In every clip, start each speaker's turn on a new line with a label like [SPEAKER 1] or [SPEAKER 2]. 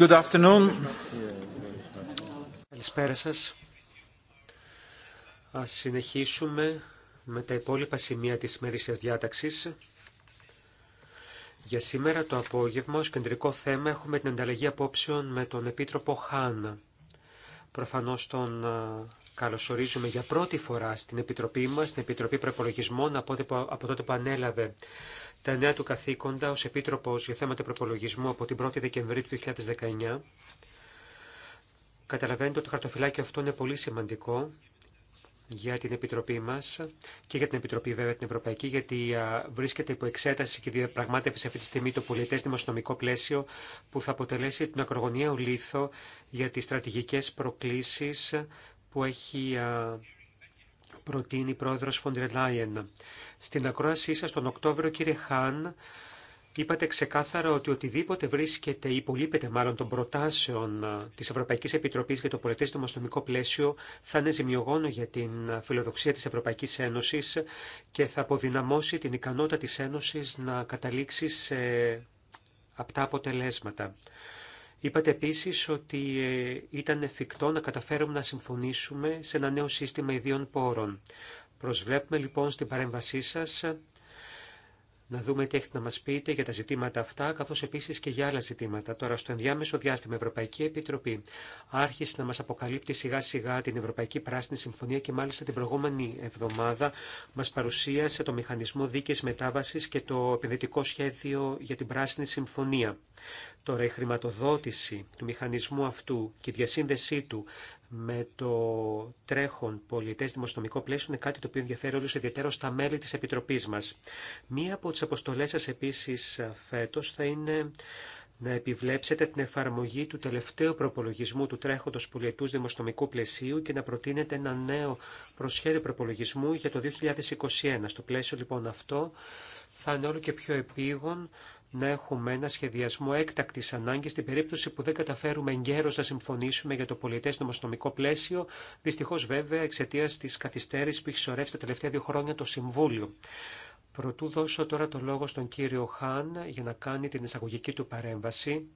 [SPEAKER 1] Good afternoon.
[SPEAKER 2] Καλησπέρα σας. Ας συνεχίσουμε με τα υπόλοιπα σημεία της μερίσιας διάταξης. Για σήμερα το απόγευμα, ως κεντρικό θέμα, έχουμε την ανταλλαγή απόψεων με τον Επίτροπο Χάν. Προφανώς τον καλωσορίζουμε για πρώτη φορά στην Επιτροπή μας, στην Επιτροπή Προπολογισμών, από τότε που ανέλαβε τα νέα του καθήκοντα ως Επίτροπος για θέματα προπολογισμού από την 1η Δεκεμβρίου του 2019. Καταλαβαίνετε ότι το χαρτοφυλάκιο αυτό είναι πολύ σημαντικό για την Επιτροπή μας και για την Επιτροπή βέβαια την Ευρωπαϊκή, γιατί βρίσκεται υπό εξέταση και διαπραγμάτευση αυτή τη στιγμή το πολιτές δημοσιονομικό πλαίσιο που θα αποτελέσει την ακρογωνία λίθο για τις στρατηγικές προκλήσεις που έχει προτείνει η πρόεδρος Φοντρε Στην ακρόασή σα τον Οκτώβριο, κύριε Χάν, είπατε ξεκάθαρα ότι οτιδήποτε βρίσκεται ή υπολείπεται μάλλον των προτάσεων ε, της Ευρωπαϊκής Επιτροπής για το πολιτεύστημα αστυνομικό πλαίσιο θα είναι ζημιογόνο για την ε, φιλοδοξία της Ευρωπαϊκής Ένωσης και θα αποδυναμώσει την ικανότητα της Ένωσης να καταλήξει σε απτά αποτελέσματα. Είπατε επίση ότι ε, ήταν εφικτό να καταφέρουμε να συμφωνήσουμε σε ένα νέο σύστημα ιδίων πόρων. Προσβλέπουμε λοιπόν στην παρέμβασή σας να δούμε τι έχετε να μας πείτε για τα ζητήματα αυτά, καθώς επίσης και για άλλα ζητήματα. Τώρα, στο ενδιάμεσο διάστημα, η Ευρωπαϊκή Επιτροπή άρχισε να μας αποκαλύπτει σιγά-σιγά την Ευρωπαϊκή Πράσινη Συμφωνία και μάλιστα την προηγούμενη εβδομάδα μας παρουσίασε το Μηχανισμό Δίκαιης Μετάβασης και το επενδυτικό σχέδιο για την Πράσινη Συμφωνία. Τώρα, η χρηματοδότηση του μηχανισμού αυτού και η διασύνδεσή του με το τρέχον πολιτέ δημοσιονομικό πλαίσιο είναι κάτι το οποίο ενδιαφέρει όλου ιδιαίτερα στα μέλη τη Επιτροπή μα. Μία από τι αποστολέ σα επίση φέτο θα είναι να επιβλέψετε την εφαρμογή του τελευταίου προπολογισμού του τρέχοντος πολιετούς δημοσιονομικού πλαισίου και να προτείνετε ένα νέο προσχέδιο προπολογισμού για το 2021. Στο πλαίσιο λοιπόν αυτό θα είναι όλο και πιο επίγον να έχουμε ένα σχεδιασμό έκτακτη ανάγκη στην περίπτωση που δεν καταφέρουμε εγκαίρω να συμφωνήσουμε για το πολιτέ νομοσυνομικό πλαίσιο. Δυστυχώ, βέβαια, εξαιτία τη καθυστέρηση που έχει σωρεύσει τα τελευταία δύο χρόνια το Συμβούλιο. Προτού δώσω τώρα το λόγο στον κύριο Χάν για να κάνει την εισαγωγική του παρέμβαση,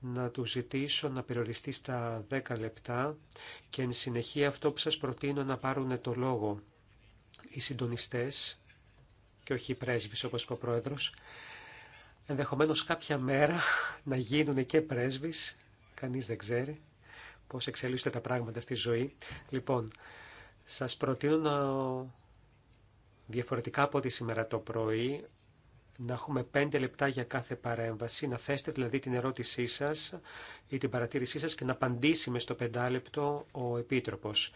[SPEAKER 2] να του ζητήσω να περιοριστεί στα 10 λεπτά και εν συνεχεία αυτό που σας προτείνω να πάρουν το λόγο οι συντονιστές και όχι οι πρέσβεις όπω είπε ο Πρόεδρος, ενδεχομένως κάποια μέρα να γίνουν και πρέσβεις, κανείς δεν ξέρει πώς εξελίσσονται τα πράγματα στη ζωή. Λοιπόν, σας προτείνω να... διαφορετικά από ό,τι σήμερα το πρωί, να έχουμε πέντε λεπτά για κάθε παρέμβαση, να θέσετε δηλαδή την ερώτησή σας ή την παρατήρησή σας και να απαντήσει με στο πεντάλεπτο ο Επίτροπος.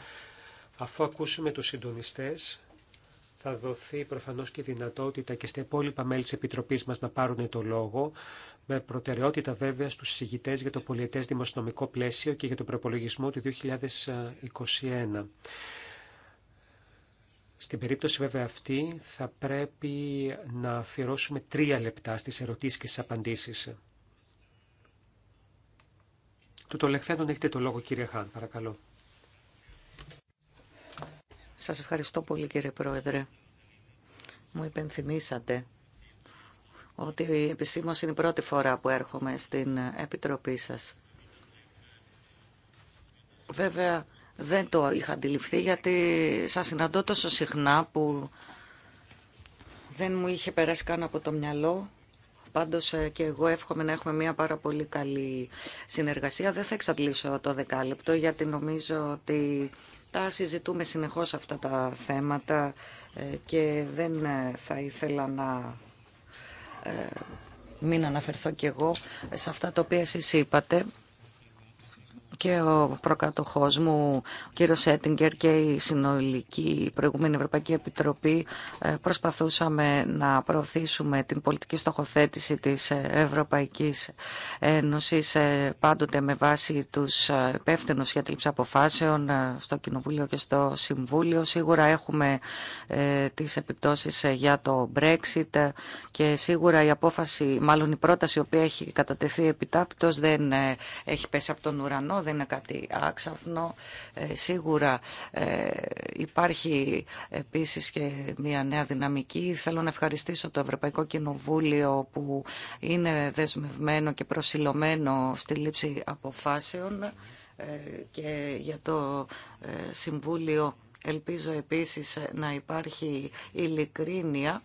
[SPEAKER 2] Αφού ακούσουμε τους συντονιστές, θα δοθεί προφανώς και δυνατότητα και στα υπόλοιπα μέλη της Επιτροπής μας να πάρουν το λόγο, με προτεραιότητα βέβαια στους συζητητές για το πολιετές δημοσιονομικό πλαίσιο και για τον προπολογισμό του 2021. Στην περίπτωση βέβαια αυτή θα πρέπει να αφιερώσουμε τρία λεπτά στις ερωτήσεις και στις απαντήσεις. Του το λεχθέντον έχετε το λόγο κύριε Χάν, παρακαλώ.
[SPEAKER 3] Σας ευχαριστώ πολύ κύριε Πρόεδρε. Μου υπενθυμίσατε ότι επισήμωση είναι η πρώτη φορά που έρχομαι στην Επιτροπή σας. Βέβαια δεν το είχα αντιληφθεί γιατί σας συναντώ τόσο συχνά που δεν μου είχε περάσει καν από το μυαλό. Πάντως ε, και εγώ εύχομαι να έχουμε μια πάρα πολύ καλή συνεργασία. Δεν θα εξαντλήσω το δεκάλεπτο γιατί νομίζω ότι συζητούμε συνεχώς αυτά τα θέματα ε, και δεν ε, θα ήθελα να ε, μην αναφερθώ κι εγώ σε αυτά τα οποία εσείς είπατε και ο προκατοχός μου, ο κύριος Έτιγκερ και η συνολική προηγούμενη Ευρωπαϊκή Επιτροπή ε, προσπαθούσαμε να προωθήσουμε την πολιτική στοχοθέτηση της ε, Ευρωπαϊκής Ένωσης ε, πάντοτε με βάση τους υπεύθυνου για τη λήψη αποφάσεων στο Κοινοβούλιο και στο Συμβούλιο. Σίγουρα έχουμε τις επιπτώσεις για το Brexit και σίγουρα η απόφαση, μάλλον η πρόταση η οποία έχει κατατεθεί επιτάπητος δεν έχει πέσει από τον ουρανό, δεν είναι κάτι άξαφνο. Ε, σίγουρα ε, υπάρχει επίσης και μια νέα δυναμική. Θέλω να ευχαριστήσω το Ευρωπαϊκό Κοινοβούλιο που είναι δεσμευμένο και προσιλωμένο στη λήψη αποφάσεων ε, και για το Συμβούλιο ελπίζω επίσης να υπάρχει ειλικρίνεια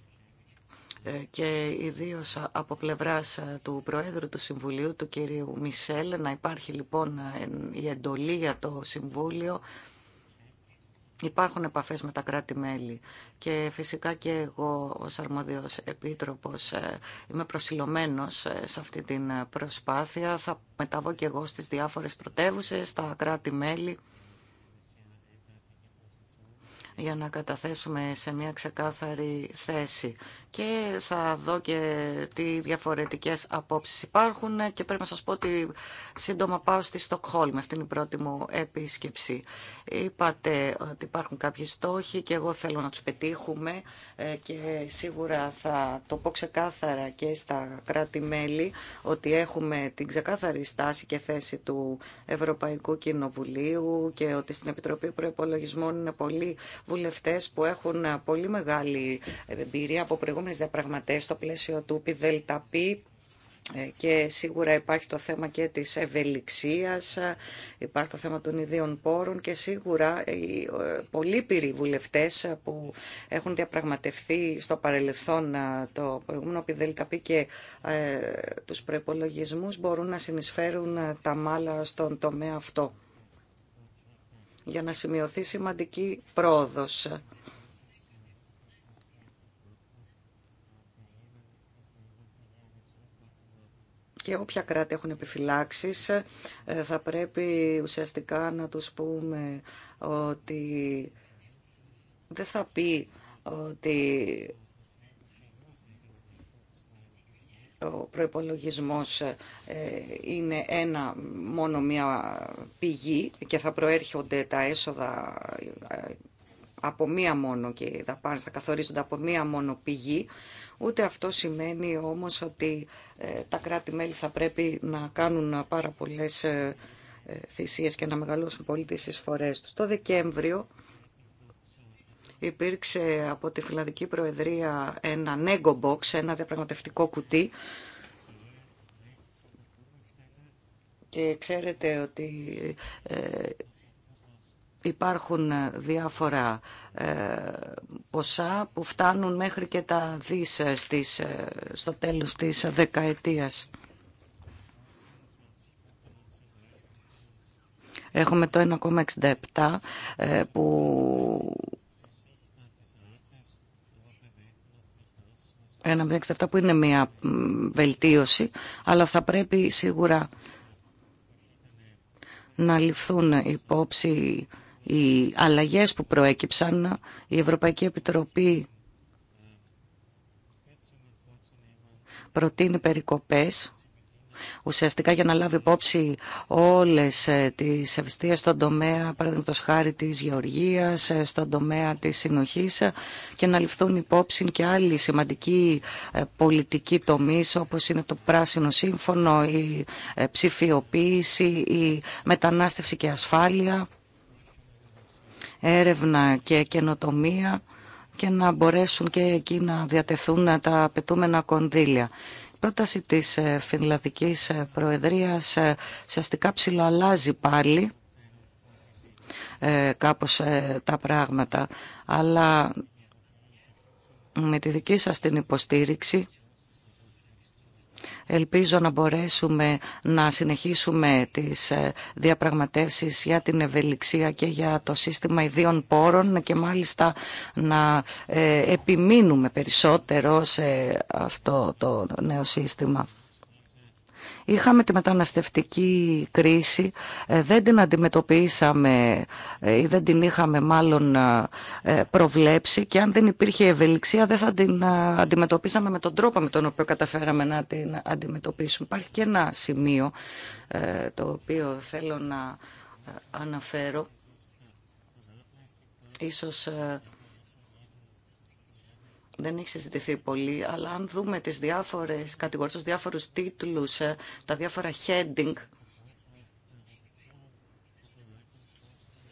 [SPEAKER 3] ε, και ιδίω από πλευρά του Προέδρου του Συμβουλίου, του κυρίου Μισελ, να υπάρχει λοιπόν ε, η εντολή για το Συμβούλιο. Υπάρχουν επαφές με τα κράτη-μέλη και φυσικά και εγώ ως αρμόδιος επίτροπος ε, είμαι προσιλωμένος σε αυτή την προσπάθεια. Θα μεταβώ και εγώ στις διάφορες πρωτεύουσες, στα κράτη-μέλη για να καταθέσουμε σε μια ξεκάθαρη θέση και θα δω και τι διαφορετικές απόψεις υπάρχουν και πρέπει να σας πω ότι σύντομα πάω στη Στοκχόλμη, αυτή είναι η πρώτη μου επίσκεψη. Είπατε ότι υπάρχουν κάποιοι στόχοι και εγώ θέλω να τους πετύχουμε ε, και σίγουρα θα το πω ξεκάθαρα και στα κράτη-μέλη ότι έχουμε την ξεκάθαρη στάση και θέση του Ευρωπαϊκού Κοινοβουλίου και ότι στην Επιτροπή Προπολογισμών είναι πολλοί βουλευτές που έχουν πολύ μεγάλη εμπειρία από προηγούμενες διαπραγματεύσεις στο πλαίσιο του ΠΙΔΕΛΤΑΠΗ και σίγουρα υπάρχει το θέμα και της ευελιξίας, ε, υπάρχει το θέμα των ιδίων πόρων και σίγουρα οι ε, πολύπυροι βουλευτές ε, που έχουν διαπραγματευτεί στο παρελθόν το προηγούμενο πιδελταπή και τους προϋπολογισμούς μπορούν να συνεισφέρουν τα μάλα στον τομέα αυτό για να σημειωθεί σημαντική πρόοδος και όποια κράτη έχουν επιφυλάξεις ε, θα πρέπει ουσιαστικά να τους πούμε ότι δεν θα πει ότι ο προϋπολογισμός ε, είναι ένα μόνο μία πηγή και θα προέρχονται τα έσοδα ε, από μία μόνο και οι δαπάνε θα καθορίζονται από μία μόνο πηγή. Ούτε αυτό σημαίνει όμως ότι ε, τα κράτη-μέλη θα πρέπει να κάνουν πάρα πολλές ε, ε, θυσίες και να μεγαλώσουν πολύ τις εισφορές τους. Το Δεκέμβριο υπήρξε από τη Φιλανδική Προεδρία ένα nego box, ένα διαπραγματευτικό κουτί, και ξέρετε ότι υπάρχουν ε, διάφορα ε, ποσά που φτάνουν μέχρι και τα δις ε, στις, στο τέλος της δεκαετίας. Έχουμε το 1,67 που... αυτά που είναι μια βελτίωση, αλλά θα πρέπει σίγουρα να ληφθούν υπόψη οι αλλαγές που προέκυψαν, η Ευρωπαϊκή Επιτροπή προτείνει περικοπές ουσιαστικά για να λάβει υπόψη όλες ε, τις ευστίες στον τομέα, παραδείγματος χάρη της γεωργίας, ε, στον τομέα της συνοχής ε, και να ληφθούν υπόψη και άλλοι σημαντικοί πολιτικοί τομείς όπως είναι το πράσινο σύμφωνο, η ψηφιοποίηση, η μετανάστευση και ασφάλεια έρευνα και καινοτομία και να μπορέσουν και εκεί να διατεθούν τα απαιτούμενα κονδύλια. Η πρόταση της ε, Φινλανδικής ε, Προεδρίας ε, ουσιαστικά ψηλοαλλάζει πάλι κάπως τα πράγματα, αλλά με τη δική σας την υποστήριξη Ελπίζω να μπορέσουμε να συνεχίσουμε τις ε, διαπραγματεύσεις για την ευελιξία και για το σύστημα ιδίων πόρων και μάλιστα να ε, επιμείνουμε περισσότερο σε αυτό το νέο σύστημα. Είχαμε τη μεταναστευτική κρίση, ε, δεν την αντιμετωπίσαμε ε, ή δεν την είχαμε μάλλον ε, προβλέψει και αν δεν υπήρχε ευελιξία δεν θα την αντιμετωπίσαμε με τον τρόπο με τον οποίο καταφέραμε να την αντιμετωπίσουμε. Υπάρχει και ένα σημείο το οποίο θέλω να αναφέρω. Ίσως δεν έχει συζητηθεί πολύ, αλλά αν δούμε τις διάφορες κατηγορίες, τους διάφορους τίτλους, ε, τα διάφορα heading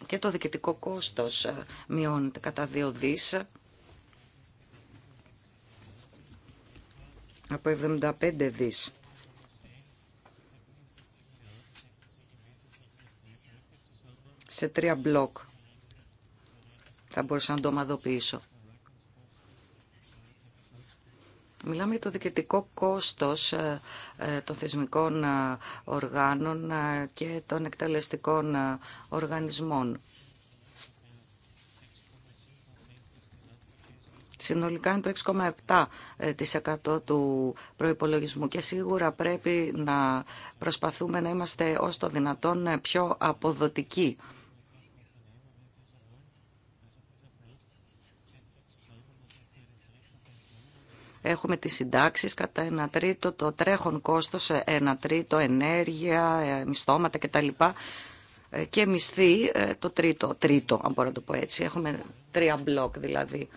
[SPEAKER 3] και το διοικητικό κόστος ε, μειώνεται κατά δύο δις. από 75 δις. Σε τρία μπλοκ θα μπορούσα να το ομαδοποιήσω. Μιλάμε για το διοικητικό κόστος ε, ε, των θεσμικών ε, οργάνων και των εκτελεστικών οργανισμών. συνολικά είναι το 6,7% του προϋπολογισμού και σίγουρα πρέπει να προσπαθούμε να είμαστε ως το δυνατόν πιο αποδοτικοί Έχουμε τις συντάξεις κατά ένα τρίτο, το τρέχον κόστος ένα τρίτο, ενέργεια, ε, μισθώματα κτλ. Ε, και μισθή ε, το τρίτο, τρίτο αν μπορώ να το πω έτσι. Έχουμε τρία μπλοκ δηλαδή.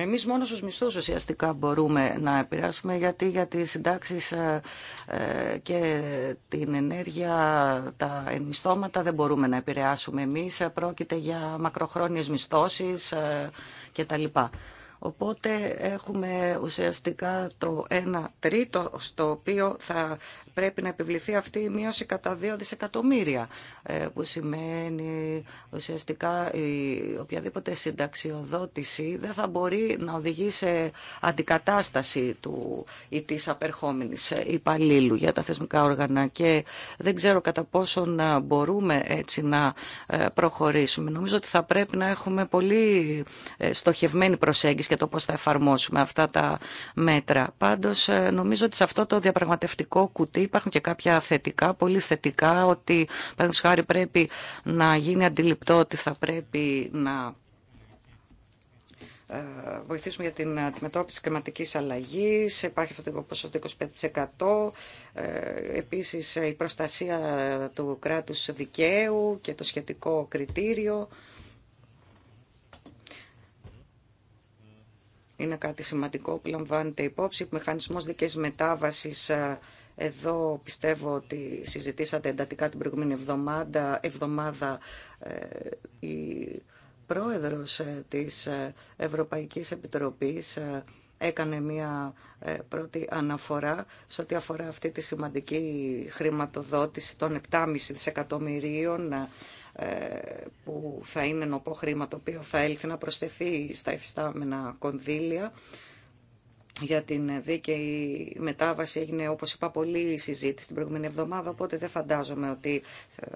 [SPEAKER 3] Εμείς μόνο στους μισθούς ουσιαστικά μπορούμε να επηρεάσουμε γιατί για τις συντάξεις ε, ε, και την ενέργεια, τα ενισθώματα δεν μπορούμε να επηρεάσουμε εμείς. Πρόκειται για μακροχρόνιες μισθώσεις ε, και τα λοιπά. Οπότε έχουμε ουσιαστικά το 1 τρίτο στο οποίο θα πρέπει να επιβληθεί αυτή η μείωση κατά 2 δισεκατομμύρια ε, που σημαίνει ουσιαστικά η οποιαδήποτε συνταξιοδότηση δεν θα μπορεί να οδηγεί σε αντικατάσταση του ή της απερχόμενης υπαλλήλου για τα θεσμικά όργανα και δεν ξέρω κατά πόσον μπορούμε έτσι να ε, προχωρήσουμε. Νομίζω ότι θα πρέπει να έχουμε πολύ ε, στοχευμένη προσέγγιση και το πώς θα εφαρμόσουμε αυτά τα μέτρα. Πάντως ε, νομίζω ότι σε αυτό το διαπραγματευτικό κουτί υπάρχουν και κάποια θετικά, πολύ θετικά, ότι παραδείγματος χάρη πρέπει να γίνει αντιληπτό ότι θα πρέπει να ε, βοηθήσουμε για την αντιμετώπιση κλιματικής αλλαγής. Υπάρχει αυτό το ποσό 25%. Ε, επίσης η προστασία του κράτους δικαίου και το σχετικό κριτήριο. είναι κάτι σημαντικό που λαμβάνεται υπόψη. Ο μηχανισμός δικής μετάβασης, ε, εδώ πιστεύω ότι συζητήσατε εντατικά την προηγούμενη εβδομάδα, εβδομάδα ε, η πρόεδρος ε, της Ευρωπαϊκής Επιτροπής έκανε μία πρώτη αναφορά σε ό,τι αφορά αυτή τη σημαντική χρηματοδότηση των 7,5 δισεκατομμυρίων που θα είναι νοπό χρήμα το οποίο θα έλθει να προσθεθεί στα εφιστάμενα κονδύλια για την δίκαιη μετάβαση έγινε όπως είπα πολύ συζήτηση την προηγούμενη εβδομάδα οπότε δεν φαντάζομαι ότι ε,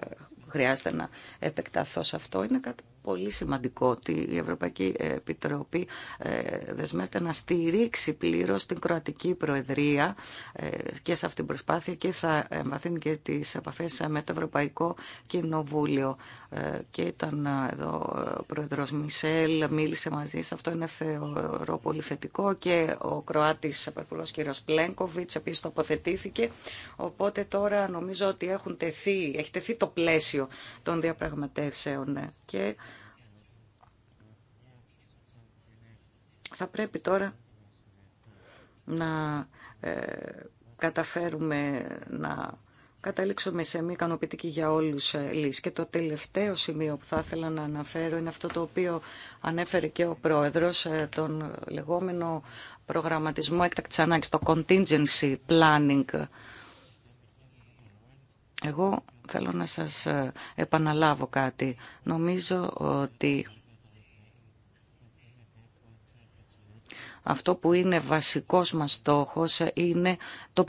[SPEAKER 3] χρειάζεται να επεκταθώ σε αυτό είναι κάτι πολύ σημαντικό ότι η Ευρωπαϊκή Επιτροπή ε, δεσμεύεται να στηρίξει πλήρως την Κροατική Προεδρία ε, και σε αυτήν την προσπάθεια και θα εμβαθύνει και τι επαφέ με το Ευρωπαϊκό Κοινοβούλιο. Ε, και ήταν εδώ ο Πρόεδρος Μισελ, μίλησε μαζί σε αυτό, είναι θεωρώ πολύ θετικό και ο Κροάτης Επαρχουργός κ. Πλένκοβιτ επίσης τοποθετήθηκε. Οπότε τώρα νομίζω ότι έχουν τεθεί, έχει τεθεί το πλαίσιο των διαπραγματεύσεων και Θα πρέπει τώρα να ε, καταφέρουμε να καταλήξουμε σε μια ικανοποιητική για όλους ε, λύση. Και το τελευταίο σημείο που θα ήθελα να αναφέρω είναι αυτό το οποίο ανέφερε και ο Πρόεδρος, ε, τον λεγόμενο προγραμματισμό έκτακτης ανάγκης, το contingency planning. Εγώ θέλω να σας επαναλάβω κάτι. Νομίζω ότι Αυτό που είναι βασικός μας στόχος είναι το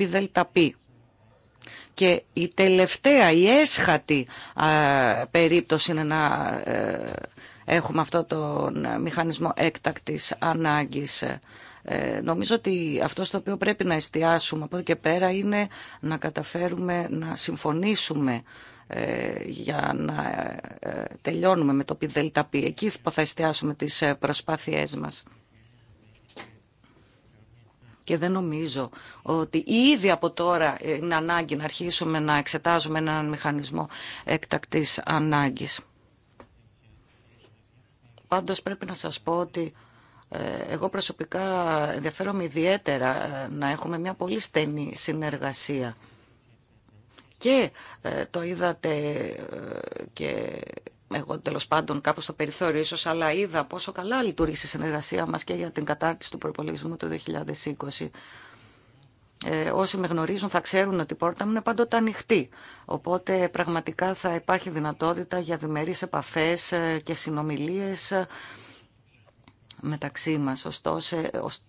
[SPEAKER 3] πι και η τελευταία, η έσχατη περίπτωση είναι να ε, έχουμε αυτό τον μηχανισμό έκτακτης ανάγκης. Ε, νομίζω ότι αυτό στο οποίο πρέπει να εστιάσουμε από εδώ και πέρα είναι να καταφέρουμε να συμφωνήσουμε ε, για να τελειώνουμε με το ΠΔΠ. Εκεί θα εστιάσουμε τις προσπάθειές μας. Και δεν νομίζω ότι ήδη από τώρα είναι ανάγκη να αρχίσουμε να εξετάζουμε έναν μηχανισμό εκτακτής ανάγκης. Πάντως πρέπει να σας πω ότι ε, εγώ προσωπικά ενδιαφέρομαι ιδιαίτερα ε, να έχουμε μια πολύ στενή συνεργασία. Και ε, το είδατε και εγώ τέλο πάντων κάπω στο περιθώριο ίσω, αλλά είδα πόσο καλά λειτουργήσε η συνεργασία μα και για την κατάρτιση του προπολογισμού του 2020. Ε, όσοι με γνωρίζουν θα ξέρουν ότι η πόρτα μου είναι πάντοτε ανοιχτή. Οπότε πραγματικά θα υπάρχει δυνατότητα για διμερείς επαφές ε, και συνομιλίες μεταξύ μας, ωστόσο,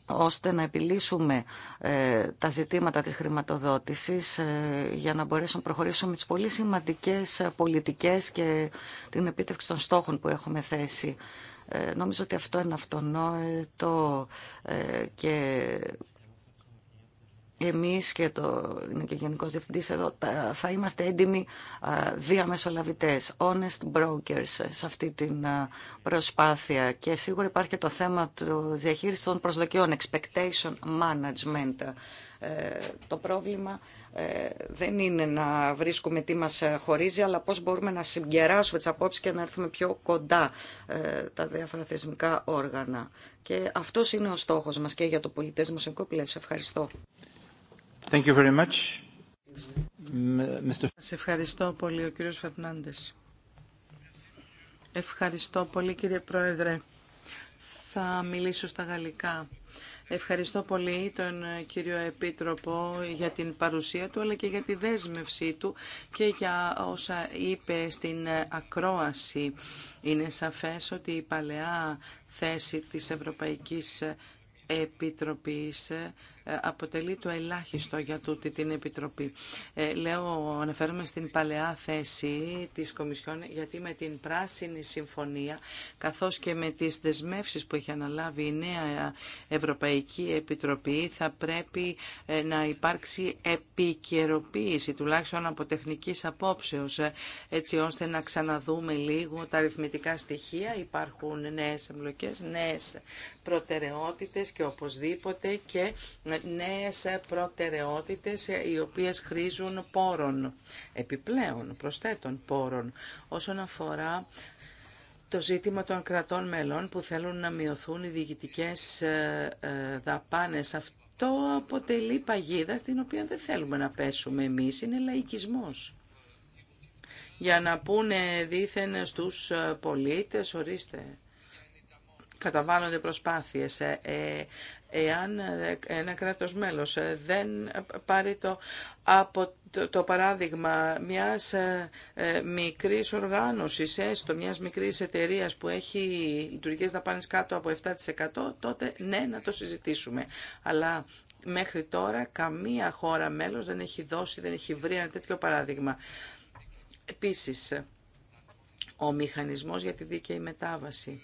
[SPEAKER 3] ώστε να επιλύσουμε ε, τα ζητήματα της χρηματοδότησης ε, για να μπορέσουμε να προχωρήσουμε τις πολύ σημαντικές ε, πολιτικές και την επίτευξη των στόχων που έχουμε θέσει. Νομίζω ότι αυτό είναι αυτονόητο και εμείς και το είναι και Γενικός Διευθυντής εδώ θα είμαστε έντιμοι διαμεσολαβητές, honest brokers σε αυτή την προσπάθεια και σίγουρα υπάρχει και το θέμα του διαχείριση των προσδοκιών, expectation management. Ε, το πρόβλημα ε, δεν είναι να βρίσκουμε τι μας χωρίζει, αλλά πώς μπορούμε να συγκεράσουμε τις απόψεις και να έρθουμε πιο κοντά ε, τα διάφορα θεσμικά όργανα. Και αυτός είναι ο στόχος μας και για το πολιτές μας. Ευχαριστώ. Thank ευχαριστώ πολύ, ο κύριος Φερνάντες.
[SPEAKER 4] Ευχαριστώ πολύ, κύριε Πρόεδρε. Θα μιλήσω στα γαλλικά. Ευχαριστώ πολύ τον ε, κύριο Επίτροπο για την παρουσία του αλλά και για τη δέσμευσή του και για όσα είπε στην ε, ακρόαση. Είναι σαφές ότι η παλαιά θέση της Ευρωπαϊκής ε, Επιτροπής ε, αποτελεί το ελάχιστο για τούτη την Επιτροπή. Ε, λέω, αναφέρομαι στην παλαιά θέση της Κομισιόν, γιατί με την Πράσινη Συμφωνία, καθώς και με τις δεσμεύσεις που έχει αναλάβει η νέα Ευρωπαϊκή Επιτροπή, θα πρέπει ε, να υπάρξει επικαιροποίηση, τουλάχιστον από τεχνικής απόψεως, έτσι ώστε να ξαναδούμε λίγο τα αριθμητικά στοιχεία. Υπάρχουν νέες εμπλοκές, νέες προτεραιότητες και οπωσδήποτε και νέες προτεραιότητες ε, οι οποίες χρήζουν πόρων, επιπλέον προσθέτων πόρων, όσον αφορά το ζήτημα των κρατών μελών που θέλουν να μειωθούν οι διοικητικές ε, ε, δαπάνες. Αυτό αποτελεί παγίδα στην οποία δεν θέλουμε να πέσουμε εμείς, είναι λαϊκισμός. Για να πούνε δήθεν στους πολίτες, ορίστε, καταβάλλονται προσπάθειες. Εάν ε, ένα κράτος μέλος ε, δεν πάρει το, από το παράδειγμα μιας ε, μικρής οργάνωσης, έστω μιας μικρής εταιρείας που έχει λειτουργικές δαπάνες κάτω από 7%, τότε ναι να το συζητήσουμε. Αλλά μέχρι τώρα καμία χώρα μέλος δεν έχει δώσει, δεν έχει βρει ένα τέτοιο παράδειγμα. Επίσης, ο μηχανισμός για τη δίκαιη μετάβαση.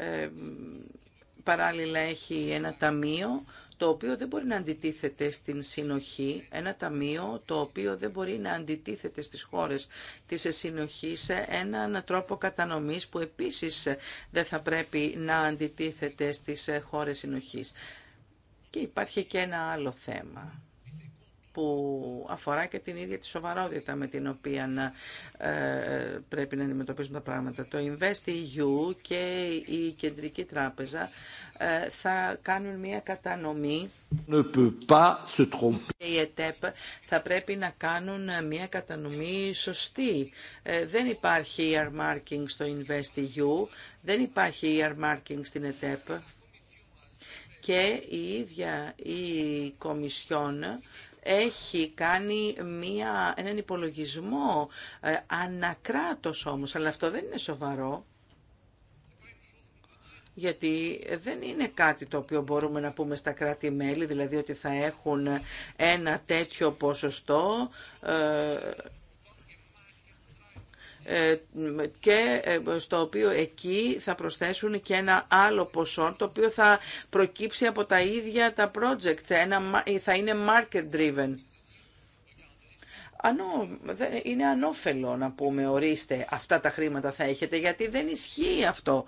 [SPEAKER 4] Ε, παράλληλα έχει ένα ταμείο το οποίο δεν μπορεί να αντιτίθεται στην συνοχή, ένα ταμείο το οποίο δεν μπορεί να αντιτίθεται στις χώρες της συνοχής σε έναν τρόπο κατανομής που επίσης δεν θα πρέπει να αντιτίθεται στις χώρες συνοχής. Και υπάρχει και ένα άλλο θέμα που αφορά και την ίδια τη σοβαρότητα με την οποία να ε, πρέπει να αντιμετωπίσουμε τα πράγματα. Το InvestEU και η Κεντρική Τράπεζα ε, θα κάνουν μια κατανομή και η ΕΤΕΠ θα πρέπει να κάνουν μια κατανομή σωστή. Ε, δεν υπάρχει earmarking στο InvestEU, δεν υπάρχει earmarking στην ΕΤΕΠ και η ίδια η Κομισιόν έχει κάνει μία, έναν υπολογισμό ε, ανακράτος όμως, αλλά αυτό δεν είναι σοβαρό. Γιατί δεν είναι κάτι το οποίο μπορούμε να πούμε στα κράτη-μέλη, δηλαδή ότι θα έχουν ένα τέτοιο ποσοστό ε, ε, και ε, στο οποίο εκεί θα προσθέσουν και ένα άλλο ποσό το οποίο θα προκύψει από τα ίδια τα projects, ένα, ε, θα είναι market driven. Ανώ, είναι ανώφελο να πούμε ορίστε αυτά τα χρήματα θα έχετε γιατί δεν ισχύει αυτό.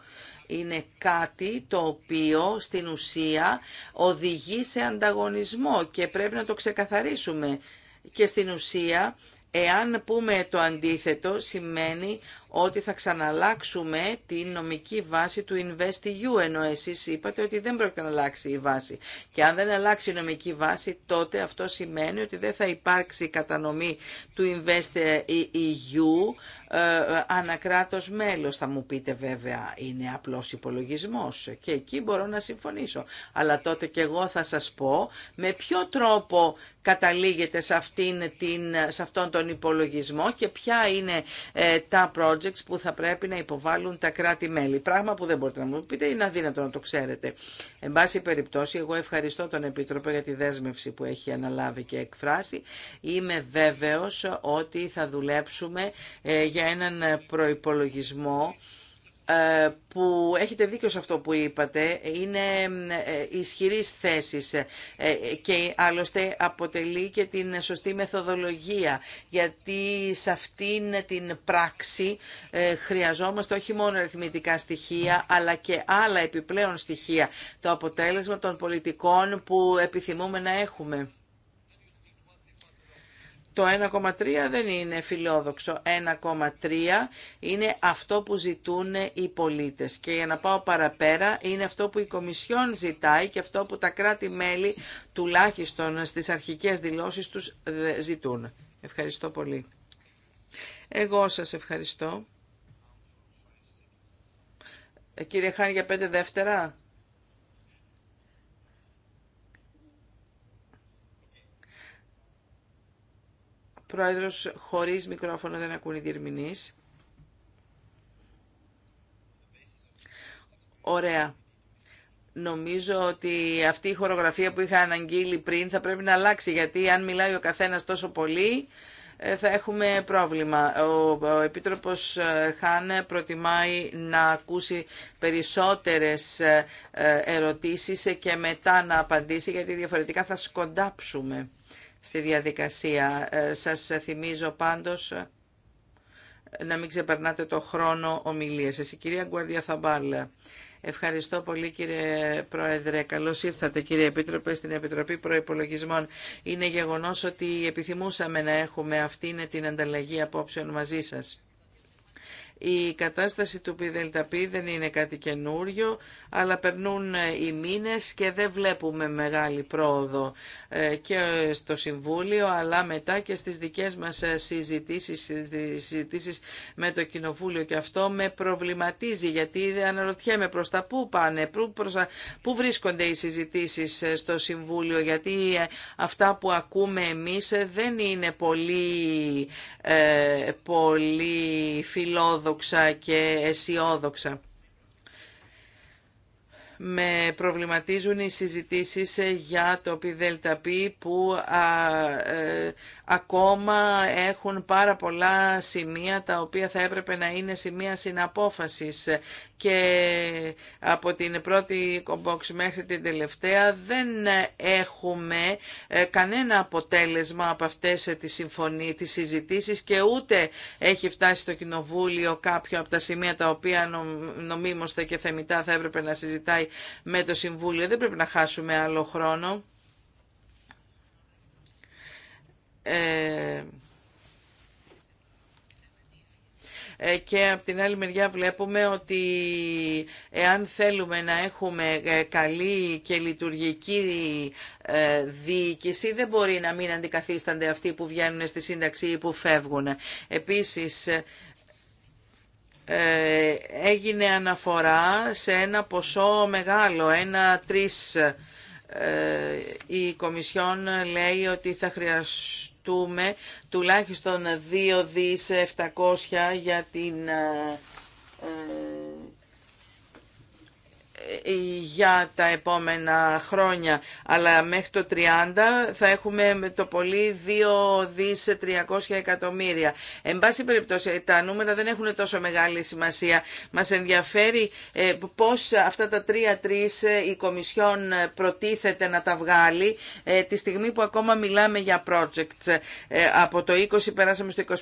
[SPEAKER 4] Είναι κάτι το οποίο στην ουσία οδηγεί σε ανταγωνισμό και πρέπει να το ξεκαθαρίσουμε. Και στην ουσία Εάν πούμε το αντίθετο, σημαίνει ότι θα ξαναλλάξουμε την νομική βάση του InvestEU, ενώ εσείς είπατε ότι δεν πρόκειται να αλλάξει η βάση. Και αν δεν αλλάξει η νομική βάση, τότε αυτό σημαίνει ότι δεν θα υπάρξει κατανομή του InvestEU ε, ανακράτος μέλος, θα μου πείτε βέβαια, είναι απλός υπολογισμός και εκεί μπορώ να συμφωνήσω. Αλλά τότε και εγώ θα σας πω με ποιο τρόπο καταλήγεται σε, αυτόν τον υπολογισμό και ποια είναι ε, τα project που θα πρέπει να υποβάλουν τα κράτη-μέλη. Πράγμα που δεν μπορείτε να μου πείτε, είναι αδύνατο να το ξέρετε. Εν πάση περιπτώσει, εγώ ευχαριστώ τον Επίτροπο για τη δέσμευση που έχει αναλάβει και εκφράσει. Είμαι βέβαιος ότι θα δουλέψουμε ε, για έναν προϋπολογισμό ε, που έχετε δίκιο σε αυτό που είπατε, είναι ε, ισχυρής θέσης ε, και άλλωστε αποτελεί και την σωστή μεθοδολογία γιατί σε αυτήν την πράξη χρειαζόμαστε όχι μόνο αριθμητικά στοιχεία αλλά και άλλα επιπλέον στοιχεία, το αποτέλεσμα των πολιτικών που επιθυμούμε να έχουμε. Το 1,3 δεν είναι φιλόδοξο. 1,3 είναι αυτό που ζητούν οι πολίτες. Και για να πάω παραπέρα, είναι αυτό που η Κομισιόν ζητάει και αυτό που τα κράτη-μέλη τουλάχιστον στις αρχικές δηλώσεις τους ζητούν. Ευχαριστώ πολύ. Εγώ σας ευχαριστώ. Ε, κύριε Χάνη, για πέντε δεύτερα. Πρόεδρος χωρίς μικρόφωνο δεν ακούνε οι διερμηνείς. Ωραία. Νομίζω ότι αυτή η χορογραφία που είχα αναγγείλει πριν θα πρέπει να αλλάξει, γιατί αν μιλάει ο καθένας τόσο πολύ ε, θα έχουμε πρόβλημα. Ο Επίτροπος ε, Χάν προτιμάει να ακούσει περισσότερες ε, ερωτήσεις και μετά να απαντήσει, γιατί διαφορετικά θα σκοντάψουμε στη διαδικασία. Ε, σας θυμίζω πάντως ε, να μην ξεπερνάτε το χρόνο ομιλίας σας. Η κυρία Γκουαρδία Θαμπάλ. Ευχαριστώ πολύ κύριε Πρόεδρε. Καλώς ήρθατε κύριε Επίτροπε στην Επιτροπή Προϋπολογισμών. Είναι γεγονός ότι επιθυμούσαμε να έχουμε αυτήν την ανταλλαγή απόψεων μαζί σας. Η κατάσταση του ΠΙΔΕΛΤΑΠΗ δεν είναι κάτι καινούριο, αλλά περνούν ε, οι μήνες και δεν βλέπουμε μεγάλη πρόοδο ε, και στο Συμβούλιο, αλλά μετά και στις δικές μας ε, συζητήσεις, συζητήσεις με το Κοινοβούλιο και αυτό με προβληματίζει, γιατί αναρωτιέμαι προς τα πού πάνε, πού βρίσκονται οι συζητήσεις στο Συμβούλιο, γιατί αυτά που ακούμε εμείς δεν είναι πολύ, πολύ φιλόδοξα και αισιόδοξα. Με προβληματίζουν οι συζητήσεις για το πι που α, ε, ακόμα έχουν πάρα πολλά σημεία τα οποία θα έπρεπε να είναι σημεία συναπόφασης και από την πρώτη κομπόξ μέχρι την τελευταία δεν έχουμε ε, κανένα αποτέλεσμα από αυτές ε, τις συμφωνίες, τις συζητήσεις και ούτε έχει φτάσει στο Κοινοβούλιο κάποιο από τα σημεία τα οποία νομίμωστε και θεμητά θα έπρεπε να συζητάει με το Συμβούλιο. Δεν πρέπει να χάσουμε άλλο χρόνο. Ε, Ε, και από την άλλη μεριά βλέπουμε ότι εάν θέλουμε να έχουμε ε, καλή και λειτουργική ε, διοίκηση δεν μπορεί να μην αντικαθίστανται αυτοί που βγαίνουν στη σύνταξη ή που φεύγουν. Επίσης, έγινε αναφορά σε ένα ποσό μεγάλο, ένα τρεις. Η Κομισιόν λέει ότι θα χρειαστούν ζητούμε τουλάχιστον 2 δις 700 για την ε, ε, ε, για τα επόμενα χρόνια, αλλά μέχρι το 30 θα έχουμε το πολύ 2 δις 300 εκατομμύρια. Εν πάση περιπτώσει, τα νούμερα δεν έχουν τόσο μεγάλη σημασία. Μας ενδιαφέρει ε, πώς αυτά τα 3-3 ε, η Κομισιόν προτίθεται να τα βγάλει τη στιγμή που ακόμα μιλάμε για projects. Από το 20 περάσαμε στο 25%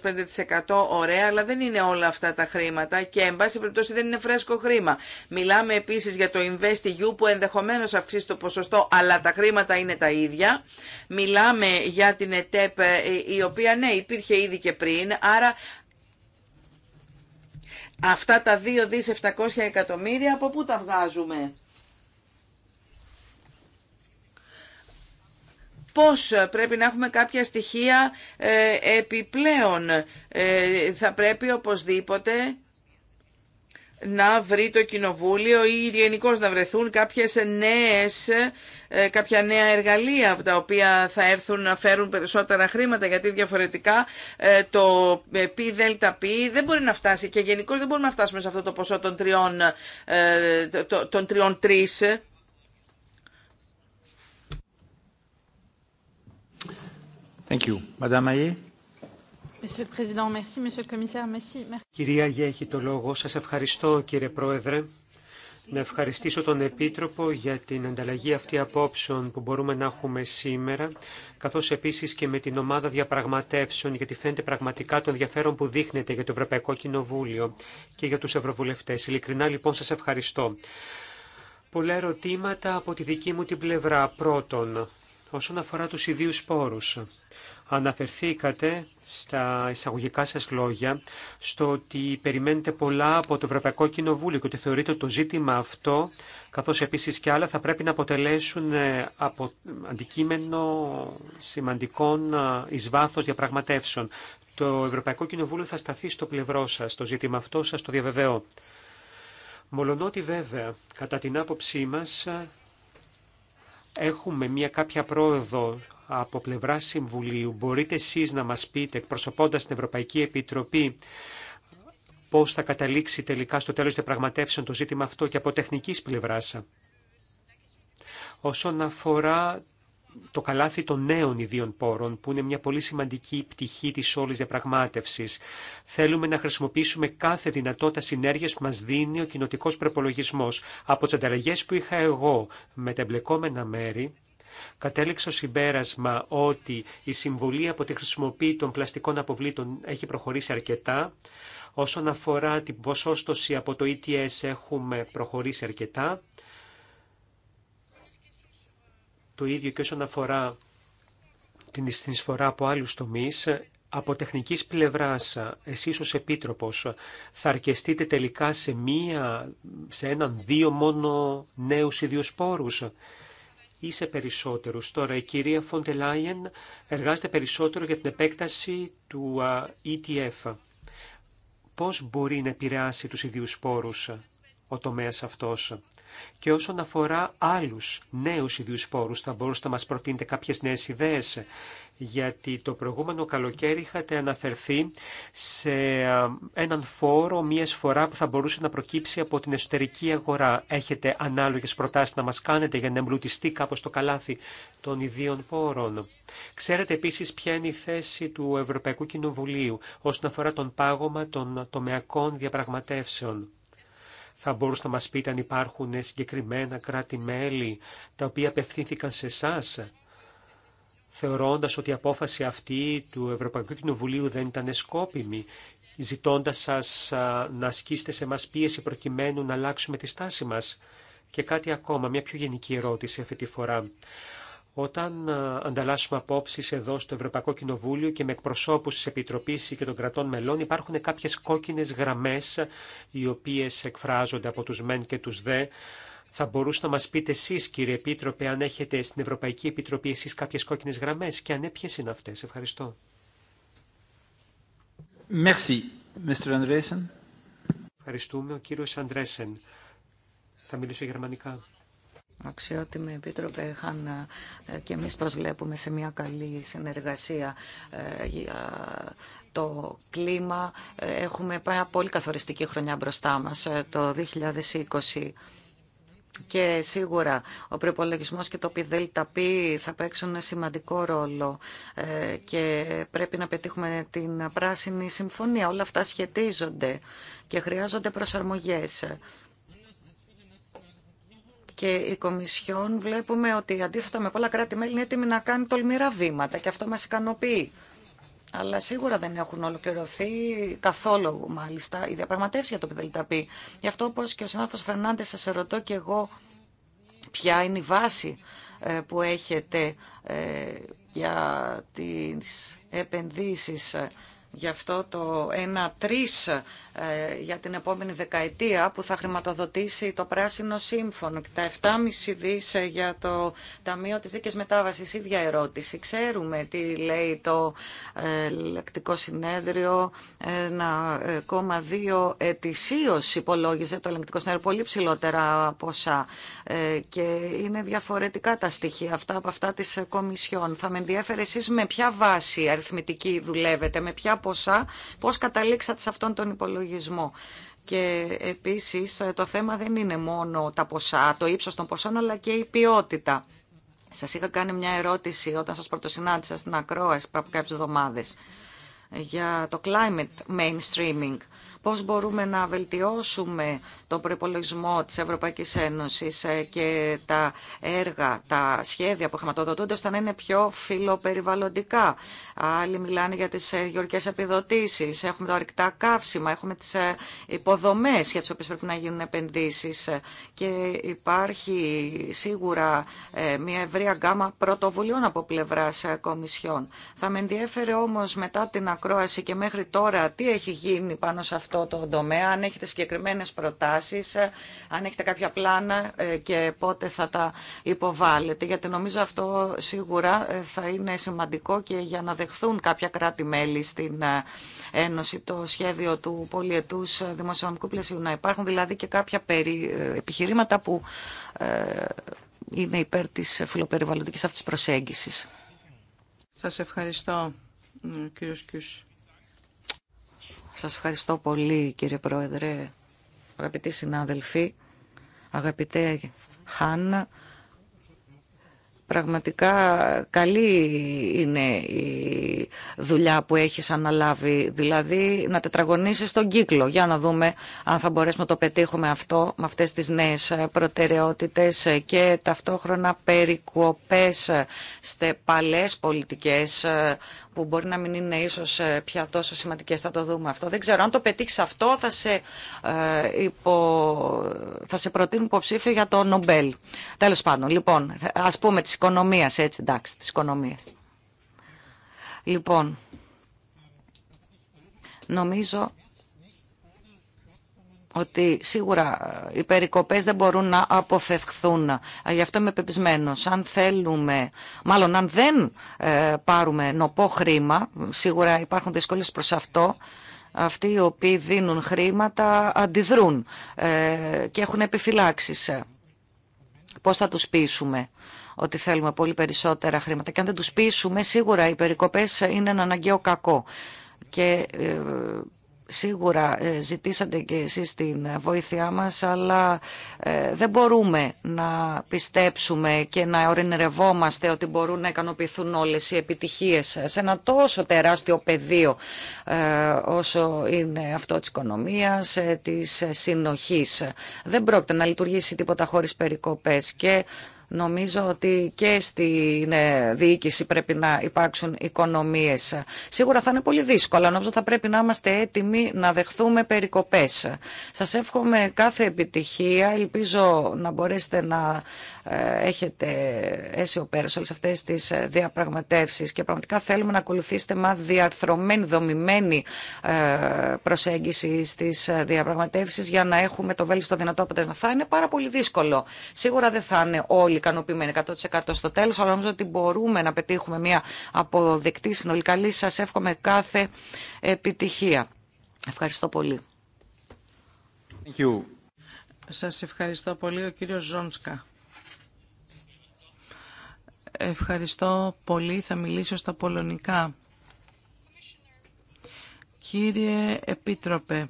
[SPEAKER 4] ωραία, αλλά δεν είναι όλα αυτά τα χρήματα και εν πάση περιπτώσει δεν είναι φρέσκο χρήμα. Μιλάμε επίσης για το InvestEU που ενδεχομένως αυξήσει το ποσοστό αλλά τα χρήματα είναι τα ίδια. Μιλάμε για την ΕΤΕΠ ε, η οποία ναι υπήρχε ήδη και πριν άρα αυτά τα 2 δις 700 εκατομμύρια από πού τα βγάζουμε. Πώς πρέπει να έχουμε κάποια στοιχεία ε, επιπλέον. Ε, θα πρέπει οπωσδήποτε να βρει το Κοινοβούλιο ή γενικώ να βρεθούν κάποιες νέες, ε, κάποια νέα εργαλεία από τα οποία θα έρθουν να φέρουν περισσότερα χρήματα γιατί διαφορετικά ε, το ε, πι δέλτα πι δεν μπορεί να φτάσει και γενικώ δεν μπορούμε να φτάσουμε σε αυτό το ποσό των τριών, των τριών τρεις.
[SPEAKER 2] Thank you. Madame Κυρία Γέχη, το λόγο. Σας ευχαριστώ κύριε Πρόεδρε. Να ευχαριστήσω τον Επίτροπο για την ανταλλαγή αυτή απόψεων που μπορούμε να έχουμε σήμερα, καθώς επίσης και με την ομάδα διαπραγματεύσεων, γιατί φαίνεται πραγματικά το ενδιαφέρον που δείχνεται για το Ευρωπαϊκό Κοινοβούλιο και για τους Ευρωβουλευτές. Ειλικρινά λοιπόν σας ευχαριστώ. Πολλά ερωτήματα από τη δική μου την πλευρά. Πρώτον, όσον αφορά τους ιδίους πόρους αναφερθήκατε στα εισαγωγικά σας λόγια στο ότι περιμένετε πολλά από το Ευρωπαϊκό Κοινοβούλιο και ότι θεωρείτε ότι το ζήτημα αυτό, καθώς επίσης και άλλα, θα πρέπει να αποτελέσουν ε, από αντικείμενο σημαντικών ε, εις βάθος διαπραγματεύσεων. Το Ευρωπαϊκό Κοινοβούλιο θα σταθεί στο πλευρό σας, το ζήτημα αυτό σας το διαβεβαιώ. Μολονότι βέβαια, κατά την άποψή μας, ε, έχουμε μια κάποια πρόοδο από πλευρά Συμβουλίου μπορείτε εσείς να μας πείτε, εκπροσωπώντας την Ευρωπαϊκή Επιτροπή, πώς θα καταλήξει τελικά στο τέλος της πραγματεύσεων το ζήτημα αυτό και από τεχνικής πλευράς. Όσον αφορά το καλάθι των νέων ιδίων πόρων, που είναι μια πολύ σημαντική πτυχή της όλης διαπραγμάτευσης. Θέλουμε να χρησιμοποιήσουμε κάθε δυνατότητα συνέργειας που μας δίνει ο κοινοτικός προπολογισμός Από τι ανταλλαγέ που είχα εγώ με τα εμπλεκόμενα μέρη, κατέληξε ο συμπέρασμα ότι η συμβολή από τη χρησιμοποίηση των πλαστικών αποβλήτων έχει προχωρήσει αρκετά. Όσον αφορά την ποσόστοση από το ETS έχουμε προχωρήσει αρκετά. Το ίδιο και όσον αφορά την εισφορά από άλλους τομείς, από τεχνικής πλευράς, εσείς ως Επίτροπος, θα αρκεστείτε τελικά σε, σε έναν δύο μόνο νέους ιδιοσπόρους είσαι σε Φοντελάιεν εργάζεται περισσότερο για την επέκταση του ETF. Πώς μπορεί να επηρεάσει τους ιδίους πόρους ο τομέας αυτός. Και όσον αφορά άλλους νέους ιδίους πόρους, θα μπορούσατε να μας προτείνετε κάποιες νέες ιδέες γιατί το προηγούμενο καλοκαίρι είχατε αναφερθεί σε έναν φόρο μία φορά που θα μπορούσε να προκύψει από την εσωτερική αγορά. Έχετε ανάλογες προτάσεις να μας κάνετε για να εμπλουτιστεί κάπως το καλάθι των ιδίων πόρων. Ξέρετε επίσης ποια είναι η θέση του Ευρωπαϊκού Κοινοβουλίου όσον αφορά τον πάγωμα των τομεακών διαπραγματεύσεων. Θα μπορούσατε να μας πείτε αν υπάρχουν συγκεκριμένα κράτη-μέλη τα οποία απευθύνθηκαν σε εσά θεωρώντας ότι η απόφαση αυτή του Ευρωπαϊκού Κοινοβουλίου δεν ήταν σκόπιμη, ζητώντας σας να ασκήσετε σε μας πίεση προκειμένου να αλλάξουμε τη στάση μας. Και κάτι ακόμα, μια πιο γενική ερώτηση αυτή τη φορά. Όταν ανταλλάσσουμε απόψεις εδώ στο Ευρωπαϊκό Κοινοβούλιο και με εκπροσώπους της Επιτροπής και των κρατών μελών υπάρχουν κάποιες κόκκινες γραμμές οι οποίες εκφράζονται από τους μεν και τους δε θα μπορούσατε να μα πείτε εσεί, κύριε Επίτροπε, αν έχετε στην Ευρωπαϊκή Επιτροπή εσείς κάποιε κόκκινε γραμμέ και αν ναι, είναι αυτέ. Ευχαριστώ. Merci, Mr. Ευχαριστούμε. Ο κύριο Αντρέσεν. Θα μιλήσω γερμανικά.
[SPEAKER 3] Αξιότιμη Επίτροπε, είχαν ε, και εμείς προσβλέπουμε σε μια καλή συνεργασία ε, για το κλίμα. Ε, έχουμε πάει πολύ καθοριστική χρονιά μπροστά μας, το 2020 και σίγουρα ο προπολογισμό και το ΠΔΠ θα παίξουν σημαντικό ρόλο ε, και πρέπει να πετύχουμε την πράσινη συμφωνία. Όλα αυτά σχετίζονται και χρειάζονται προσαρμογές και η Κομισιόν βλέπουμε ότι αντίθετα με πολλά κράτη-μέλη είναι έτοιμη να κάνει τολμηρά βήματα και αυτό μας ικανοποιεί αλλά σίγουρα δεν έχουν ολοκληρωθεί καθόλου μάλιστα οι διαπραγματεύσει για το ΠΔΛΤΑΠΗ. Γι' αυτό όπως και ο συνάδελφος Φερνάντες σας ερωτώ και εγώ ποια είναι η βάση ε, που έχετε ε, για τις επενδύσεις. Ε, Γι' αυτό το 1-3 ε, για την επόμενη δεκαετία που θα χρηματοδοτήσει το Πράσινο Σύμφωνο και τα 7,5 δις ε, για το Ταμείο της Δίκαιης Μετάβασης. Ίδια ερώτηση. Ξέρουμε τι λέει το Ελεκτικό Συνέδριο. 1,2 ε, ετησίως υπολόγιζε το Ελεκτικό Συνέδριο. Πολύ ψηλότερα ποσά. Και είναι διαφορετικά τα στοιχεία αυτά από αυτά της Κομισιόν. Θα με ενδιαφέρει εσείς με ποια βάση αριθμητική δουλεύετε, με ποια ποσά, πώς καταλήξατε σε αυτόν τον υπολογισμό και επίσης ε, το θέμα δεν είναι μόνο τα ποσά, το ύψος των ποσών, αλλά και η ποιότητα. Σας είχα κάνει μια ερώτηση όταν σας πρωτοσυνάντησα στην Ακρόαση πριν από κάποιες εβδομάδες για το climate mainstreaming πώς μπορούμε να βελτιώσουμε τον προπολογισμό της Ευρωπαϊκής Ένωσης ε, και τα έργα, τα σχέδια που χρηματοδοτούνται ώστε να είναι πιο φιλοπεριβαλλοντικά. Άλλοι μιλάνε για τις ε, γεωργικές επιδοτήσεις, έχουμε τα ορυκτά καύσιμα, έχουμε τις ε, υποδομές για τις οποίες πρέπει να γίνουν επενδύσεις και υπάρχει σίγουρα μια ευρεία γκάμα πρωτοβουλειών από πλευράς Κομισιών. Θα με ενδιέφερε όμως μετά την ακρόαση και μέχρι τώρα τι έχει γίνει πάνω σε αυτό αυτό το τομέα, αν έχετε συγκεκριμένες προτάσεις, αν έχετε κάποια πλάνα ε, και πότε θα τα υποβάλλετε. Γιατί νομίζω αυτό σίγουρα ε, θα είναι σημαντικό και για να δεχθούν κάποια κράτη-μέλη στην ε, Ένωση το σχέδιο του πολιετούς δημοσιονομικού πλαισίου. Να υπάρχουν δηλαδή και κάποια περί... επιχειρήματα που είναι υπέρ της φιλοπεριβαλλοντικής αυτής προσέγγισης.
[SPEAKER 4] Σας ευχαριστώ, κύριος Κιούς.
[SPEAKER 3] Σας ευχαριστώ πολύ κύριε Πρόεδρε, αγαπητοί συνάδελφοι, αγαπητέ Χάν. Πραγματικά καλή είναι η δουλειά που έχεις αναλάβει, δηλαδή να τετραγωνίσεις τον κύκλο. Για να δούμε αν θα μπορέσουμε να το πετύχουμε αυτό με αυτές τις νέες προτεραιότητες και ταυτόχρονα περικοπές σε παλές πολιτικές που μπορεί να μην είναι ίσω ε, πια τόσο σημαντικέ. Θα το δούμε αυτό. Δεν ξέρω αν το πετύχει αυτό θα σε, ε, υπο... θα σε προτείνουν υποψήφιο για το Νομπέλ. Τέλο πάντων, λοιπόν, ας πούμε τη οικονομία έτσι, εντάξει, της οικονομίας. Λοιπόν, νομίζω ότι σίγουρα οι περικοπές δεν μπορούν να αποφευχθούν. Ε, γι' αυτό είμαι πεπισμένος. Αν θέλουμε, μάλλον αν δεν ε, πάρουμε νοπό χρήμα, σίγουρα υπάρχουν δυσκολίες προς αυτό, αυτοί οι οποίοι δίνουν χρήματα αντιδρούν ε, και έχουν επιφυλάξεις. Πώς θα τους πείσουμε ότι θέλουμε πολύ περισσότερα χρήματα. Και αν δεν τους πείσουμε, σίγουρα οι περικοπές είναι ένα αναγκαίο κακό. Σίγουρα ε, ζητήσατε και εσείς την βοήθειά μας, αλλά ε, δεν μπορούμε να πιστέψουμε και να ορεινερευόμαστε ότι μπορούν να ικανοποιηθούν όλες οι επιτυχίες σε ένα τόσο τεράστιο πεδίο ε, όσο είναι αυτό της οικονομίας, της συνοχής. Δεν πρόκειται να λειτουργήσει τίποτα χωρίς περικοπές και Νομίζω ότι και στη ε, διοίκηση πρέπει να υπάρξουν οικονομίες. Σίγουρα θα είναι πολύ δύσκολο, νομίζω θα πρέπει να είμαστε έτοιμοι να δεχθούμε περικοπές. Σας εύχομαι κάθε επιτυχία. Ελπίζω να μπορέσετε να ε, έχετε αίσιο σε όλες αυτές τις ε, διαπραγματεύσεις και πραγματικά θέλουμε να ακολουθήσετε μα διαρθρωμένη, δομημένη προσέγγιση στις διαπραγματεύσεις για να έχουμε το βέλτιστο δυνατό αποτέλεσμα. Θα είναι πάρα πολύ δύσκολο. Σίγουρα δεν θα είναι όλοι ικανοποιημένοι 100% στο τέλος, αλλά νομίζω ότι μπορούμε να πετύχουμε μια αποδεκτή συνολικά λύση. Σας εύχομαι κάθε επιτυχία. Ευχαριστώ πολύ. Thank you. Σας ευχαριστώ πολύ
[SPEAKER 4] ο κύριος Ζόνσκα. Ευχαριστώ πολύ. Θα μιλήσω στα πολωνικά. Κύριε Επίτροπε,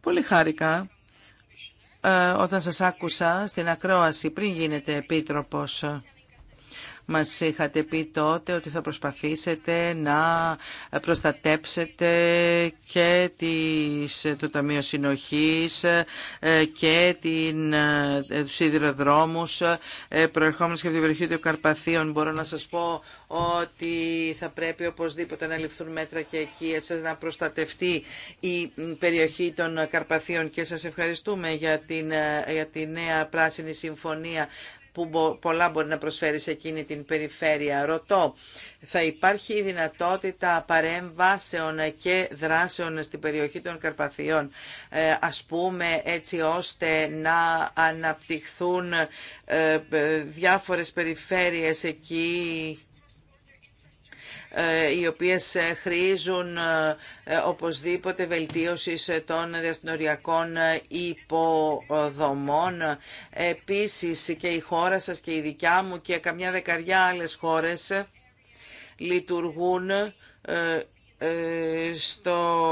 [SPEAKER 4] πολύ χάρηκα ε, όταν σας άκουσα στην ακρόαση πριν γίνετε επίτροπος μας είχατε πει τότε ότι θα προσπαθήσετε να προστατέψετε και τις, το Ταμείο Συνοχής ε, και την, ε, τους σιδηροδρόμους ε, προερχόμενους και από την περιοχή των Καρπαθίων. Μπορώ να σας πω ότι θα πρέπει οπωσδήποτε να ληφθούν μέτρα και εκεί έτσι ώστε να προστατευτεί η περιοχή των Καρπαθίων και σας ευχαριστούμε για την, για τη νέα πράσινη συμφωνία που πολλά μπορεί να προσφέρει σε εκείνη την περιφέρεια. Ρωτώ, θα υπάρχει η δυνατότητα παρέμβασεων και δράσεων στην περιοχή των Καρπαθιών, ε, ας πούμε έτσι ώστε να αναπτυχθούν ε, ε, διάφορες περιφέρειες εκεί ε, οι οποίες ε, χρήζουν ε, οπωσδήποτε βελτίωση των διαστηνοριακών υποδομών. Επίσης και η χώρα σας και η δικιά μου και καμιά δεκαριά άλλες χώρες λειτουργούν στο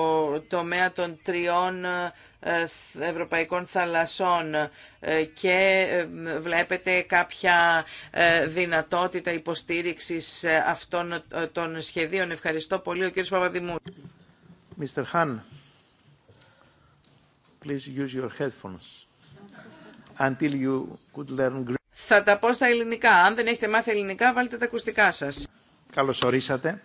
[SPEAKER 4] τομέα των τριών ε, ευρωπαϊκών θαλασσών ε, και ε, βλέπετε κάποια δυνατότητα υποστήριξης αυτών των σχεδίων. Ευχαριστώ πολύ. Ο κύριος Παπαδημού.
[SPEAKER 1] Mr. Han, please use your headphones until you could learn Greek. Θα τα πω στα ελληνικά. Αν δεν έχετε μάθει ελληνικά, βάλτε τα ακουστικά σας. Καλώς ορίσατε.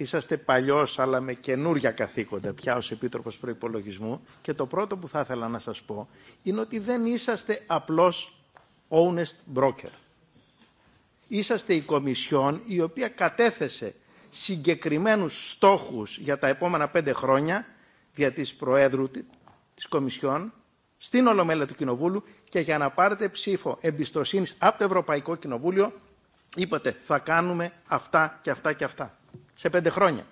[SPEAKER 1] Είσαστε παλιό, αλλά με καινούρια καθήκοντα πια ω Επίτροπος προπολογισμού. και το πρώτο που θα ήθελα να σας πω είναι ότι δεν είσαστε απλώς honest broker. Είσαστε η Κομισιόν η οποία κατέθεσε συγκεκριμένους στόχους για τα επόμενα πέντε χρόνια δια της Προέδρου της Κομισιόν στην Ολομέλεια του Κοινοβούλου και για να πάρετε ψήφο εμπιστοσύνης από το Ευρωπαϊκό Κοινοβούλιο είπατε θα κάνουμε αυτά και αυτά και αυτά σε πέντε χρόνια.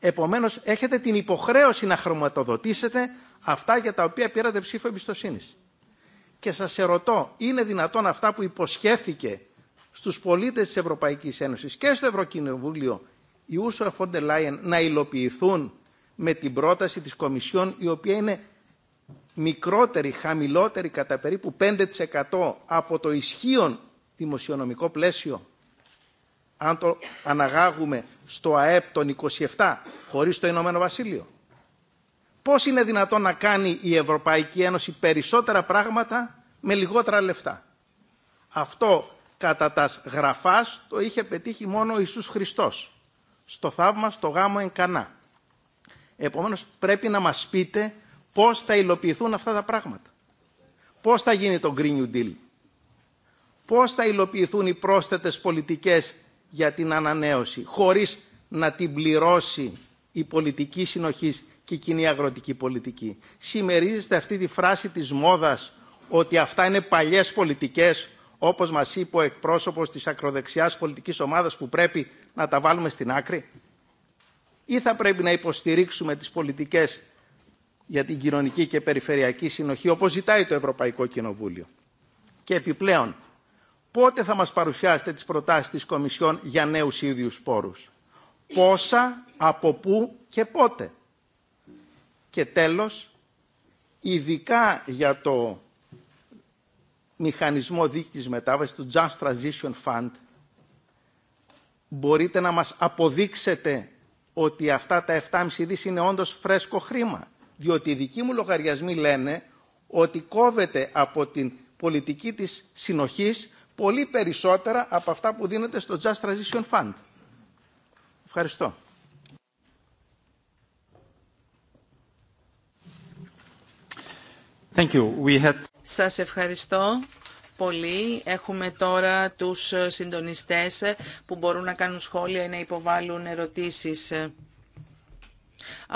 [SPEAKER 1] Επομένως, έχετε την υποχρέωση να χρωματοδοτήσετε αυτά για τα οποία πήρατε ψήφο εμπιστοσύνη. Και σας ερωτώ, είναι δυνατόν αυτά που υποσχέθηκε στους πολίτες της Ευρωπαϊκής Ένωσης και στο Ευρωκοινοβούλιο η Usher Φόντε Λάιεν να υλοποιηθούν με την πρόταση της Κομισιόν η οποία είναι μικρότερη, χαμηλότερη κατά περίπου 5% από το ισχύον δημοσιονομικό πλαίσιο αν το αναγάγουμε στο ΑΕΠ των 27 χωρίς το Ηνωμένο Βασίλειο. Πώς είναι δυνατόν να κάνει η Ευρωπαϊκή Ένωση περισσότερα πράγματα με λιγότερα λεφτά. Αυτό κατά τα γραφάς το είχε πετύχει μόνο ο Ιησούς Χριστός στο θαύμα στο γάμο εν Κανά. Επομένως πρέπει να μας πείτε πώς θα υλοποιηθούν αυτά τα πράγματα. Πώς θα γίνει το Green New Deal. Πώς θα υλοποιηθούν οι πρόσθετες πολιτικές για την ανανέωση χωρίς να την πληρώσει η πολιτική συνοχής και η κοινή αγροτική πολιτική. Σημερίζεστε αυτή τη φράση της μόδας ότι αυτά είναι παλιές πολιτικές όπως μας είπε ο εκπρόσωπος της ακροδεξιάς πολιτικής ομάδας που πρέπει να τα βάλουμε στην άκρη ή θα πρέπει να υποστηρίξουμε τις πολιτικές για την κοινωνική και περιφερειακή συνοχή όπως ζητάει το Ευρωπαϊκό Κοινοβούλιο. Και επιπλέον πότε θα μας παρουσιάσετε τις προτάσεις της Κομισιόν για νέους ίδιους πόρους. Πόσα, από πού και πότε. Και τέλος, ειδικά για το μηχανισμό δίκτυς μετάβασης, του Just Transition Fund, μπορείτε να μας αποδείξετε ότι αυτά τα 7,5 δις είναι όντως φρέσκο χρήμα. Διότι οι δικοί μου λογαριασμοί λένε ότι κόβεται από την πολιτική της συνοχής πολύ περισσότερα από αυτά που δίνεται στο Just Transition Fund. Ευχαριστώ.
[SPEAKER 2] Thank We
[SPEAKER 4] Σας ευχαριστώ πολύ. Έχουμε τώρα τους συντονιστές που μπορούν να κάνουν σχόλια ή να υποβάλουν ερωτήσεις.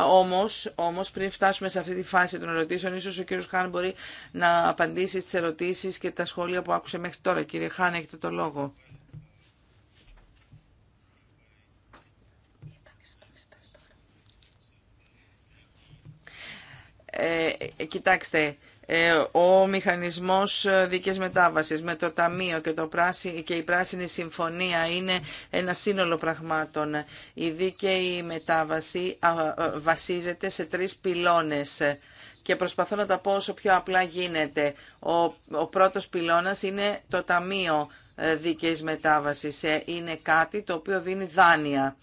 [SPEAKER 4] Όμως, όμως πριν φτάσουμε σε αυτή τη φάση των ερωτήσεων, ίσω ο κύριος Χάν μπορεί να απαντήσει στις ερωτήσει και τα σχόλια που άκουσε μέχρι τώρα. Κύριε Χάν, έχετε το λόγο. Ε, ε κοιτάξτε, ε, ο μηχανισμός ε, δικές μετάβασης με το Ταμείο και, το πράσι, και η Πράσινη Συμφωνία είναι ένα σύνολο πραγμάτων. Η δίκαιη μετάβαση ε, βασίζεται σε τρεις πυλώνες και προσπαθώ να τα πω όσο πιο απλά γίνεται. Ο, ο πρώτος πυλώνας είναι το Ταμείο Δίκαιης Μετάβασης. Είναι κάτι το οποίο δίνει δάνεια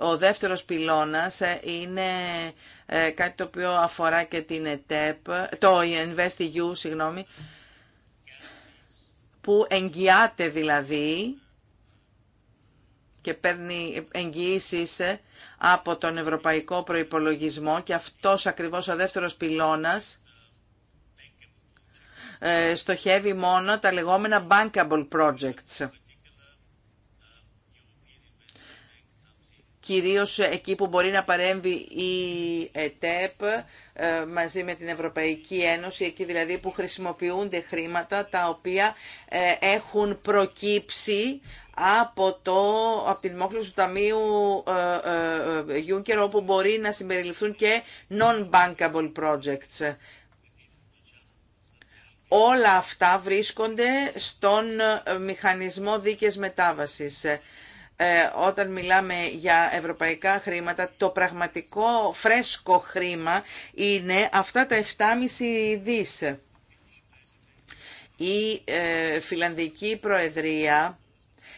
[SPEAKER 4] ο δεύτερος πυλώνας ε, είναι ε, κάτι το οποίο αφορά και την ΕΤΕΠ, το InvestEU, συγγνώμη, που εγγυάται δηλαδή και παίρνει εγγυήσεις ε, από τον Ευρωπαϊκό Προϋπολογισμό και αυτός ακριβώς ο δεύτερος πυλώνας στοχεύει μόνο τα λεγόμενα bankable projects. κυρίως εκεί που μπορεί να παρέμβει η ΕΤΕΠ ε, μαζί με την Ευρωπαϊκή Ένωση, εκεί δηλαδή που χρησιμοποιούνται χρήματα τα οποία ε, έχουν προκύψει από, το, από την μόχλευση του Ταμείου ε, Juncker, όπου μπορεί να συμπεριληφθούν και non-bankable projects. Όλα αυτά βρίσκονται στον μηχανισμό δίκαιης μετάβασης. Ε, όταν μιλάμε για ευρωπαϊκά χρήματα, το πραγματικό φρέσκο χρήμα είναι αυτά τα 7,5 δις. Η ε, Φιλανδική Προεδρία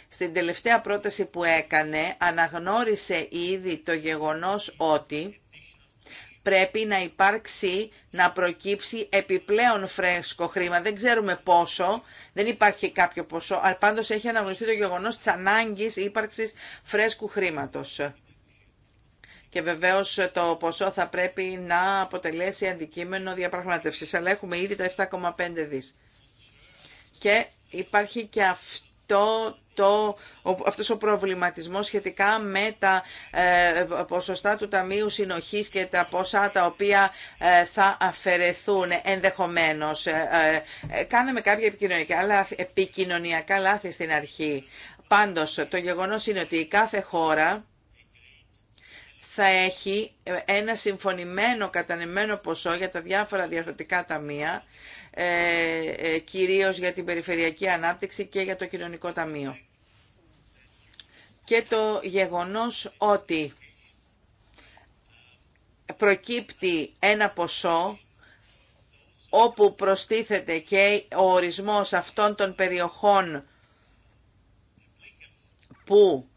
[SPEAKER 4] στην τελευταία πρόταση που έκανε αναγνώρισε ήδη το γεγονός ότι πρέπει να υπάρξει, να προκύψει επιπλέον φρέσκο χρήμα. Δεν ξέρουμε πόσο, δεν υπάρχει κάποιο ποσό, αλλά πάντως έχει αναγνωριστεί το γεγονός της ανάγκης ύπαρξης φρέσκου χρήματος. Και βεβαίως το ποσό θα πρέπει να αποτελέσει αντικείμενο διαπραγμάτευσης, αλλά έχουμε ήδη τα 7,5 δις. Και υπάρχει και αυτό το, ο, αυτός ο προβληματισμός σχετικά με τα ε, ποσοστά του Ταμείου Συνοχής και τα ποσά τα οποία ε, θα αφαιρεθούν ενδεχομένως. Ε, κάναμε κάποια επικοινωνιακά, αλλά, επικοινωνιακά λάθη στην αρχή. Πάντως, το γεγονός είναι ότι κάθε χώρα θα έχει ένα συμφωνημένο κατανεμένο ποσό για τα διάφορα διαρθρωτικά ταμεία, κυρίως για την περιφερειακή ανάπτυξη και για το κοινωνικό ταμείο και το γεγονός ότι προκύπτει ένα ποσό όπου προστίθεται και ο ορισμός αυτών των περιοχών που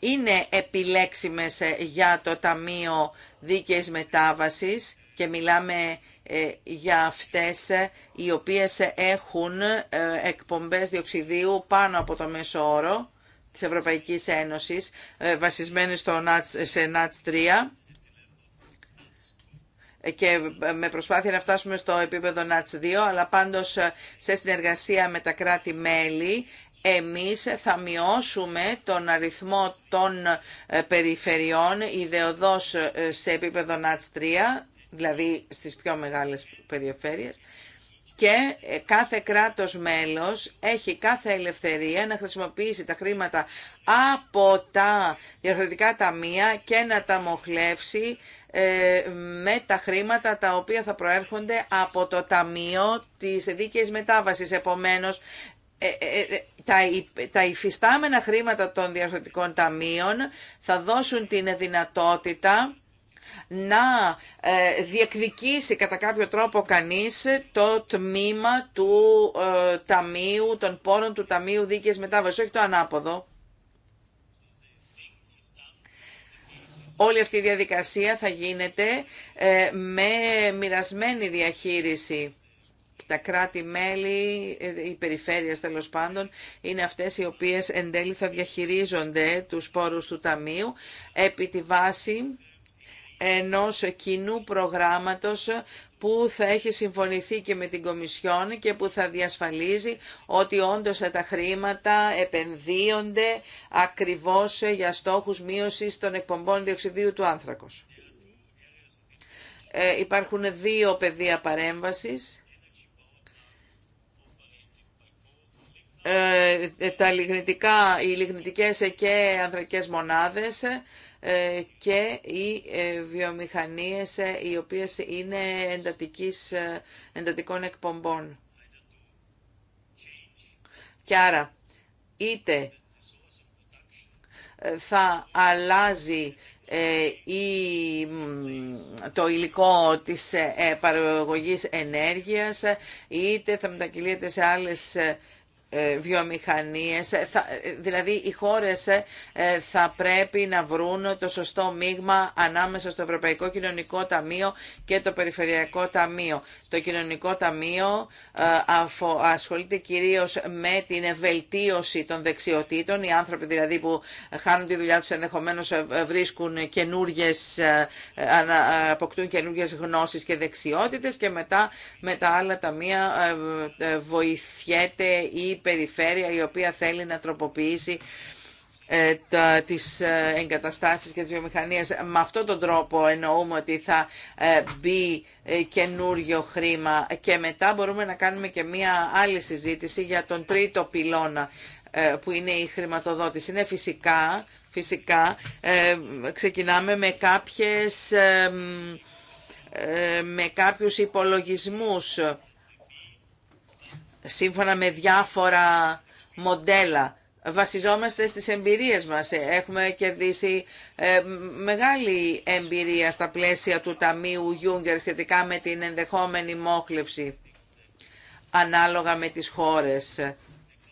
[SPEAKER 4] είναι επιλέξιμες ε, για το Ταμείο Δίκαιης Μετάβασης και μιλάμε ε, για αυτές ε, οι οποίες έχουν εκπομπές διοξιδίου πάνω από το μέσο όρο της Ευρωπαϊκής Ένωσης ε, βασισμένη στο NATS, σε νατς 3 και ε, με προσπάθεια να φτάσουμε στο επίπεδο ΝΑΤΣ 2, αλλά πάντως ε, σε συνεργασία με τα κράτη-μέλη εμείς θα μειώσουμε τον αριθμό των περιφερειών ιδεοδός σε επίπεδο ΝΑΤΣ 3, δηλαδή στις πιο μεγάλες περιφέρειες, και ε, κάθε κράτος μέλος έχει κάθε ελευθερία να χρησιμοποιήσει τα χρήματα από τα διαρθρωτικά ταμεία και να τα μοχλεύσει ε, με τα χρήματα τα οποία θα προέρχονται από το Ταμείο της Δίκαιης Μετάβασης. Επομένως, ε, τα υφιστάμενα χρήματα των διαρθρωτικών ταμείων θα δώσουν την δυνατότητα να ε, διεκδικήσει κατά κάποιο τρόπο κανείς το τμήμα του ε, ταμείου, των πόρων του Ταμείου Δίκαιης Μετάβασης, όχι το ανάποδο. Όλη αυτή η διαδικασία θα γίνεται ε, με μοιρασμένη διαχείριση. Τα κράτη-μέλη, ε, οι περιφέρειες τέλο πάντων, είναι αυτές οι οποίες εν τέλει θα διαχειρίζονται τους πόρους του Ταμείου επί τη βάση ενός κοινού προγράμματος που θα έχει συμφωνηθεί και με την Κομισιόν και που θα διασφαλίζει ότι όντως τα χρήματα επενδύονται ακριβώς για στόχους μείωσης των εκπομπών διοξιδίου του άνθρακος. Ε, υπάρχουν δύο πεδία παρέμβασης. Ε, τα λιγνητικά, οι λιγνητικές και ανθρακές μονάδες ε, και οι ε, βιομηχανίες ε, οι οποίες είναι εντατικής, εντατικών εκπομπών. Και άρα είτε θα αλλάζει ή το υλικό της παραγωγής ενέργειας, είτε θα μετακυλείται σε άλλες ε, βιομηχανίες. Ε, θα, ε, δηλαδή οι χώρες θα πρέπει να βρουν το σωστό μείγμα ανάμεσα στο Ευρωπαϊκό Κοινωνικό Ταμείο και το Περιφερειακό Ταμείο. Το Κοινωνικό Ταμείο ασχολείται κυρίως με την βελτίωση των δεξιοτήτων. Οι άνθρωποι δηλαδή που χάνουν τη δουλειά τους ενδεχομένως βρίσκουν αποκτούν καινούργιες γνώσεις και δεξιότητες και μετά με τα άλλα ταμεία βοηθιέται η περιφέρεια η οποία θέλει να τροποποιήσει ε, τις ε, εγκαταστάσεις και τις βιομηχανίες. Με αυτόν τον τρόπο εννοούμε ότι θα ε, μπει καινούριο χρήμα και μετά μπορούμε να κάνουμε και μία άλλη συζήτηση για τον τρίτο πυλώνα που είναι η χρηματοδότηση. Είναι φυσικά, φυσικά ξεκινάμε με κάποιες ε, με κάποιους υπολογισμούς σύμφωνα με διάφορα μοντέλα. Βασιζόμαστε στις εμπειρίες μας. Έχουμε κερδίσει ε, μεγάλη εμπειρία στα πλαίσια του Ταμείου Γιούγκερ σχετικά με την ενδεχόμενη μόχλευση ανάλογα με τις χώρες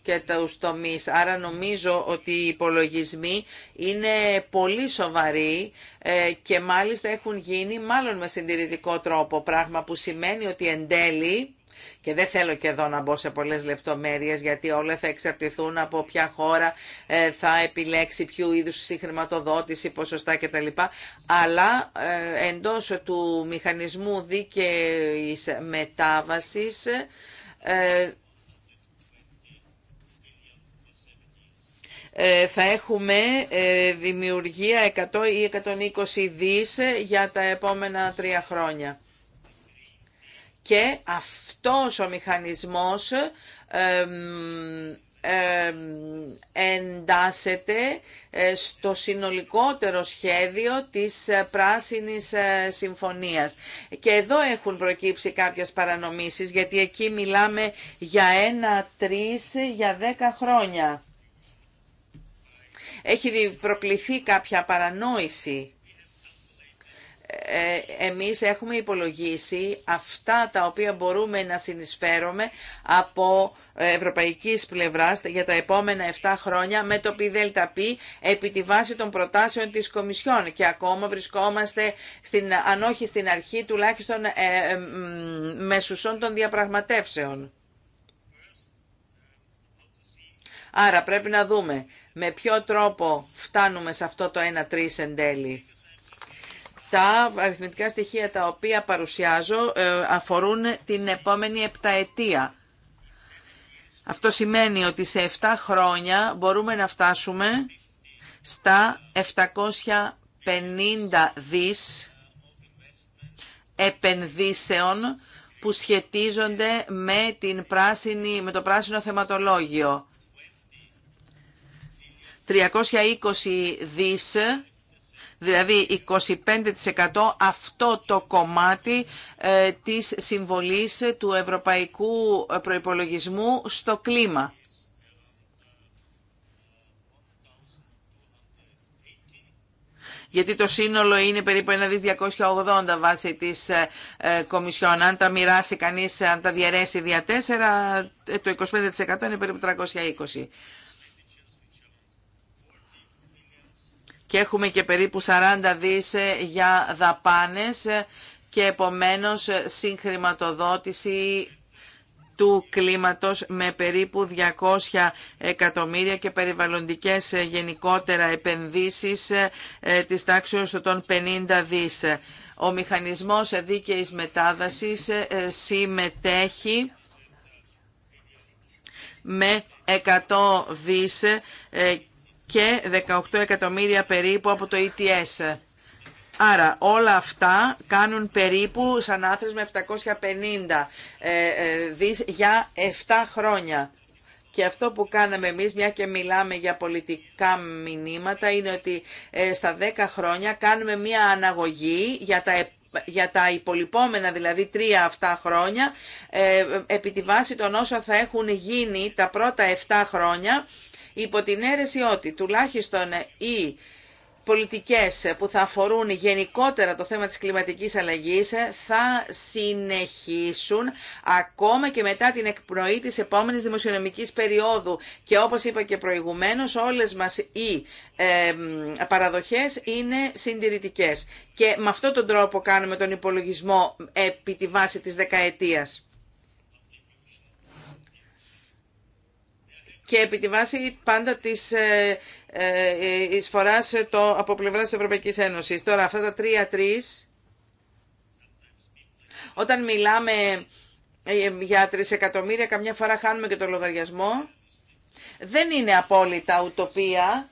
[SPEAKER 4] και τους τομείς. Άρα νομίζω ότι οι υπολογισμοί είναι πολύ σοβαροί ε, και μάλιστα έχουν γίνει μάλλον με συντηρητικό τρόπο, πράγμα που σημαίνει ότι εν τέλει και δεν θέλω και εδώ να μπω σε πολλές λεπτομέρειες γιατί όλα θα εξαρτηθούν από ποια χώρα ε, θα επιλέξει, ποιου είδους συγχρηματοδότηση, ποσοστά κτλ. Αλλά ε, εντός του μηχανισμού δίκαιης μετάβασης ε, θα έχουμε δημιουργία 100 ή 120 δις για τα επόμενα τρία χρόνια και αυτός ο μηχανισμός εντάσσεται ε, στο συνολικότερο σχέδιο της ε, Πράσινης ε, Συμφωνίας. Και εδώ έχουν προκύψει κάποιες παρανομήσεις, γιατί εκεί μιλάμε για ένα, τρεις, για δέκα χρόνια. Έχει προκληθεί κάποια παρανόηση. Ε, εμείς έχουμε υπολογίσει αυτά τα οποία μπορούμε να συνεισφέρουμε από ευρωπαϊκής πλευράς για τα επόμενα 7 χρόνια με το ΠΔΠ επί τη βάση των προτάσεων της Κομισιόν και ακόμα βρισκόμαστε στην, αν όχι στην αρχή τουλάχιστον ε, μεσουσών των διαπραγματεύσεων. Άρα πρέπει να δούμε με ποιο τρόπο φτάνουμε σε αυτό το 1-3 εν τέλει τα αριθμητικά στοιχεία τα οποία παρουσιάζω ε, αφορούν την επόμενη επταετία. Αυτό σημαίνει ότι σε 7 χρόνια μπορούμε να φτάσουμε στα 750 δις επενδύσεων που σχετίζονται με, την πράσινη, με το πράσινο θεματολόγιο. 320 δις Δηλαδή 25% αυτό το κομμάτι ε, της συμβολής του ευρωπαϊκού ε, προϋπολογισμού στο κλίμα. γιατί το σύνολο είναι περίπου 1.280 βάσει της ε, ε, Κομισιόν. Αν τα μοιράσει κανείς, αν τα διαιρέσει δια 4, το 25% είναι περίπου 320. και έχουμε και περίπου 40 δις ε, για δαπάνες ε, και επομένως ε, συγχρηματοδότηση του κλίματος με περίπου 200 εκατομμύρια και περιβαλλοντικές γενικότερα επενδύσεις της τάξης των 50 δις. Ο μηχανισμός δίκαιης μετάδασης συμμετέχει με 100 δις και 18 εκατομμύρια περίπου από το ETS. Άρα όλα αυτά κάνουν περίπου σαν άθροισμα 750 ε, ε, δις για 7 χρόνια. Και αυτό που κάναμε εμείς, μια και μιλάμε για πολιτικά μηνύματα, είναι ότι ε, στα 10 χρόνια κάνουμε μια αναγωγή για τα για τα υπολοιπόμενα δηλαδή τρία αυτά χρόνια επί τη βάση των όσων θα έχουν γίνει τα πρώτα 7 χρόνια υπό την αίρεση ότι τουλάχιστον οι πολιτικές που θα αφορούν γενικότερα το θέμα της κλιματικής αλλαγής θα συνεχίσουν ακόμα και μετά την εκπνοή της επόμενης δημοσιονομικής περίοδου. Και όπως είπα και προηγουμένως, όλες μας οι παραδοχές είναι συντηρητικές. Και με αυτόν τον τρόπο κάνουμε τον υπολογισμό επί τη βάση της δεκαετίας. και επί τη βάση πάντα της ε, ε, εισφοράς ε, το, από πλευράς της Ευρωπαϊκής Ένωσης. Τώρα αυτά τα τρία-τρεις, όταν μιλάμε για εκατομμύρια, καμιά φορά χάνουμε και τον λογαριασμό. Δεν είναι απόλυτα ουτοπία,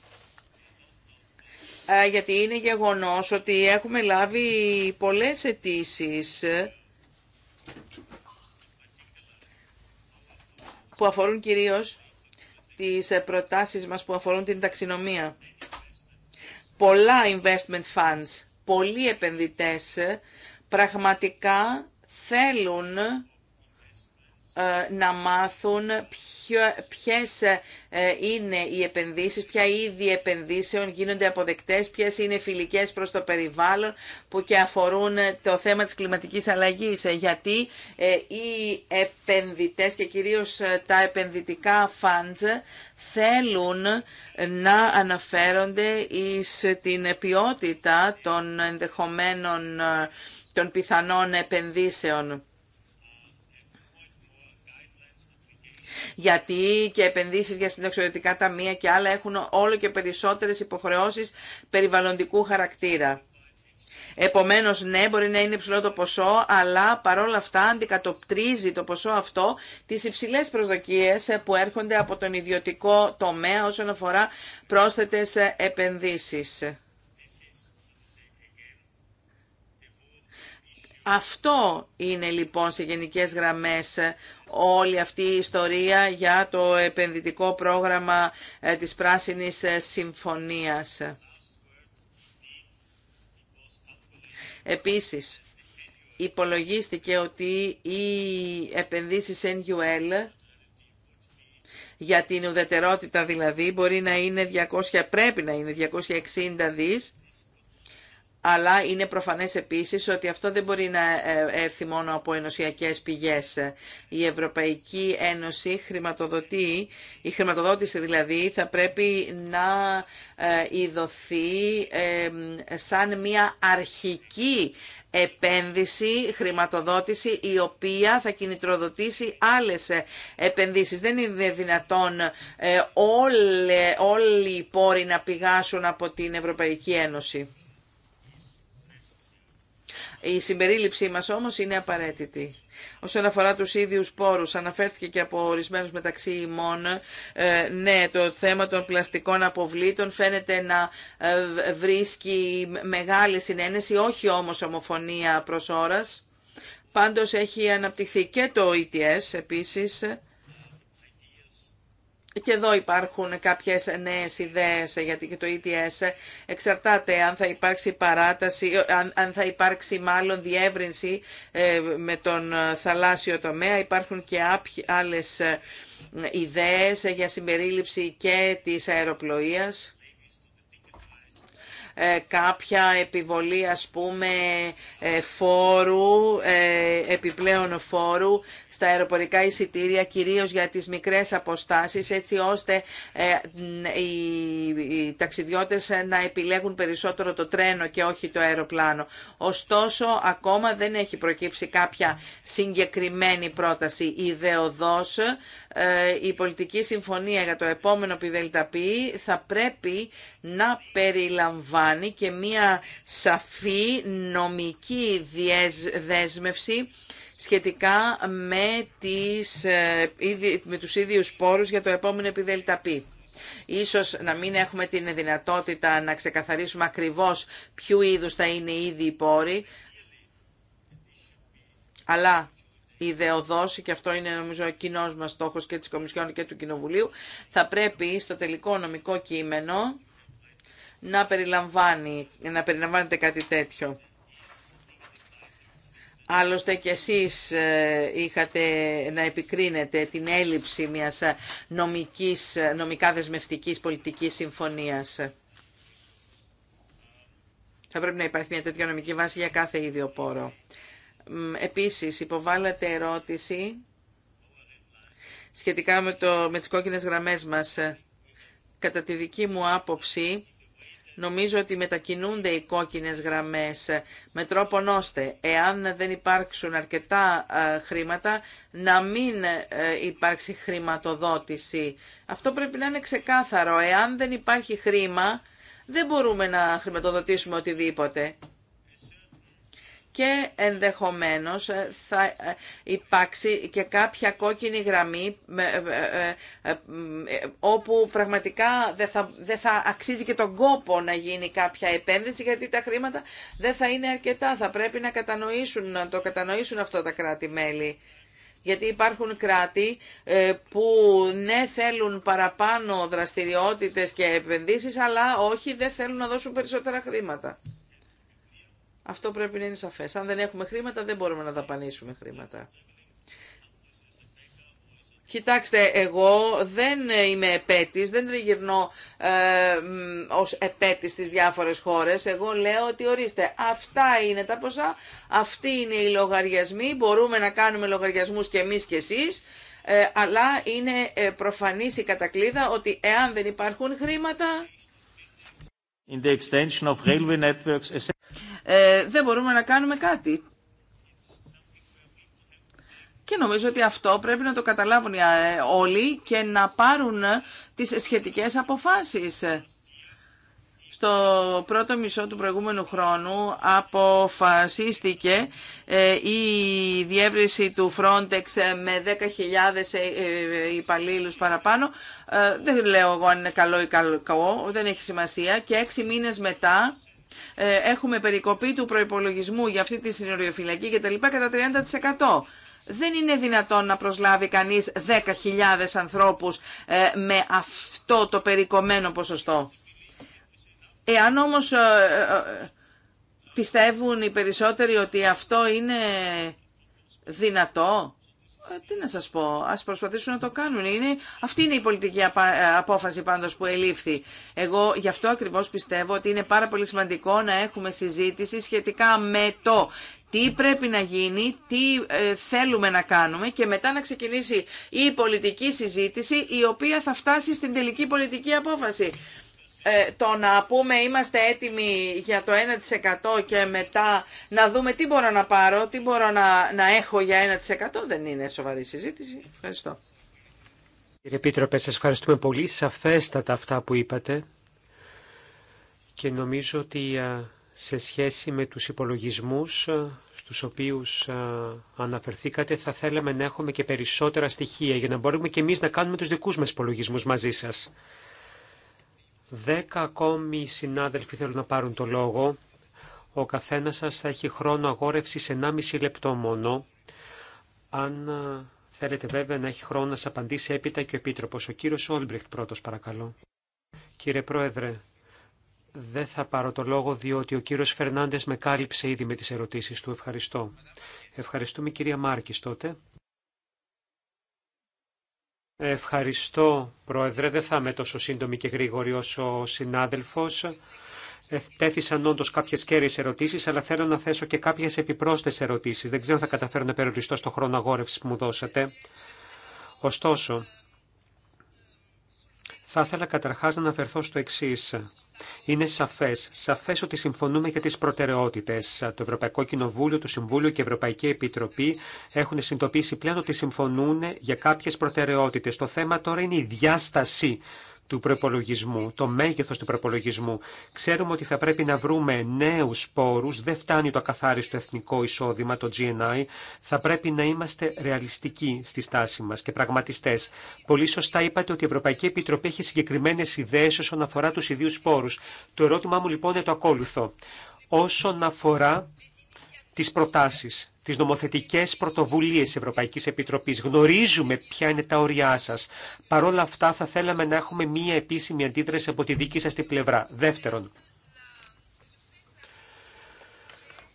[SPEAKER 4] γιατί είναι γεγονός ότι έχουμε λάβει πολλές αιτήσει που αφορούν κυρίως τις ε, προτάσεις μας που αφορούν την ταξινομία. Πολλά investment funds, πολλοί επενδυτές ε, πραγματικά θέλουν ε, να μάθουν ποιες ε, είναι οι επενδύσεις, ποια είδη επενδύσεων γίνονται αποδεκτές, ποιες είναι φιλικές προς το περιβάλλον που και αφορούν το θέμα της κλιματικής αλλαγής. Ε, γιατί οι επενδυτές και κυρίως τα επενδυτικά funds θέλουν να αναφέρονται εις την ποιότητα των ενδεχομένων των πιθανών επενδύσεων. γιατί και επενδύσεις για συνταξιοδοτικά ταμεία και άλλα έχουν όλο και περισσότερες υποχρεώσεις περιβαλλοντικού χαρακτήρα. Επομένως, ναι, μπορεί να είναι υψηλό το ποσό, αλλά παρόλα αυτά αντικατοπτρίζει το ποσό αυτό τις υψηλέ προσδοκίες που έρχονται από τον ιδιωτικό τομέα όσον αφορά πρόσθετε επενδύσει. Αυτό είναι λοιπόν σε γενικές γραμμές όλη αυτή η ιστορία για το επενδυτικό πρόγραμμα ε, της Πράσινης ε, Συμφωνίας. Επίσης, υπολογίστηκε ότι οι επενδύσεις NUL για την ουδετερότητα δηλαδή μπορεί να είναι 200, πρέπει να είναι 260 δις αλλά είναι προφανές επίσης ότι αυτό δεν μπορεί να ε, έρθει μόνο από ενωσιακές πηγές. Η Ευρωπαϊκή Ένωση χρηματοδοτεί, η χρηματοδότηση δηλαδή θα πρέπει να ειδωθεί ε, σαν μια αρχική επένδυση, χρηματοδότηση η οποία θα κινητροδοτήσει άλλες ε, επενδύσεις. Δεν είναι δυνατόν όλοι, όλοι οι πόροι να πηγάσουν από την Ευρωπαϊκή Ένωση. Η συμπερίληψή μας όμως είναι απαραίτητη. Όσον αφορά του ίδιους πόρου, αναφέρθηκε και από ορισμένου μεταξύ ημών, ε, ναι, το θέμα των πλαστικών αποβλήτων φαίνεται να ε, βρίσκει μεγάλη συνένεση, όχι όμως ομοφωνία προς ώρας. Πάντως έχει αναπτυχθεί και το ETS επίσης και εδώ υπάρχουν κάποιες νέες ιδέες γιατί και το ETS εξαρτάται αν θα υπάρξει παράταση, αν, θα υπάρξει μάλλον διεύρυνση ε, με τον ε, θαλάσσιο τομέα. Υπάρχουν και άλλες ε, ιδέες για συμπερίληψη και της αεροπλοείας κάποια επιβολή ας πούμε φόρου, επιπλέον φόρου στα αεροπορικά εισιτήρια, κυρίως για τις μικρές αποστάσεις, έτσι ώστε ε, οι ταξιδιώτες να επιλέγουν περισσότερο το τρένο και όχι το αεροπλάνο. Ωστόσο, ακόμα δεν έχει προκύψει κάποια συγκεκριμένη πρόταση ιδεοδός. Ε, η πολιτική συμφωνία για το επόμενο πιδελταπή θα πρέπει να περιλαμβάνει και μία σαφή νομική δέσμευση σχετικά με, τις, ε, με τους ίδιους πόρους για το επόμενο π. Ίσως να μην έχουμε την δυνατότητα να ξεκαθαρίσουμε ακριβώς ποιου είδους θα είναι οι ίδιοι πόροι, αλλά η ιδεοδόση και αυτό είναι νομίζω ο κοινό μας στόχος και της Κομισιόν και του Κοινοβουλίου, θα πρέπει στο τελικό νομικό κείμενο να, περιλαμβάνει, να περιλαμβάνεται κάτι τέτοιο. Άλλωστε και εσείς ε, είχατε να επικρίνετε την έλλειψη μιας ε, νομικής, ε, νομικά δεσμευτικής πολιτικής συμφωνίας. Θα πρέπει να υπάρχει μια τέτοια νομική βάση για κάθε ίδιο πόρο. Επίσης, υποβάλλατε ερώτηση σχετικά με, το, με τις κόκκινες γραμμές μας. Κατά τη δική μου άποψη, νομίζω ότι μετακινούνται οι κόκκινες γραμμές με τρόπον ώστε εάν δεν υπάρξουν αρκετά ε, χρήματα να μην ε, υπάρξει χρηματοδότηση. Αυτό πρέπει να είναι ξεκάθαρο. Εάν δεν υπάρχει χρήμα δεν μπορούμε να χρηματοδοτήσουμε οτιδήποτε και ενδεχομένως ε, θα ε, υπάρξει και κάποια κόκκινη γραμμή ε, όπου πραγματικά δεν θα, δεν θα αξίζει και τον κόπο να γίνει κάποια επένδυση γιατί τα χρήματα δεν θα είναι αρκετά. Θα πρέπει να, κατανοήσουν, να το κατανοήσουν αυτό τα κράτη-μέλη. Γιατί υπάρχουν κράτη που ναι θέλουν παραπάνω δραστηριότητες και επενδύσεις αλλά όχι δεν θέλουν να δώσουν περισσότερα χρήματα. Αυτό πρέπει να είναι σαφές. Αν δεν έχουμε χρήματα δεν μπορούμε να δαπανίσουμε χρήματα. Κοιτάξτε, εγώ δεν είμαι επέτης, δεν τριγυρνώ ε, ως επέτης στις διάφορες χώρες. Εγώ λέω ότι ορίστε, αυτά είναι τα ποσά, αυτοί είναι οι λογαριασμοί, μπορούμε να κάνουμε λογαριασμούς και εμείς και εσείς, ε, αλλά είναι ε, προφανής η κατακλίδα ότι εάν δεν υπάρχουν χρήματα... Ε, δεν μπορούμε να κάνουμε κάτι. Και νομίζω ότι αυτό πρέπει να το καταλάβουν ε, όλοι και να πάρουν τις σχετικές αποφάσεις. Στο πρώτο μισό του προηγούμενου χρόνου αποφασίστηκε ε, η διεύρυνση του Frontex με 10.000 υπαλλήλους παραπάνω. Δεν λέω εγώ αν είναι καλό ή κακό, δεν έχει σημασία. Και έξι μήνες μετά ε, έχουμε περικοπή του προϋπολογισμού για αυτή τη συνοριοφυλακή λοιπά κατά 30%. Δεν είναι δυνατόν να προσλάβει κανείς 10.000 ανθρώπους ε, με αυτό το περικομμένο ποσοστό. Εάν όμως ε, πιστεύουν οι περισσότεροι ότι αυτό είναι δυνατό, ε, τι να σας πω, ας προσπαθήσουν να το κάνουν. Είναι, αυτή είναι η πολιτική ε, απόφαση πάντως που ελήφθη. Εγώ γι' αυτό ακριβώς πιστεύω ότι είναι πάρα πολύ σημαντικό να έχουμε συζήτηση σχετικά με το τι πρέπει να γίνει, τι ε, θέλουμε να κάνουμε και μετά να ξεκινήσει η πολιτική συζήτηση η οποία θα φτάσει στην τελική πολιτική απόφαση. Ε, το να πούμε είμαστε έτοιμοι για το 1% και μετά να δούμε τι μπορώ να πάρω, τι μπορώ να, να έχω για 1% δεν είναι σοβαρή συζήτηση. Ευχαριστώ.
[SPEAKER 2] Κύριε Πίτροπε, σας ευχαριστούμε πολύ σαφέστατα αυτά που είπατε και νομίζω ότι σε σχέση με τους υπολογισμούς στους οποίους αναφερθήκατε θα θέλαμε να έχουμε και περισσότερα στοιχεία για να μπορούμε και εμείς να κάνουμε τους δικούς μας υπολογισμούς μαζί σας. Δέκα ακόμη συνάδελφοι θέλουν να πάρουν το λόγο. Ο καθένας σας θα έχει χρόνο αγόρευσης 1,5 λεπτό μόνο. Αν ε, θέλετε βέβαια να έχει χρόνο να σας απαντήσει έπειτα και ο Επίτροπος. Ο κύριος Όλμπριχτ πρώτος παρακαλώ. Κύριε Πρόεδρε, δεν θα πάρω το λόγο διότι ο κύριος Φερνάντες με κάλυψε ήδη με τις ερωτήσεις του. Ευχαριστώ. Ευχαριστούμε κυρία Μάρκης τότε. Ευχαριστώ, Πρόεδρε. Δεν θα είμαι τόσο σύντομη και γρήγορη όσο ο συνάδελφος. Ε, τέθησαν όντω κάποιε κέρυε ερωτήσει, αλλά θέλω να θέσω και κάποιε επιπρόσθετε ερωτήσει. Δεν ξέρω αν θα καταφέρω να περιοριστώ στο χρόνο αγόρευση που μου δώσατε. Ωστόσο, θα ήθελα καταρχά να αναφερθώ στο εξή. Είναι σαφέ. Σαφέ ότι συμφωνούμε για τι προτεραιότητε. Το Ευρωπαϊκό Κοινοβούλιο, το Συμβούλιο και η Ευρωπαϊκή Επιτροπή έχουν συνειδητοποιήσει πλέον ότι συμφωνούν για κάποιε προτεραιότητε. Το θέμα τώρα είναι η διάσταση του προπολογισμού, το μέγεθο του προπολογισμού. Ξέρουμε ότι θα πρέπει να βρούμε νέου πόρου, δεν φτάνει το ακαθάριστο εθνικό εισόδημα, το GNI. Θα πρέπει να είμαστε ρεαλιστικοί στη στάση μα και πραγματιστέ. Πολύ σωστά είπατε ότι η Ευρωπαϊκή Επιτροπή έχει συγκεκριμένε ιδέε όσον αφορά του ιδίου πόρου. Το ερώτημά μου λοιπόν είναι το ακόλουθο. Όσον αφορά τι προτάσει τις νομοθετικές πρωτοβουλίες Ευρωπαϊκής Επιτροπής. Γνωρίζουμε ποια είναι τα όρια σας. Παρ' όλα αυτά θα θέλαμε να έχουμε μία επίσημη αντίδραση από τη δική σας την πλευρά. Δεύτερον,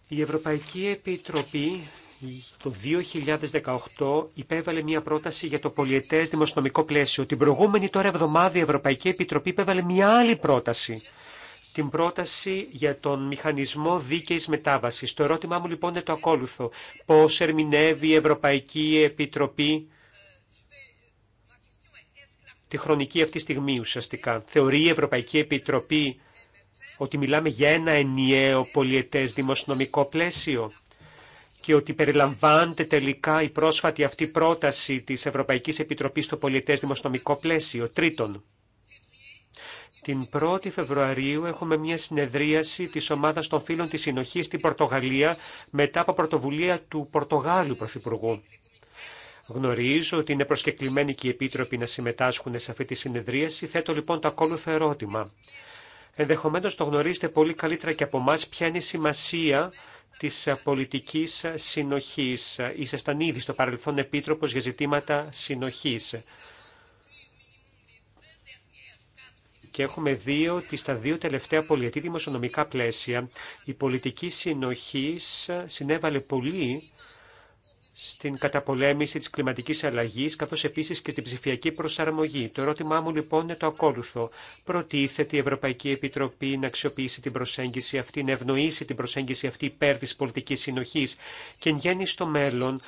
[SPEAKER 2] η Ευρωπαϊκή Επιτροπή το 2018 υπέβαλε μια πρόταση για το πολιετές δημοσιονομικό πλαίσιο. Την προηγούμενη τώρα εβδομάδα η Ευρωπαϊκή Επιτροπή υπέβαλε μια άλλη πρόταση την πρόταση για τον μηχανισμό δίκαιης μετάβασης. Το ερώτημά μου λοιπόν είναι το ακόλουθο. Πώς ερμηνεύει η Ευρωπαϊκή Επιτροπή τη χρονική αυτή στιγμή ουσιαστικά. Θεωρεί η Ευρωπαϊκή Επιτροπή ότι μιλάμε για ένα ενιαίο πολιετές δημοσιονομικό πλαίσιο και ότι περιλαμβάνεται τελικά η πρόσφατη αυτή πρόταση της Ευρωπαϊκής Επιτροπής στο πολιετές δημοσιονομικό πλαίσιο. Τρίτον, την 1η Φεβρουαρίου έχουμε μια συνεδρίαση της ομάδας των φίλων της συνοχής στην Πορτογαλία μετά από πρωτοβουλία του Πορτογάλου Πρωθυπουργού. Γνωρίζω ότι είναι προσκεκλημένοι και οι επίτροποι να συμμετάσχουν σε αυτή τη συνεδρίαση. Θέτω λοιπόν το ακόλουθο ερώτημα. Ενδεχομένω το γνωρίζετε πολύ καλύτερα και από εμά ποια είναι η σημασία τη πολιτική συνοχή. Ήσασταν ήδη στο παρελθόν επίτροπο για ζητήματα συνοχή. Και έχουμε δει ότι στα δύο τελευταία πολιετή δημοσιονομικά πλαίσια η πολιτική συνοχής συνέβαλε πολύ στην καταπολέμηση της κλιματικής αλλαγής, καθώς επίσης και στην ψηφιακή προσαρμογή. Το ερώτημά μου λοιπόν είναι το ακόλουθο. Προτίθεται η Ευρωπαϊκή Επιτροπή να αξιοποιήσει την προσέγγιση αυτή, να ευνοήσει την προσέγγιση αυτή υπέρ της πολιτικής συνοχής και εν γέννη στο μέλλον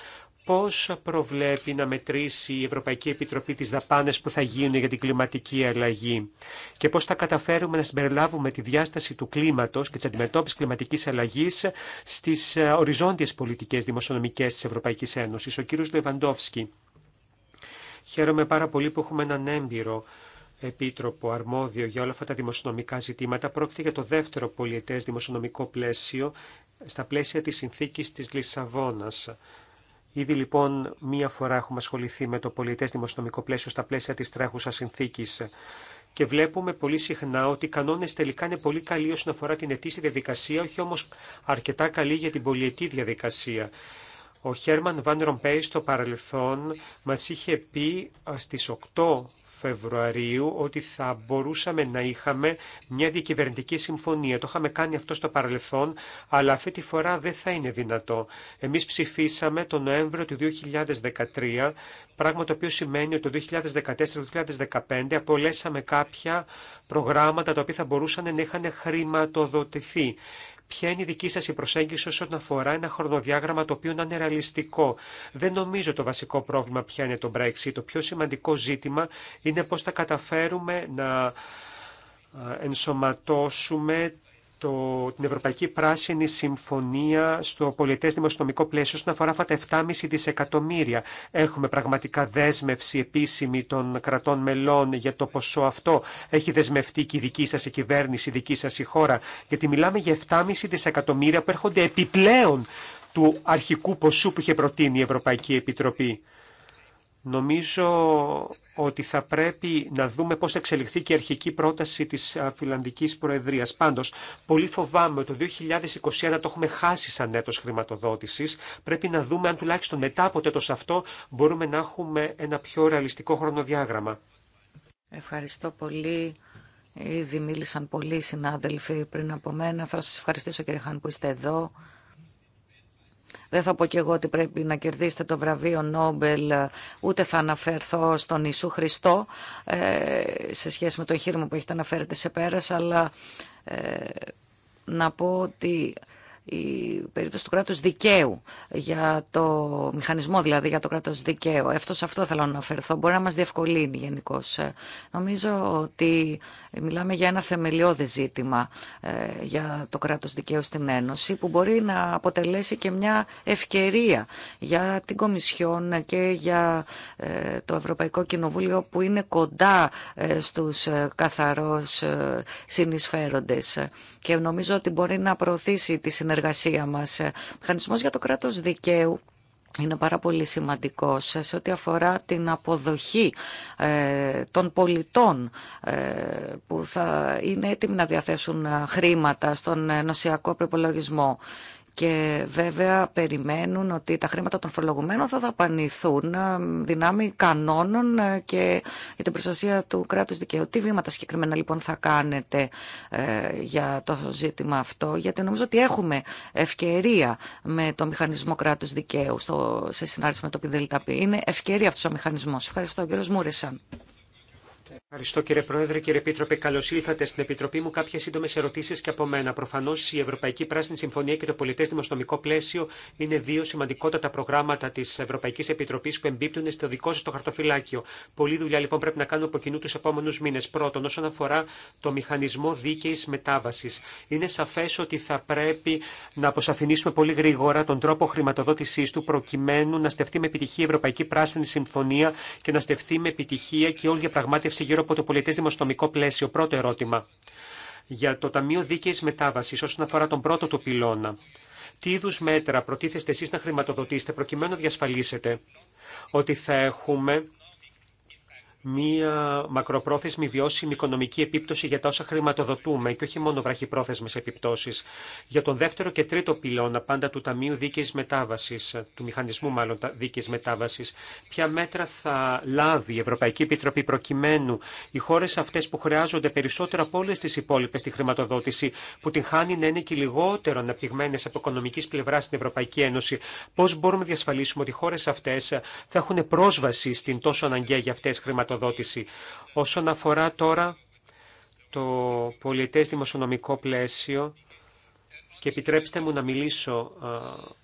[SPEAKER 2] πώς προβλέπει να μετρήσει η Ευρωπαϊκή Επιτροπή τις δαπάνες που θα γίνουν για την κλιματική αλλαγή και πώς θα καταφέρουμε να συμπεριλάβουμε τη διάσταση του κλίματος και της αντιμετώπισης κλιματικής αλλαγής στις ε, οριζόντιες πολιτικές δημοσιονομικές της Ευρωπαϊκής Ένωσης. Ο κύριος Λεβαντόφσκι. Χαίρομαι πάρα πολύ που έχουμε έναν έμπειρο Επίτροπο αρμόδιο για όλα αυτά τα δημοσιονομικά ζητήματα πρόκειται για το δεύτερο πολιετές δημοσιονομικό πλαίσιο στα πλαίσια της συνθήκης της Λισαβόνας. Ήδη λοιπόν μία φορά έχουμε ασχοληθεί με το πολιτές δημοσιονομικό πλαίσιο στα πλαίσια της τρέχουσα συνθήκης και βλέπουμε πολύ συχνά ότι οι κανόνες τελικά είναι πολύ καλοί όσον αφορά την ετήσια διαδικασία, όχι όμως αρκετά καλοί για την πολιετή διαδικασία. Ο Χέρμαν Βαν Ρομπέι στο παρελθόν μας είχε πει στις 8 Φεβρουαρίου ότι θα μπορούσαμε να είχαμε μια διακυβερνητική συμφωνία. Το είχαμε κάνει αυτό στο παρελθόν, αλλά αυτή τη φορά δεν θα είναι δυνατό. Εμείς ψηφίσαμε τον Νοέμβριο του 2013, πράγμα το οποίο σημαίνει ότι το 2014-2015 απολέσαμε κάποια προγράμματα τα οποία θα μπορούσαν να είχαν χρηματοδοτηθεί. Ποια είναι η δική σα η προσέγγιση όσον αφορά ένα χρονοδιάγραμμα το οποίο να είναι ρεαλιστικό. Δεν νομίζω το βασικό πρόβλημα ποια είναι το Brexit. Το πιο σημαντικό ζήτημα είναι πώς θα καταφέρουμε να ενσωματώσουμε το, την Ευρωπαϊκή Πράσινη Συμφωνία στο πολιτές δημοσιονομικό πλαίσιο όσον αφορά αυτά τα 7,5 δισεκατομμύρια. Έχουμε πραγματικά δέσμευση επίσημη των κρατών μελών για το ποσό αυτό. Έχει δεσμευτεί και η δική σας η κυβέρνηση, η δική σας η χώρα. Γιατί μιλάμε για 7,5 δισεκατομμύρια που έρχονται επιπλέον του αρχικού ποσού που είχε προτείνει η Ευρωπαϊκή Επιτροπή. Νομίζω ότι θα πρέπει να δούμε πώς θα εξελιχθεί και η αρχική πρόταση της Φιλανδικής Προεδρίας. Πάντως, πολύ φοβάμαι ότι το 2021 το έχουμε χάσει σαν έτος χρηματοδότησης. Πρέπει να δούμε αν τουλάχιστον μετά από το αυτό μπορούμε να έχουμε ένα πιο ρεαλιστικό χρονοδιάγραμμα.
[SPEAKER 3] Ευχαριστώ πολύ. Ήδη μίλησαν πολλοί συνάδελφοι πριν από μένα. Θα σας ευχαριστήσω κύριε Χάν που είστε εδώ. Δεν θα πω και εγώ ότι πρέπει να κερδίσετε το βραβείο Νόμπελ, ε, ούτε θα αναφερθώ στον Ιησού Χριστό ε, σε σχέση με το εγχείρημα που έχετε αναφέρετε σε πέρας, αλλά ε, να πω ότι η περίπτωση του κράτους δικαίου, για το μηχανισμό δηλαδή για το κράτος δικαίου. Αυτό σε αυτό θέλω να αναφερθώ. Μπορεί να μας διευκολύνει γενικώ. Ε, νομίζω ότι μιλάμε για ένα θεμελιώδη ζήτημα ε, για το κράτος δικαίου στην Ένωση που μπορεί να αποτελέσει και μια ευκαιρία για την Κομισιόν και για ε, το Ευρωπαϊκό Κοινοβούλιο που είναι κοντά στους καθαρός συνεισφέροντες. Και νομίζω ότι μπορεί να προωθήσει τη συνεργασία συνεργασία μας. Ο ε, μηχανισμός για το κράτος δικαίου είναι πάρα πολύ σημαντικό ε, σε ό,τι αφορά την αποδοχή ε, των πολιτών που θα είναι έτοιμοι να διαθέσουν χρήματα στον νοσιακό προπολογισμό και βέβαια περιμένουν ότι τα χρήματα των φορολογουμένων θα δαπανηθούν ε, δυνάμει κανόνων ε, και για την προστασία του κράτους δικαίου. Τι βήματα συγκεκριμένα λοιπόν θα κάνετε ε, για το ζήτημα αυτό, γιατί νομίζω ότι έχουμε ευκαιρία με το μηχανισμό κράτους δικαίου στο, σε συνάρτηση με το πιδελταπή. Είναι ευκαιρία αυτός ο μηχανισμός. Ευχαριστώ κύριος Μούρεσαν.
[SPEAKER 2] Ευχαριστώ κύριε Πρόεδρε, κύριε Επίτροπε. Καλώ ήλθατε στην Επιτροπή μου. Κάποιε σύντομε ερωτήσει και από μένα. Προφανώ η Ευρωπαϊκή Πράσινη Συμφωνία και το πολιτέ δημοσιονομικό πλαίσιο είναι δύο σημαντικότατα προγράμματα τη Ευρωπαϊκή Επιτροπή που εμπίπτουν στο δικό σα το χαρτοφυλάκιο. Πολλή δουλειά λοιπόν πρέπει να κάνουμε από κοινού του επόμενου μήνε. Πρώτον, όσον αφορά το μηχανισμό δίκαιη μετάβαση. Είναι σαφέ ότι θα πρέπει να αποσαφηνίσουμε πολύ γρήγορα τον τρόπο χρηματοδότησή του προκειμένου να στεφτεί με επιτυχία η Ευρωπαϊκή Πράσινη Συμφωνία και να στεφτεί με επιτυχία και όλη διαπραγμάτευση γύρω από το πολιτέ δημοσιονομικό πλαίσιο. Πρώτο ερώτημα. Για το Ταμείο Δίκαιη Μετάβαση, όσον αφορά τον πρώτο του πυλώνα, τι είδου μέτρα προτίθεστε εσεί να χρηματοδοτήσετε προκειμένου να διασφαλίσετε ότι θα έχουμε μία μακροπρόθεσμη βιώσιμη οικονομική επίπτωση για τα όσα χρηματοδοτούμε και όχι μόνο βραχυπρόθεσμες επιπτώσει. Για τον δεύτερο και τρίτο πυλώνα πάντα του Ταμείου Δίκαιη μετάβαση, του Μηχανισμού μάλλον Δίκαιης Μετάβασης, ποια μέτρα θα λάβει η Ευρωπαϊκή Επιτροπή προκειμένου οι χώρε αυτέ που χρειάζονται περισσότερο από όλε τι υπόλοιπε τη χρηματοδότηση, που την χάνει να είναι και λιγότερο αναπτυγμένε από οικονομική πλευρά στην Ευρωπαϊκή Ένωση, πώ μπορούμε να διασφαλίσουμε ότι οι χώρε αυτέ θα έχουν πρόσβαση στην τόσο αναγκαία για αυτές χρηματοδότηση χρηματοδότηση. Όσον αφορά τώρα το πολιτές δημοσιονομικό πλαίσιο και επιτρέψτε μου να μιλήσω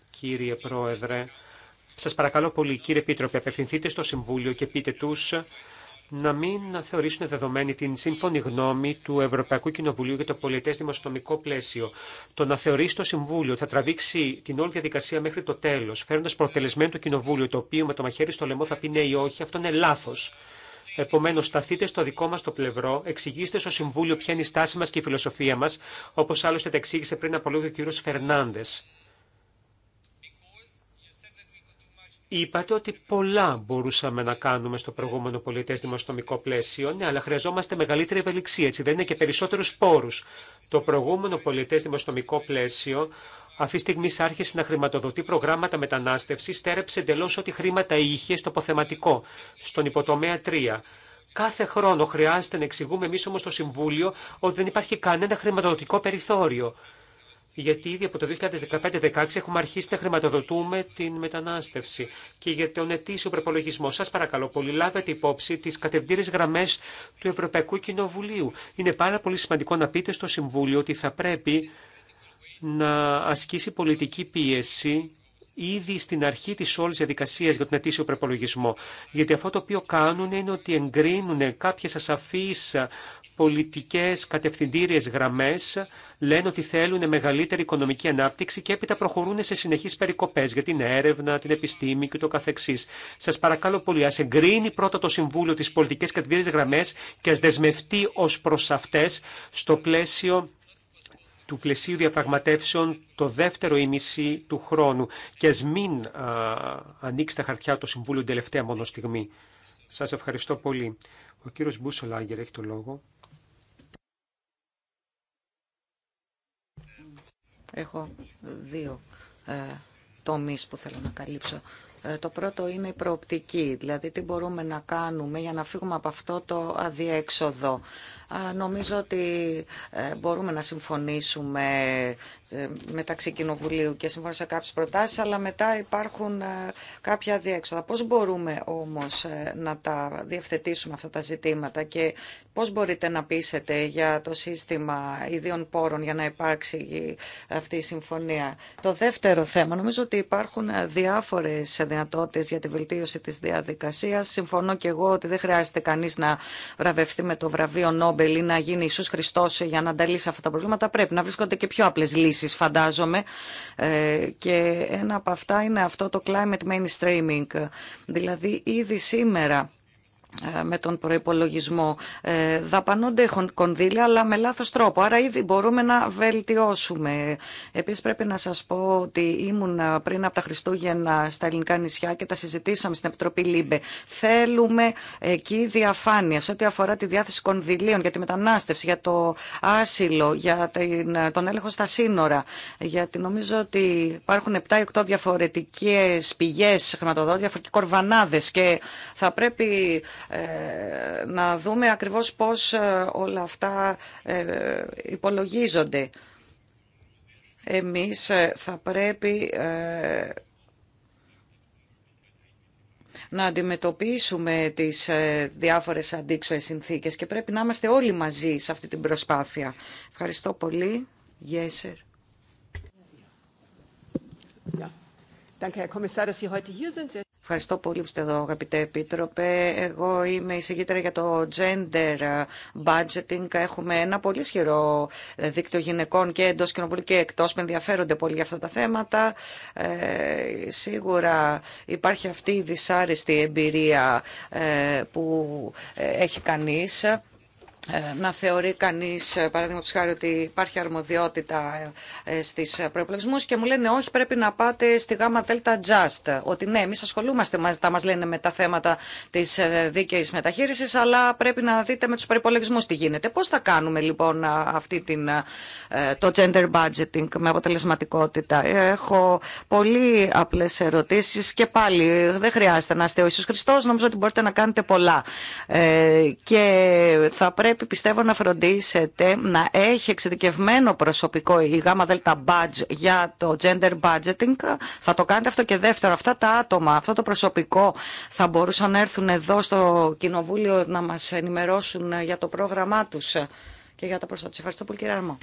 [SPEAKER 2] κύριε Πρόεδρε, σας παρακαλώ πολύ κύριε Επίτροπε, απευθυνθείτε στο Συμβούλιο και πείτε τους να μην θεωρήσουν δεδομένη την σύμφωνη γνώμη του Ευρωπαϊκού Κοινοβουλίου για το πολιτές δημοσιονομικό πλαίσιο. Το να θεωρήσει το Συμβούλιο θα τραβήξει την όλη διαδικασία μέχρι το τέλο, φέρνοντα προτελεσμένο το Κοινοβούλιο, το οποίο με το μαχαίρι στο λαιμό θα πει ναι ή όχι, αυτό είναι λάθο. Επομένω, σταθείτε στο δικό μα το πλευρό, εξηγήστε στο Συμβούλιο ποια είναι η στάση μα και η φιλοσοφία μα, όπω άλλωστε τα εξήγησε πριν από λίγο ο κύριο Φερνάνδε. Είπατε ότι πολλά μπορούσαμε να κάνουμε στο προηγούμενο πολιτέ δημοσιονομικό πλαίσιο, ναι, αλλά χρειαζόμαστε μεγαλύτερη ευελιξία, έτσι δεν είναι και περισσότερου πόρου. Το προηγούμενο πολιτέ δημοσιονομικό πλαίσιο αυτή τη στιγμή άρχισε να χρηματοδοτεί προγράμματα μετανάστευση, στέρεψε εντελώ ό,τι χρήματα είχε στο αποθεματικό, στον υποτομέα 3. Κάθε χρόνο χρειάζεται να εξηγούμε εμεί όμω στο Συμβούλιο ότι δεν υπάρχει κανένα χρηματοδοτικό περιθώριο. Γιατί ήδη από το 2015-2016 έχουμε αρχίσει να χρηματοδοτούμε την μετανάστευση. Και για τον ετήσιο προπολογισμό, σα παρακαλώ πολύ, λάβετε υπόψη τι κατευθύνε γραμμέ του Ευρωπαϊκού Κοινοβουλίου. Είναι πάρα πολύ σημαντικό να πείτε στο Συμβούλιο ότι θα πρέπει να ασκήσει πολιτική πίεση ήδη στην αρχή της όλης διαδικασίας για τον ετήσιο προπολογισμό. Γιατί αυτό το οποίο κάνουν είναι ότι εγκρίνουν κάποιες ασαφείς πολιτικές κατευθυντήριες γραμμές, λένε ότι θέλουν μεγαλύτερη οικονομική ανάπτυξη και έπειτα προχωρούν σε συνεχείς περικοπές για την έρευνα, την επιστήμη και το καθεξής. Σας παρακαλώ πολύ, ας εγκρίνει πρώτα το Συμβούλιο τις πολιτικές κατευθυντήριες γραμμές και ας δεσμευτεί ως προς αυτές στο πλαίσιο του πλαισίου διαπραγματεύσεων το δεύτερο ήμιση του χρόνου. Και ας μην α, ανοίξει τα χαρτιά του Συμβούλιο τελευταία μόνο στιγμή. Σας ευχαριστώ πολύ. Ο κύριος Μπούσολάγκερ έχει το λόγο.
[SPEAKER 3] Έχω δύο ε, τομείς που θέλω να καλύψω. Ε, το πρώτο είναι η προοπτική, δηλαδή τι μπορούμε να κάνουμε για να φύγουμε από αυτό το αδιέξοδο Νομίζω ότι ε, μπορούμε να συμφωνήσουμε ε, μεταξύ Κοινοβουλίου και συμφωνώ σε κάποιες προτάσεις, αλλά μετά υπάρχουν ε, κάποια διέξοδα. Πώς μπορούμε όμως να τα διευθετήσουμε αυτά τα ζητήματα και πώς μπορείτε να πείσετε για το σύστημα ιδίων πόρων για να υπάρξει αυτή η συμφωνία. Το δεύτερο θέμα, νομίζω ότι υπάρχουν διάφορες δυνατότητες για τη βελτίωση της διαδικασίας. Συμφωνώ και εγώ ότι δεν χρειάζεται κανείς να βραβευτεί με το βραβείο Νόμπελ Νόμπελ να γίνει Ιησούς Χριστός για να ανταλύσει αυτά τα προβλήματα, πρέπει να βρίσκονται και πιο απλές λύσεις φαντάζομαι ε, και ένα από αυτά είναι αυτό το climate mainstreaming. Δηλαδή ήδη σήμερα ε, με τον προϋπολογισμό. Ε, Δαπανώνται κονδύλια, αλλά με λάθος τρόπο. Άρα ήδη μπορούμε να βελτιώσουμε. Επίσης πρέπει να σας πω ότι ήμουν ε, πριν από τα Χριστούγεννα στα ελληνικά νησιά και τα συζητήσαμε στην Επιτροπή ΛΥΜΠΕ. Θέλουμε εκεί διαφάνεια σε ό,τι αφορά τη διάθεση κονδυλίων για τη μετανάστευση, για το άσυλο, για τον έλεγχο στα σύνορα. Γιατί νομίζω ότι υπάρχουν 7-8 διαφορετικές πηγές χρηματοδότηση, διαφορετικοί κορβανάδε και θα πρέπει ε, να δούμε ακριβώς πώς ε, όλα αυτά ε, υπολογίζονται. Εμείς θα πρέπει να αντιμετωπίσουμε τις διάφορες αντίξωες συνθήκες και πρέπει να είμαστε όλοι μαζί σε αυτή την προσπάθεια. Ευχαριστώ πολύ. Γέσερ. Ευχαριστώ πολύ που είστε εδώ, αγαπητέ Επίτροπε. Εγώ είμαι εισηγήτρια για το gender budgeting. Έχουμε ένα πολύ ισχυρό δίκτυο γυναικών και εντό κοινοβουλίου και εκτό που ενδιαφέρονται πολύ για αυτά τα θέματα. Ε, σίγουρα υπάρχει αυτή η δυσάρεστη εμπειρία ε, που έχει κανεί. Ε, να θεωρεί κανείς, ε, παραδείγματο χάρη, ότι υπάρχει αρμοδιότητα ε, στι προπολογισμού και μου λένε όχι πρέπει να πάτε στη γάμα δέλτα just. Ότι ναι, εμεί ασχολούμαστε, τα μας λένε με τα θέματα τη δίκαιη μεταχείριση, αλλά πρέπει να δείτε με του προπολογισμού τι γίνεται. Πώ θα κάνουμε λοιπόν αυτή την, το gender budgeting με αποτελεσματικότητα. Έχω πολύ απλέ ερωτήσει και πάλι δεν χρειάζεται να είστε ο Ιησούς Χριστός, νομίζω ότι μπορείτε να κάνετε πολλά. και θα πρέπει πιστεύω να φροντίσετε να έχει εξειδικευμένο προσωπικό η γάμα δελτα για το gender budgeting. Θα το κάνετε αυτό και δεύτερο. Αυτά τα άτομα, αυτό το προσωπικό θα μπορούσαν να έρθουν εδώ στο Κοινοβούλιο να μας ενημερώσουν για το πρόγραμμά τους και για τα προσώπη. Ευχαριστώ πολύ κύριε Αρμό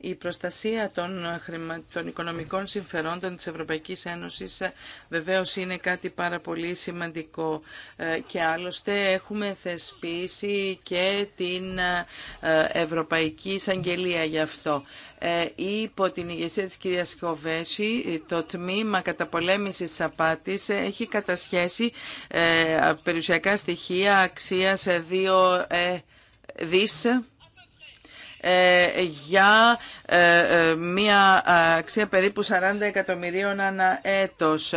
[SPEAKER 4] η προστασία των, οικονομικών συμφερόντων της Ευρωπαϊκής Ένωσης ε, βεβαίως είναι κάτι πάρα πολύ σημαντικό ε, και άλλωστε έχουμε θεσπίσει και την ε, Ευρωπαϊκή Εισαγγελία γι' αυτό. Υπό την ηγεσία της κυρίας Κοβέση, το τμήμα καταπολέμησης της απάτης έχει κατασχέσει περιουσιακά στοιχεία αξίας 2 δις ε, για ε, ε, μία αξία περίπου 40 εκατομμυρίων ανά έτος.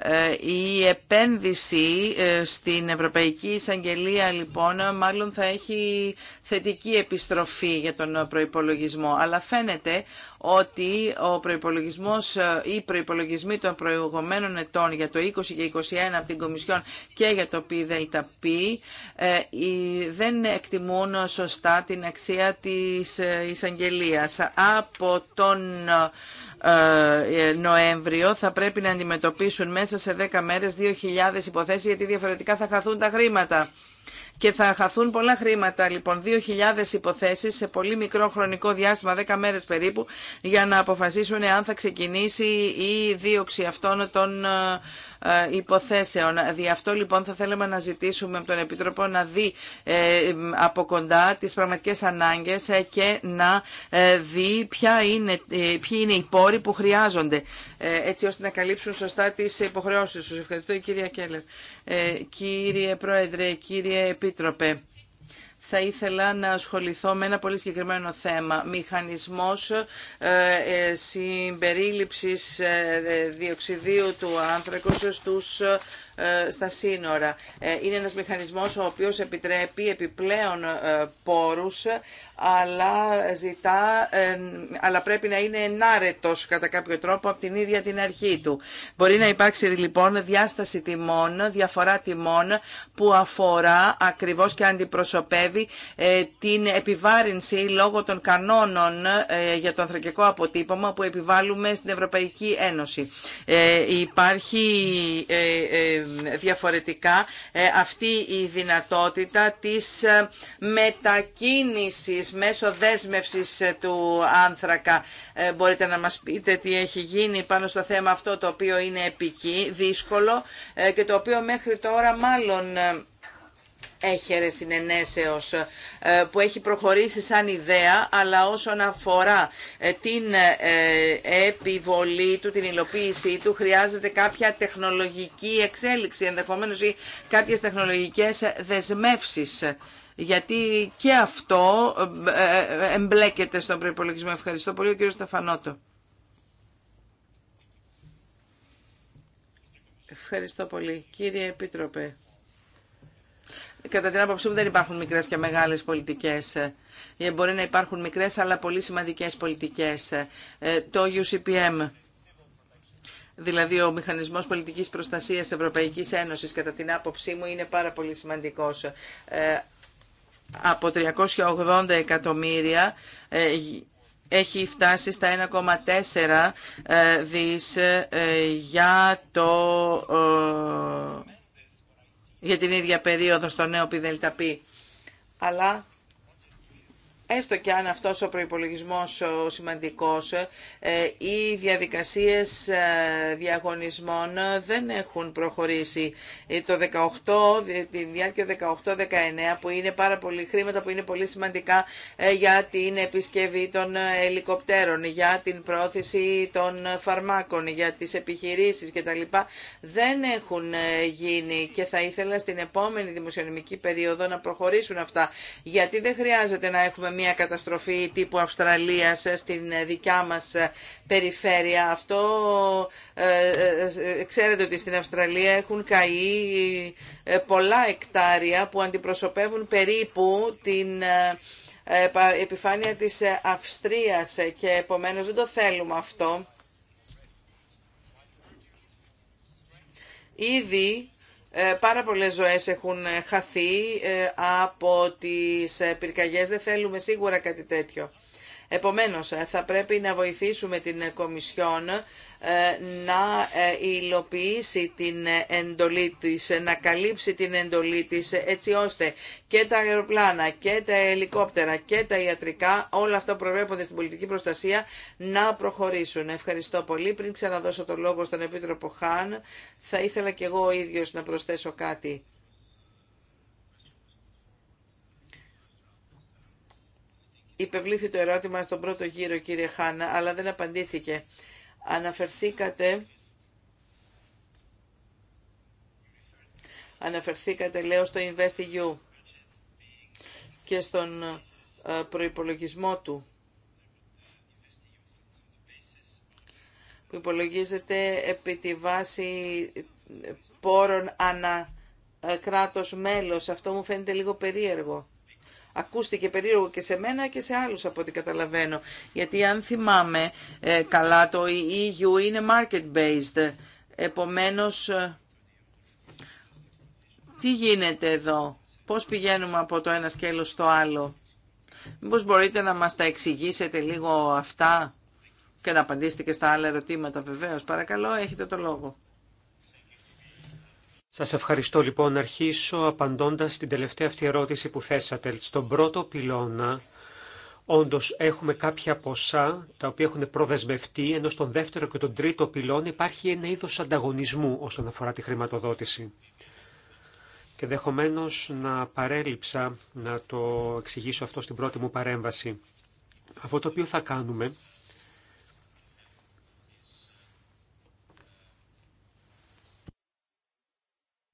[SPEAKER 4] Ε, η επένδυση ε, στην Ευρωπαϊκή Εισαγγελία λοιπόν μάλλον θα έχει θετική επιστροφή για τον προϋπολογισμό. Αλλά φαίνεται ότι ο προϋπολογισμός ή ε, προϋπολογισμοί των προηγουμένων ετών για το 20 και 21 από την Κομισιόν και για το ΠΔΠ δεν εκτιμούν σωστά την αξία της εισαγγελίας. Από τον ε, ε, Νοέμβριο θα πρέπει να αντιμετωπίσουν μέσα σε 10 μέρες 2.000 υποθέσεις γιατί διαφορετικά θα χαθούν τα χρήματα. Και θα χαθούν πολλά χρήματα, λοιπόν, 2.000 υποθέσεις σε πολύ μικρό χρονικό διάστημα, 10 μέρες περίπου, για να αποφασίσουν αν θα ξεκινήσει η δίωξη αυτών των ε, ε, υποθέσεων. Δι' αυτό λοιπόν θα θέλαμε να ζητήσουμε από τον Επίτροπο να δει ε, από κοντά τις πραγματικές ανάγκες ε, και να δει ποια είναι, ποιοι είναι οι πόροι που χρειάζονται έτσι ώστε να καλύψουν σωστά τις υποχρεώσεις τους. Ευχαριστώ η κυρία Κέλλερ. Κύριε Πρόεδρε, κύριε Επίτροπε θα ήθελα να ασχοληθώ με ένα πολύ συγκεκριμένο θέμα. Μηχανισμός ε, ε, συμπερίληψης ε, διοξιδίου του άνθρακος στα σύνορα. Είναι ένας μηχανισμός ο οποίος επιτρέπει επιπλέον πόρους αλλά, ζητά, ε, αλλά πρέπει να είναι ενάρετος κατά κάποιο τρόπο από την ίδια την αρχή του. Μπορεί να υπάρξει λοιπόν διάσταση τιμών, διαφορά τιμών που αφορά ακριβώς και αντιπροσωπεύει ε, την επιβάρυνση λόγω των κανόνων ε, για το ανθρακικό αποτύπωμα που επιβάλλουμε στην Ευρωπαϊκή Ένωση. Υπάρχει διαφορετικά αυτή η δυνατότητα της μετακίνησης μέσω δέσμευσης ε, του άνθρακα ε, μπορείτε να μας πείτε τι έχει γίνει πάνω στο θέμα αυτό το οποίο είναι επική, δύσκολο ε, και το οποίο μέχρι τώρα μάλλον έχερε συνενέσεως που έχει προχωρήσει σαν ιδέα αλλά όσον αφορά την επιβολή του, την υλοποίησή του χρειάζεται κάποια τεχνολογική εξέλιξη ενδεχομένως ή κάποιες τεχνολογικές δεσμεύσεις γιατί και αυτό ε, ε, εμπλέκεται στον προϋπολογισμό. Ευχαριστώ πολύ ο κύριος Σταφανότο. Ευχαριστώ πολύ. Κύριε Επίτροπε, κατά την άποψή μου δεν υπάρχουν μικρές και μεγάλες πολιτικές. Ε, μπορεί να υπάρχουν μικρές αλλά πολύ σημαντικές πολιτικές. Το UCPM δηλαδή ο μηχανισμός πολιτικής προστασίας Ευρωπαϊκής Ένωσης κατά την άποψή μου είναι πάρα πολύ σημαντικός από 380 εκατομμύρια ε, έχει φτάσει στα 1,4 ε, δις ε, για, το, για την ίδια περίοδο στο νέο ΠΔΠ. Αλλά έστω και αν αυτός ο προϋπολογισμός ο σημαντικός, ε, οι διαδικασίες ε, διαγωνισμών δεν έχουν προχωρήσει. Ε, το 18, τη διάρκεια 18-19 που είναι πάρα πολύ χρήματα που είναι πολύ σημαντικά για την επισκευή των ελικοπτέρων, για την πρόθεση των φαρμάκων, για τις επιχειρήσεις κτλ. δεν έχουν γίνει και θα ήθελα στην επόμενη δημοσιονομική περίοδο να προχωρήσουν αυτά γιατί δεν χρειάζεται να έχουμε μια καταστροφή τύπου Αυστραλίας στην δικιά μας περιφέρεια. Αυτό ε, ε, ξέρετε ότι στην Αυστραλία έχουν καεί ε, πολλά εκτάρια που αντιπροσωπεύουν περίπου την επιφάνεια της Αυστρίας και επομένως δεν το θέλουμε αυτό. Ήδη ε, πάρα πολλές ζωές έχουν ε, χαθεί ε, από τις πυρκαγιές. Δεν θέλουμε σίγουρα κάτι τέτοιο. Επομένως, ε, θα πρέπει να βοηθήσουμε την Κομισιόν ε, να ε, υλοποιήσει την εντολή της, να καλύψει την εντολή της, έτσι ώστε και τα αεροπλάνα και τα ελικόπτερα και τα ιατρικά, όλα αυτά που προβλέπονται στην πολιτική προστασία, να προχωρήσουν. Ευχαριστώ πολύ. Πριν ξαναδώσω το λόγο στον Επίτροπο Χάν, θα ήθελα και εγώ ο ίδιος να προσθέσω κάτι. υπευλήθη το ερώτημα στον πρώτο γύρο κύριε Χάνα, αλλά δεν απαντήθηκε. Αναφερθήκατε... Αναφερθήκατε, λέω, στο InvestEU και στον ε, προϋπολογισμό του. που υπολογίζεται επί τη βάση ε, πόρων ανά ε, κράτος μέλος. Αυτό μου φαίνεται λίγο περίεργο ακούστηκε περίεργο και σε μένα και σε άλλους από ό,τι καταλαβαίνω. Γιατί αν θυμάμαι ε, καλά το EU είναι market-based. Επομένως, ε, τι γίνεται εδώ, πώς πηγαίνουμε από το ένα σκέλος στο άλλο. Μήπως μπορείτε να μας τα εξηγήσετε λίγο αυτά και να απαντήσετε και στα άλλα ερωτήματα βεβαίως. Παρακαλώ, έχετε το λόγο.
[SPEAKER 2] Σας ευχαριστώ λοιπόν να αρχίσω απαντώντας την τελευταία αυτή ερώτηση που θέσατε. Στον πρώτο πυλώνα όντως έχουμε κάποια ποσά τα οποία έχουν προδεσμευτεί, ενώ στον δεύτερο και τον τρίτο πυλώνα υπάρχει ένα είδος ανταγωνισμού όσον αφορά τη χρηματοδότηση. Και δεχομένω να παρέλειψα να το εξηγήσω αυτό στην πρώτη μου παρέμβαση. Αυτό το οποίο θα κάνουμε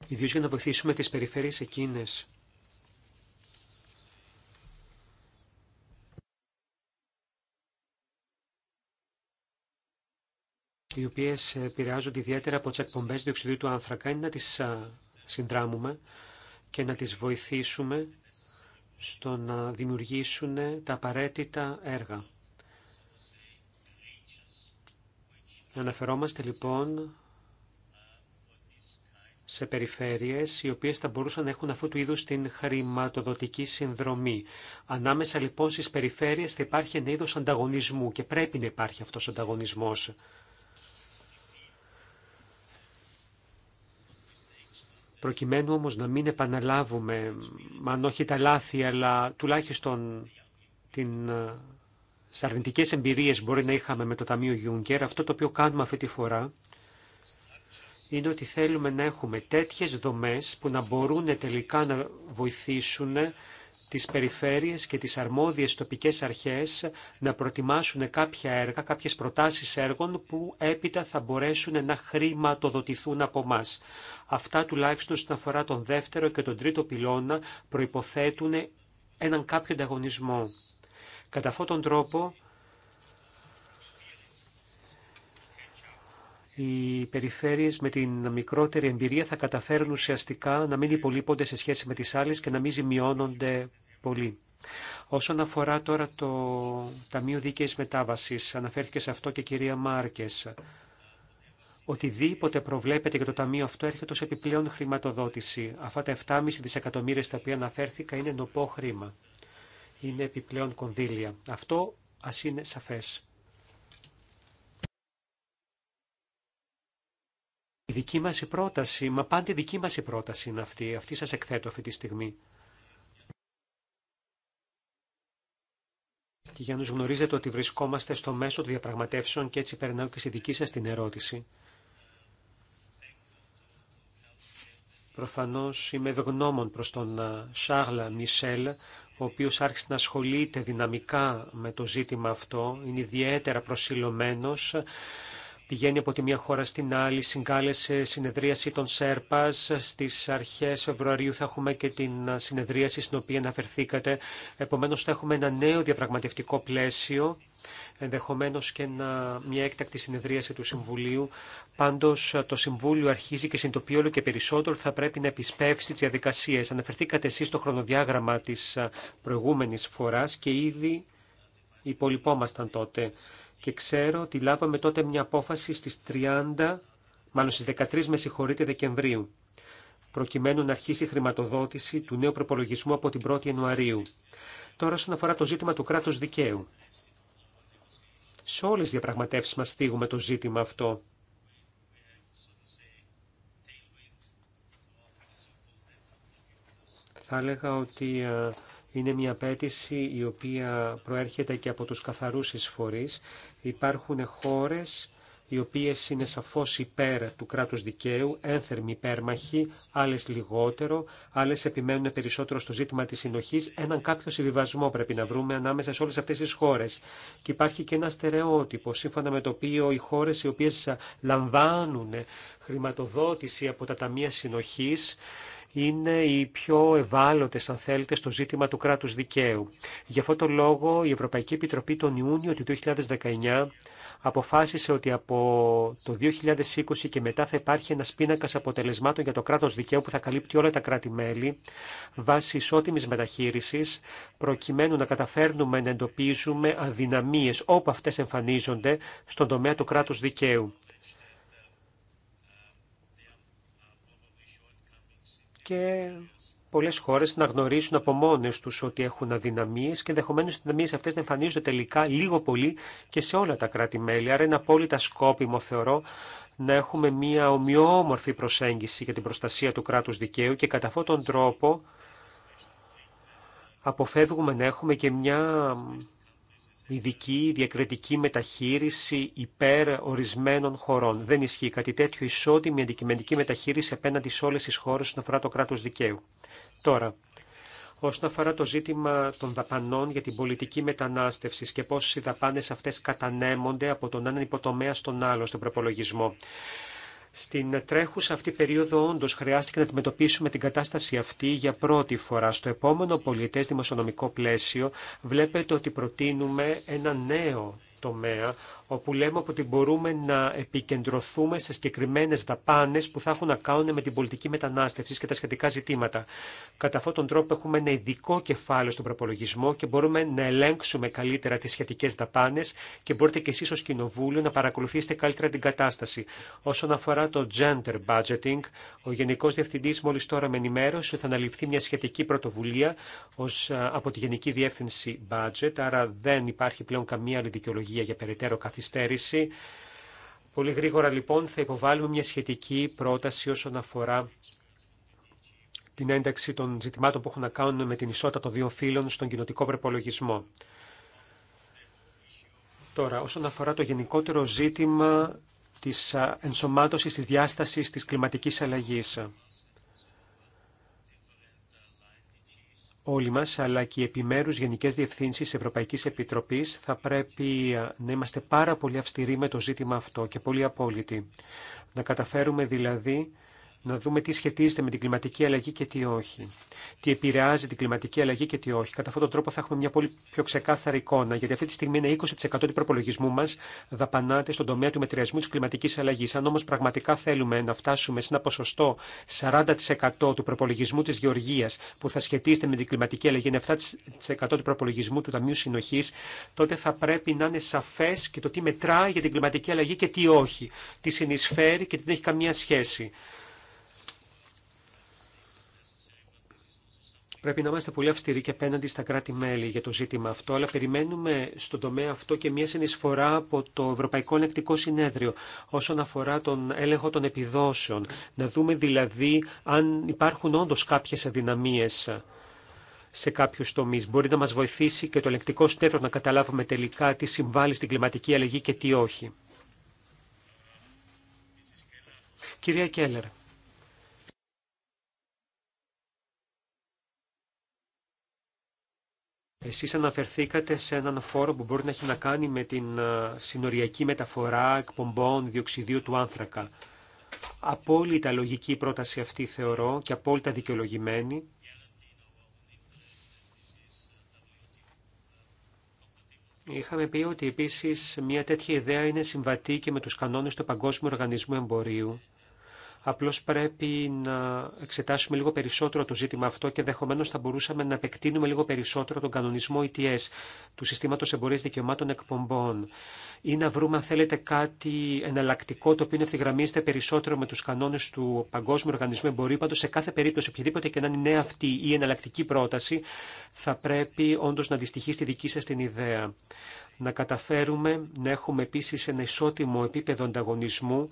[SPEAKER 2] ιδίως για να βοηθήσουμε τις περιφέρειες εκείνες οι οποίες επηρεάζονται ιδιαίτερα από τις εκπομπές διοξιδίου του άνθρακα, είναι να τις συνδράμουμε και να τις βοηθήσουμε στο να δημιουργήσουν τα απαραίτητα έργα. Αναφερόμαστε λοιπόν σε περιφέρειες οι οποίες θα μπορούσαν να έχουν αυτού του είδους την χρηματοδοτική συνδρομή. Ανάμεσα λοιπόν στις περιφέρειες θα υπάρχει ένα είδος ανταγωνισμού και πρέπει να υπάρχει αυτός ο ανταγωνισμός. Προκειμένου όμως να μην επαναλάβουμε, αν όχι τα λάθη, αλλά τουλάχιστον την ε, αρνητικές εμπειρίες μπορεί να είχαμε με το Ταμείο Γιούγκερ, αυτό το οποίο κάνουμε αυτή τη φορά είναι ότι θέλουμε να έχουμε τέτοιες δομές που να μπορούν τελικά να βοηθήσουν τις περιφέρειες και τις αρμόδιες τοπικές αρχές να προετοιμάσουν κάποια έργα, κάποιες προτάσεις έργων που έπειτα θα μπορέσουν να χρηματοδοτηθούν από εμά. Αυτά τουλάχιστον στην αφορά τον δεύτερο και τον τρίτο πυλώνα προϋποθέτουν έναν κάποιο ανταγωνισμό. Κατά αυτόν τον τρόπο οι περιφέρειε με την μικρότερη εμπειρία θα καταφέρουν ουσιαστικά να μην υπολείπονται σε σχέση με τι άλλε και να μην ζημιώνονται πολύ. Όσον αφορά τώρα το Ταμείο Δίκαιη μετάβαση, αναφέρθηκε σε αυτό και η κυρία Μάρκε. οτιδήποτε προβλέπεται για το Ταμείο αυτό έρχεται ω επιπλέον χρηματοδότηση. Αυτά τα 7,5 δισεκατομμύρια στα οποία αναφέρθηκα είναι νοπό χρήμα. Είναι επιπλέον κονδύλια. Αυτό α είναι σαφέ. Η δική μας η πρόταση, μα πάντα η δική μας η πρόταση είναι αυτή. Αυτή σας εκθέτω αυτή τη στιγμή. Και για να γνωρίζετε ότι βρισκόμαστε στο μέσο των διαπραγματεύσεων και έτσι περνάω και στη δική σας την ερώτηση. Προφανώς είμαι ευγνώμων προς τον Σάρλα Μισελ, ο οποίος άρχισε να ασχολείται δυναμικά με το ζήτημα αυτό, είναι ιδιαίτερα προσιλωμένος πηγαίνει από τη μία χώρα στην άλλη, συγκάλεσε συνεδρίαση των ΣΕΡΠΑΣ. Στις αρχές Φεβρουαρίου θα έχουμε και την συνεδρίαση στην οποία αναφερθήκατε. Επομένως θα έχουμε ένα νέο διαπραγματευτικό πλαίσιο, ενδεχομένως και ένα, μια έκτακτη συνεδρίαση του Συμβουλίου. Πάντω το Συμβούλιο αρχίζει και συνειδητοποιεί όλο και περισσότερο θα πρέπει να επισπεύσει τι διαδικασίε. Αναφερθήκατε εσεί στο χρονοδιάγραμμα τη προηγούμενη φορά και ήδη υπολοιπόμασταν τότε και ξέρω ότι λάβαμε τότε μια απόφαση στις 30, μάλλον στις 13 με συγχωρείτε Δεκεμβρίου, προκειμένου να αρχίσει η χρηματοδότηση του νέου προπολογισμού από την 1η Ιανουαρίου. Τώρα όσον αφορά το ζήτημα του κράτους δικαίου. Σε όλες τις διαπραγματεύσεις μας θίγουμε το ζήτημα αυτό. Θα έλεγα ότι ε, είναι μια απέτηση η οποία προέρχεται και από τους καθαρούς εισφορείς Υπάρχουν χώρες οι οποίες είναι σαφώς υπέρ του κράτους δικαίου, ένθερμοι υπέρμαχοι, άλλες λιγότερο, άλλες επιμένουν περισσότερο στο ζήτημα της συνοχής. Έναν κάποιο συμβιβασμό πρέπει να βρούμε ανάμεσα σε όλες αυτές τις χώρες. Και υπάρχει και ένα στερεότυπο, σύμφωνα με το οποίο οι χώρες οι οποίες λαμβάνουν χρηματοδότηση από τα ταμεία συνοχής, είναι οι πιο ευάλωτε, αν θέλετε, στο ζήτημα του κράτου δικαίου. Γι' αυτό το λόγο η Ευρωπαϊκή Επιτροπή τον Ιούνιο του 2019 αποφάσισε ότι από το 2020 και μετά θα υπάρχει ένας πίνακας αποτελεσμάτων για το κράτος δικαίου που θα καλύπτει όλα τα κράτη-μέλη βάσει ισότιμης μεταχείρισης προκειμένου να καταφέρνουμε να εντοπίζουμε αδυναμίες όπου αυτές εμφανίζονται στον τομέα του κράτους δικαίου. και πολλές χώρες να γνωρίσουν από μόνες τους ότι έχουν αδυναμίες και ενδεχομένω οι αδυναμίες αυτές να εμφανίζονται τελικά λίγο πολύ και σε όλα τα κράτη-μέλη. Άρα είναι απόλυτα σκόπιμο θεωρώ να έχουμε μία ομοιόμορφη προσέγγιση για την προστασία του κράτους δικαίου και κατά αυτόν τον τρόπο αποφεύγουμε να έχουμε και μια ειδική διακριτική μεταχείριση υπέρ ορισμένων χωρών. Δεν ισχύει κάτι τέτοιο ισότιμη αντικειμενική μεταχείριση απέναντι σε όλες τις χώρες όσον αφορά το κράτος δικαίου. Τώρα, όσον αφορά το ζήτημα των δαπανών για την πολιτική μετανάστευση και πώς οι δαπάνες αυτές κατανέμονται από τον έναν υποτομέα στον άλλο στον προπολογισμό. Στην τρέχουσα αυτή περίοδο όντως χρειάστηκε να αντιμετωπίσουμε την κατάσταση αυτή για πρώτη φορά. Στο επόμενο πολιτές δημοσιονομικό πλαίσιο βλέπετε ότι προτείνουμε ένα νέο τομέα όπου λέμε ότι μπορούμε να επικεντρωθούμε σε συγκεκριμένε δαπάνε που θα έχουν να κάνουν με την πολιτική μετανάστευση και τα σχετικά ζητήματα. Κατά αυτόν τον τρόπο έχουμε ένα ειδικό κεφάλαιο στον προπολογισμό και μπορούμε να ελέγξουμε καλύτερα τι σχετικέ δαπάνε και μπορείτε και εσεί ω Κοινοβούλιο να παρακολουθήσετε καλύτερα την κατάσταση. Όσον αφορά το gender budgeting, ο Γενικό Διευθυντή μόλι τώρα με ενημέρωσε ότι θα αναλυφθεί μια σχετική πρωτοβουλία ως, ε, από τη Γενική Διεύθυνση Budget, άρα δεν υπάρχει πλέον καμία άλλη δικαιολογία για περαιτέρω καθυστέρηση. Πολύ γρήγορα λοιπόν θα υποβάλουμε μια σχετική πρόταση όσον αφορά την ένταξη των ζητημάτων που έχουν να κάνουν με την ισότητα των δύο φύλων στον κοινοτικό προπολογισμό. Τώρα, όσον αφορά το γενικότερο ζήτημα της ενσωμάτωσης της διάστασης της κλιματικής αλλαγής. όλοι μας, αλλά και οι επιμέρους Γενικές Διευθύνσεις Ευρωπαϊκής Επιτροπής θα πρέπει ε, να είμαστε πάρα πολύ αυστηροί με το ζήτημα αυτό και πολύ απόλυτοι. Να καταφέρουμε δηλαδή να δούμε τι σχετίζεται με την κλιματική αλλαγή και τι όχι. Τι επηρεάζει την κλιματική αλλαγή και τι όχι. Κατά αυτόν τον τρόπο θα έχουμε μια πολύ πιο ξεκάθαρη εικόνα, γιατί αυτή τη στιγμή είναι 20% του προπολογισμού μα δαπανάται στον τομέα του μετριασμού τη κλιματική αλλαγή. Αν όμω πραγματικά θέλουμε να φτάσουμε σε ένα ποσοστό 40% του προπολογισμού τη γεωργία που θα σχετίζεται με την κλιματική αλλαγή, είναι 7% του προπολογισμού του Ταμείου Συνοχή, τότε θα πρέπει να είναι σαφέ και το τι μετράει για την κλιματική αλλαγή και τι όχι. Τι συνεισφέρει και τι δεν έχει καμία σχέση. Πρέπει να είμαστε πολύ αυστηροί και απέναντι στα κράτη-μέλη για το ζήτημα αυτό, αλλά περιμένουμε στον τομέα αυτό και μια συνεισφορά από το Ευρωπαϊκό Ελεκτικό Συνέδριο όσον αφορά τον έλεγχο των επιδόσεων. Να δούμε δηλαδή αν υπάρχουν όντω κάποιε αδυναμίε σε κάποιου τομεί. Μπορεί να μα βοηθήσει και το ελεκτικό συνέδριο να καταλάβουμε τελικά τι συμβάλλει στην κλιματική αλλαγή και τι όχι. Κυρία Κέλλερ. Εσείς αναφερθήκατε σε έναν φόρο που μπορεί να έχει να κάνει με την ε, συνοριακή μεταφορά εκπομπών διοξιδίου του άνθρακα. Απόλυτα λογική πρόταση αυτή θεωρώ και απόλυτα δικαιολογημένη. Είχαμε πει ότι επίσης μια τέτοια ιδέα είναι συμβατή και με τους κανόνες του Παγκόσμιου Οργανισμού Εμπορίου Απλώς πρέπει να εξετάσουμε λίγο περισσότερο το ζήτημα αυτό και ενδεχομένω θα μπορούσαμε να επεκτείνουμε λίγο περισσότερο τον κανονισμό ETS, του Συστήματος Εμπορίας Δικαιωμάτων Εκπομπών, ή να βρούμε αν θέλετε κάτι εναλλακτικό το οποίο ευθυγραμμίζεται περισσότερο με τους κανόνες του Παγκόσμιου Οργανισμού Εμπορίου. Πάντως σε κάθε περίπτωση, οποιαδήποτε και να είναι αυτή η εναλλακτική πρόταση, θα πρέπει όντω να αντιστοιχεί στη δική σα την ιδέα να καταφέρουμε να έχουμε επίση ένα ισότιμο επίπεδο ανταγωνισμού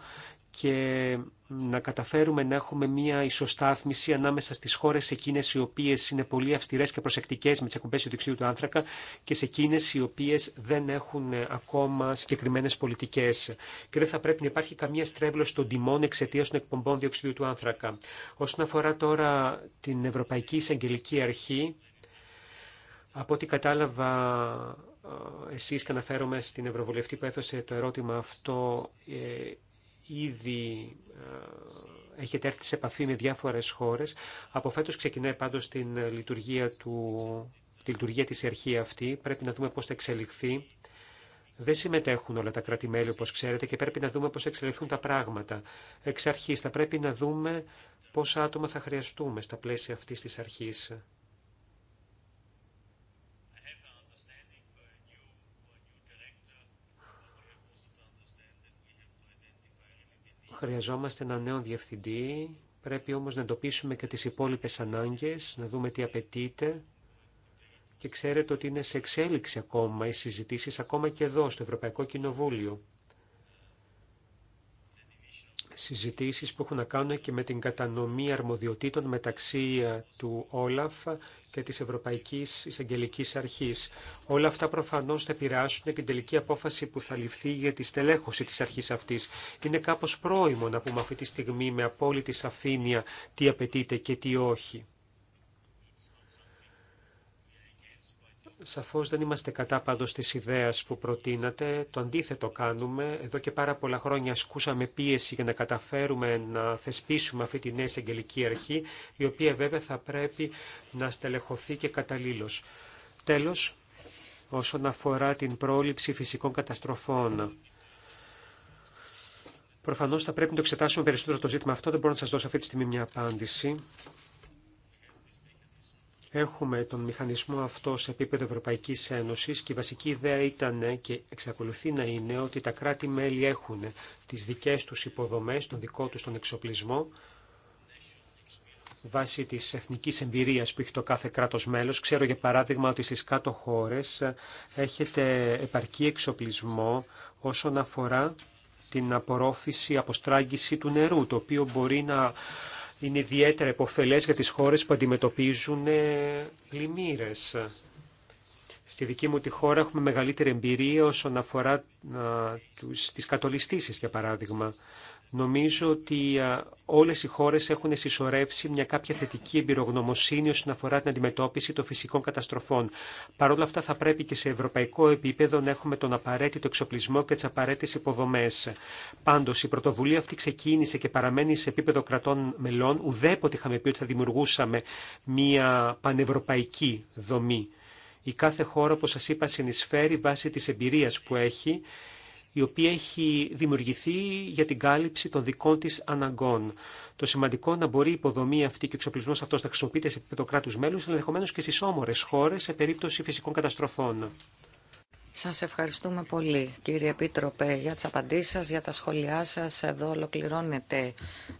[SPEAKER 2] και να καταφέρουμε να έχουμε μια ισοστάθμιση ανάμεσα στις χώρες εκείνες οι οποίε είναι πολύ αυστηρέ και προσεκτικέ με τι εκπομπέ του δεξιού του άνθρακα και σε εκείνες οι οποίε δεν έχουν ακόμα συγκεκριμένε πολιτικέ. Και δεν θα πρέπει να υπάρχει καμία στρέβλωση των τιμών εξαιτία των εκπομπών διοξιδίου του άνθρακα. Όσον αφορά τώρα την Ευρωπαϊκή Εισαγγελική Αρχή, από ό,τι κατάλαβα ε, εσείς και αναφέρομαι στην Ευρωβουλευτή που έθεσε το ερώτημα αυτό, ε, ήδη ε, έχετε έρθει σε επαφή με διάφορες χώρες. Από φέτος ξεκινάει πάντως την ε, λειτουργία του, τη λειτουργία της αρχή αυτή. Πρέπει να δούμε πώς θα εξελιχθεί. Δεν συμμετέχουν όλα τα κράτη-μέλη, όπως ξέρετε, και πρέπει να δούμε πώς θα εξελιχθούν τα πράγματα. Εξ αρχής θα πρέπει να δούμε πόσα άτομα θα χρειαστούμε στα πλαίσια αυτής της αρχής. Χρειαζόμαστε έναν νέο διευθυντή, πρέπει όμως να εντοπίσουμε και τις υπόλοιπες ανάγκες, να δούμε τι απαιτείται και ξέρετε ότι είναι σε εξέλιξη ακόμα οι συζητήσεις, ακόμα και εδώ στο Ευρωπαϊκό Κοινοβούλιο συζητήσεις που έχουν να κάνουν και με την κατανομή αρμοδιοτήτων μεταξύ ε, του Όλαφ και της Ευρωπαϊκής Εισαγγελικής Αρχής. Όλα αυτά προφανώς θα επηρεάσουν και την τελική απόφαση που θα ληφθεί για τη στελέχωση της αρχής αυτής. Είναι κάπως πρόημο να πούμε αυτή τη στιγμή με απόλυτη σαφήνεια τι απαιτείται και τι όχι. Σαφώς δεν είμαστε κατά πάντως της ιδέας που προτείνατε, το αντίθετο κάνουμε. Εδώ και πάρα πολλά χρόνια ασκούσαμε πίεση για να καταφέρουμε να θεσπίσουμε αυτή τη νέα εισαγγελική αρχή, η οποία βέβαια θα πρέπει να στελεχωθεί και καταλήλως. Τέλος, όσον αφορά την πρόληψη φυσικών καταστροφών. Προφανώς θα πρέπει να το εξετάσουμε περισσότερο το ζήτημα αυτό, δεν μπορώ να σας δώσω αυτή τη στιγμή μια απάντηση. Έχουμε τον μηχανισμό αυτό σε επίπεδο Ευρωπαϊκή Ένωση και η βασική ιδέα ήταν και εξακολουθεί να είναι ότι τα κράτη-μέλη έχουν τι δικέ του υποδομέ, τον δικό του τον εξοπλισμό, βάσει τη εθνική εμπειρία που έχει το κάθε κράτο μέλο. Ξέρω για παράδειγμα ότι στι κάτω χώρε έχετε επαρκή εξοπλισμό όσον αφορά την απορρόφηση, αποστράγγιση του νερού, το οποίο μπορεί να είναι ιδιαίτερα υποφελές για τις χώρες που αντιμετωπίζουν ε, πλημμύρες. Στη δική μου τη χώρα έχουμε μεγαλύτερη εμπειρία όσον αφορά α, τους, τις κατολιστήσεις, για παράδειγμα. Νομίζω ότι όλες οι χώρες έχουν συσσωρεύσει μια κάποια θετική εμπειρογνωμοσύνη όσον αφορά την αντιμετώπιση των φυσικών καταστροφών. Παρ' όλα αυτά θα πρέπει και σε ευρωπαϊκό επίπεδο να έχουμε τον απαραίτητο εξοπλισμό και τις απαραίτητες υποδομές. Πάντως η πρωτοβουλία αυτή ξεκίνησε και παραμένει σε επίπεδο κρατών μελών. Ουδέποτε είχαμε πει ότι θα δημιουργούσαμε μια πανευρωπαϊκή δομή. Η κάθε χώρα, όπως σας είπα, συνεισφέρει βάσει της εμπειρίας που έχει η οποία έχει δημιουργηθεί για την κάλυψη των δικών τη αναγκών. Το σημαντικό να μπορεί η υποδομή αυτή και ο εξοπλισμό αυτό να χρησιμοποιείται σε επίπεδο κράτους μέλους, ενδεχομένω και στι όμορε χώρε σε περίπτωση φυσικών καταστροφών. Σας
[SPEAKER 3] ευχαριστούμε πολύ κύριε Επίτροπε για τις απαντήσεις σας, για τα σχόλιά σας. Εδώ ολοκληρώνεται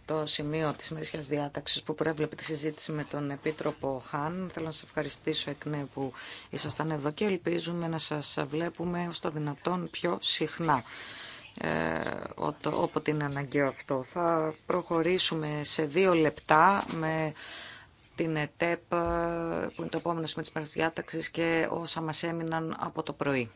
[SPEAKER 3] το σημείο της μερίσιας διάταξης που προέβλεπε τη συζήτηση με τον Επίτροπο Χάν. Θέλω να σας ευχαριστήσω εκ νέου που ήσασταν εδώ και ελπίζουμε να σας βλέπουμε ως το δυνατόν πιο συχνά ε, όποτε είναι αναγκαίο αυτό. Θα προχωρήσουμε σε δύο λεπτά με την ΕΤΕΠ, που είναι το επόμενο σημείο της διάταξης και όσα μας έμειναν από το πρωί.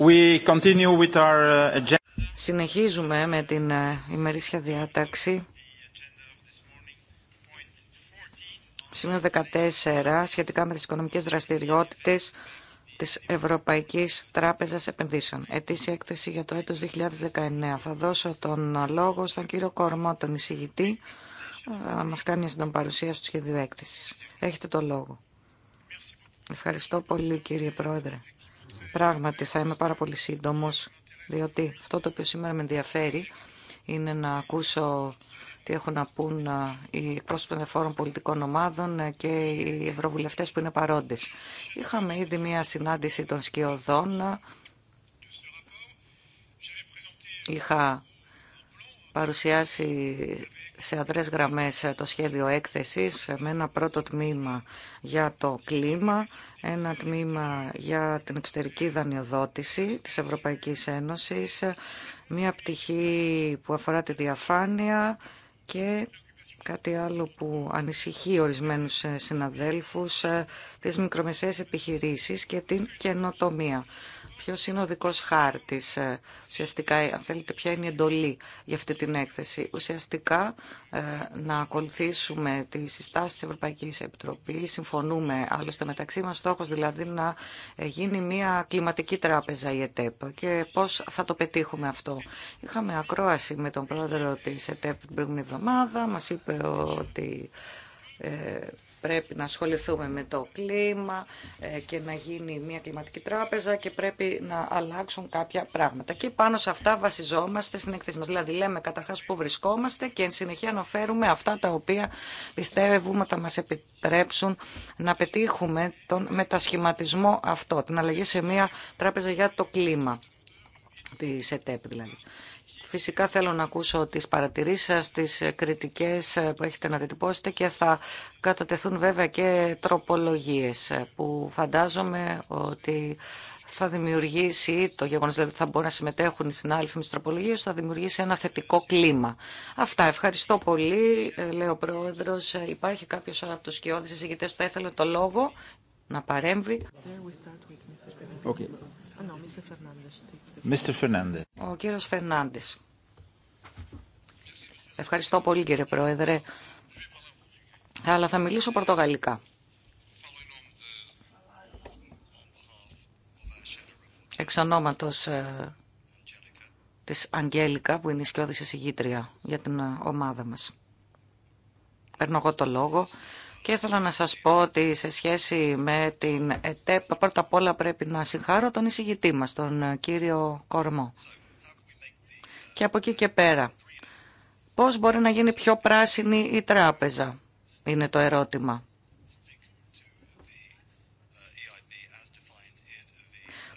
[SPEAKER 3] Uh, Συνεχίζουμε με την ε, ημερήσια διάταξη. Σημείο 14, σχετικά με τις οικονομικές δραστηριότητες της Ευρωπαϊκής Τράπεζας Επενδύσεων. Ετήσια έκθεση για το έτος 2019. Θα δώσω τον λόγο στον κύριο Κορμό, τον εισηγητή, ε, να μας κάνει μια παρουσία παρουσίαση του σχεδίου έκθεσης. Έχετε το λόγο. Ευχαριστώ πολύ κύριε Πρόεδρε. Πράγματι θα είμαι πάρα πολύ σύντομος, διότι αυτό το οποίο σήμερα με ενδιαφέρει είναι να ακούσω τι έχουν να πούν ε, οι εκπρόσωποι των εφόρων πολιτικών ομάδων ε, και οι ευρωβουλευτές που είναι παρόντες. Είχαμε ήδη μία συνάντηση των σκιωδών. Είχα παρουσιάσει σε αδρές γραμμές ε, το σχέδιο έκθεσης με ένα πρώτο τμήμα για το κλίμα, ένα τμήμα για την εξωτερική δανειοδότηση της Ευρωπαϊκής Ένωσης, μια πτυχή που αφορά τη διαφάνεια και κάτι άλλο που ανησυχεί ορισμένους ε, συναδέλφους, ε, τις μικρομεσαίες επιχειρήσεις και την καινοτομία. Ποιο είναι ο δικός χάρτης, ε, ουσιαστικά, αν θέλετε, ποια είναι η εντολή για αυτή την έκθεση. Ουσιαστικά, ε, να ακολουθήσουμε τις συστάσεις τη Ευρωπαϊκής Επιτροπής, συμφωνούμε άλλωστε μεταξύ μας, στόχος δηλαδή να ε, γίνει μια κλιματική τράπεζα η ΕΤΕΠ και πώς θα το πετύχουμε αυτό. Είχαμε ακρόαση με τον πρόεδρο τη ΕΤΕΠ την προηγούμενη εβδομάδα, Μα είπε ότι πρέπει να ασχοληθούμε με το κλίμα ε, και να γίνει μια κλιματική τράπεζα και πρέπει να αλλάξουν κάποια πράγματα. Και πάνω σε αυτά βασιζόμαστε στην εκθέση μας. Δηλαδή λέμε καταρχάς που βρισκόμαστε και εν συνεχεία αναφέρουμε αυτά τα οποία πιστεύουμε θα μας επιτρέψουν να πετύχουμε τον μετασχηματισμό αυτό, την αλλαγή σε μια τράπεζα για το κλίμα τη ΕΤΕΠ δηλαδή. Φυσικά θέλω να ακούσω τις παρατηρήσεις σας, τις κριτικές που έχετε να διατυπώσετε και θα κατατεθούν βέβαια και τροπολογίες που φαντάζομαι ότι θα δημιουργήσει, το γεγονός δηλαδή θα μπορούν να συμμετέχουν στην άλλη με θα δημιουργήσει ένα θετικό κλίμα. Αυτά. Ευχαριστώ πολύ, ε, λέει ο Πρόεδρος. Ε, υπάρχει κάποιος από τους σκιώδεις εισηγητές που θα ήθελε το λόγο να παρέμβει. Okay. Oh, ο κύριος Φερνάντες. Ευχαριστώ πολύ κύριε Πρόεδρε. Αλλά θα μιλήσω πορτογαλικά. Εξ ονόματος ε, της Αγγέλικα που είναι η σκιώδηση συγγήτρια για την ε, ομάδα μας. Παίρνω εγώ το λόγο και ήθελα να σας πω ότι σε σχέση με την ΕΤΕΠ πρώτα απ' όλα πρέπει να συγχάρω τον εισηγητή μας, τον κύριο Κορμό. Και από εκεί και πέρα, πώς μπορεί να γίνει πιο πράσινη η τράπεζα, είναι το ερώτημα.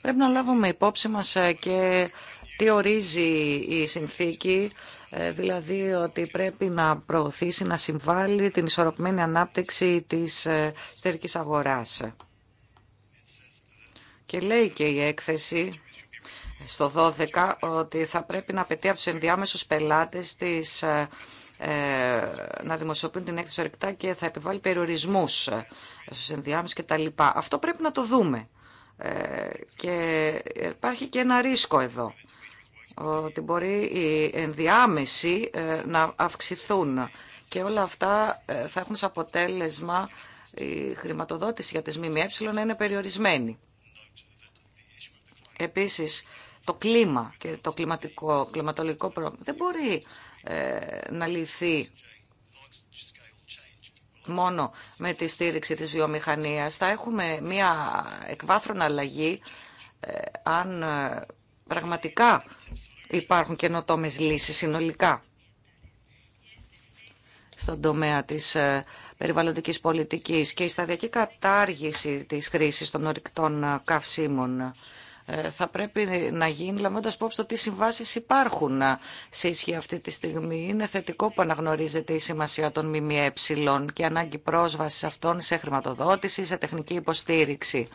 [SPEAKER 3] Πρέπει να λάβουμε υπόψη μας ε, και τι ορίζει η συνθήκη ε, δηλαδή ότι πρέπει να προωθήσει, να συμβάλλει την ισορροπημένη ανάπτυξη της ε, στέρικης αγοράς. Και λέει και η έκθεση στο 12 ότι θα πρέπει να απαιτεί από τους ενδιάμεσους πελάτες της ε, να δημοσιοποιούν την έκθεση ορεικτά και θα επιβάλλει περιορισμούς στους ενδιάμεσους λοιπά. Αυτό πρέπει να το δούμε. και υπάρχει και ένα ρίσκο εδώ ότι μπορεί οι ενδιάμεση ε, να αυξηθούν και όλα αυτά ε, θα έχουν σαν αποτέλεσμα η χρηματοδότηση για τις ΜΜΕ να είναι περιορισμένη. Επίσης, το κλίμα και το κλιματικό, κλιματολογικό πρόβλημα δεν μπορεί ε, να λυθεί μόνο με τη στήριξη της βιομηχανίας. Θα έχουμε μία εκβάθρον αλλαγή αν Πραγματικά υπάρχουν καινοτόμε λύσεις συνολικά στον τομέα της ε, περιβαλλοντικής πολιτικής και η σταδιακή κατάργηση της χρήσης των ορυκτών ε, καυσίμων ε, θα πρέπει να γίνει λαμβάνοντα υπόψη το τι συμβάσει υπάρχουν σε ισχύ αυτή τη στιγμή. Είναι θετικό που αναγνωρίζεται η σημασία των ΜΜΕ και ανάγκη πρόσβαση αυτών σε χρηματοδότηση, σε τεχνική υποστήριξη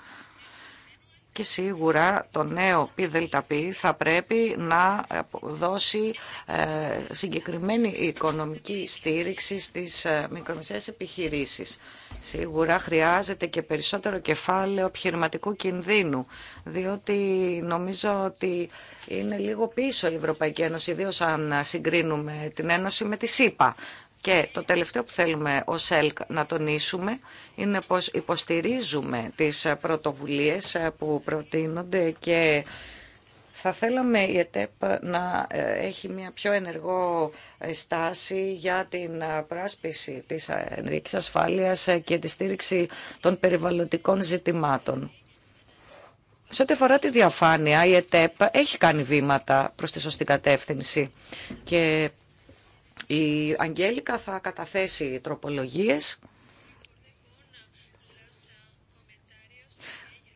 [SPEAKER 3] και σίγουρα το νέο ΠΔΠ θα πρέπει να δώσει ε, συγκεκριμένη οικονομική στήριξη στις ε, μικρομεσαίες επιχειρήσεις. Σίγουρα χρειάζεται και περισσότερο κεφάλαιο επιχειρηματικού κινδύνου, διότι νομίζω ότι είναι λίγο πίσω η Ευρωπαϊκή Ένωση, ιδίω αν συγκρίνουμε την Ένωση με τη ΣΥΠΑ. Και το τελευταίο που θέλουμε ο ΕΛΚ να τονίσουμε είναι πως υποστηρίζουμε τις πρωτοβουλίες που προτείνονται και θα θέλαμε η ΕΤΕΠ να ε, έχει μια πιο ενεργό ε, στάση για την ε, πράσπιση της ενεργικής ασφάλειας και τη στήριξη των περιβαλλοντικών ζητημάτων. Σε ό,τι αφορά τη διαφάνεια, η ΕΤΕΠ έχει κάνει βήματα προς τη σωστή κατεύθυνση και η Αγγέλικα θα καταθέσει τροπολογίες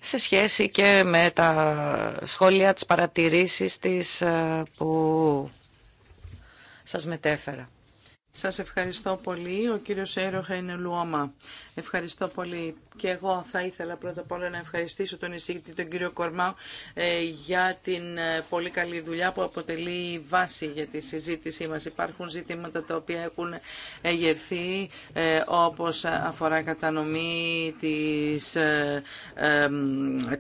[SPEAKER 3] σε σχέση και με τα σχόλια της παρατηρήσεις της ε, που σας μετέφερα.
[SPEAKER 4] Σας ευχαριστώ πολύ. Ο κύριος Έροχα είναι Λουόμα. Ευχαριστώ πολύ και εγώ θα ήθελα πρώτα απ' όλα να ευχαριστήσω τον εισηγητή τον κύριο Κορμάου ε, για την ε, πολύ καλή δουλειά που αποτελεί βάση για τη συζήτησή μας. Υπάρχουν ζητήματα τα οποία έχουν εγερθεί ε, όπως αφορά κατανομή της,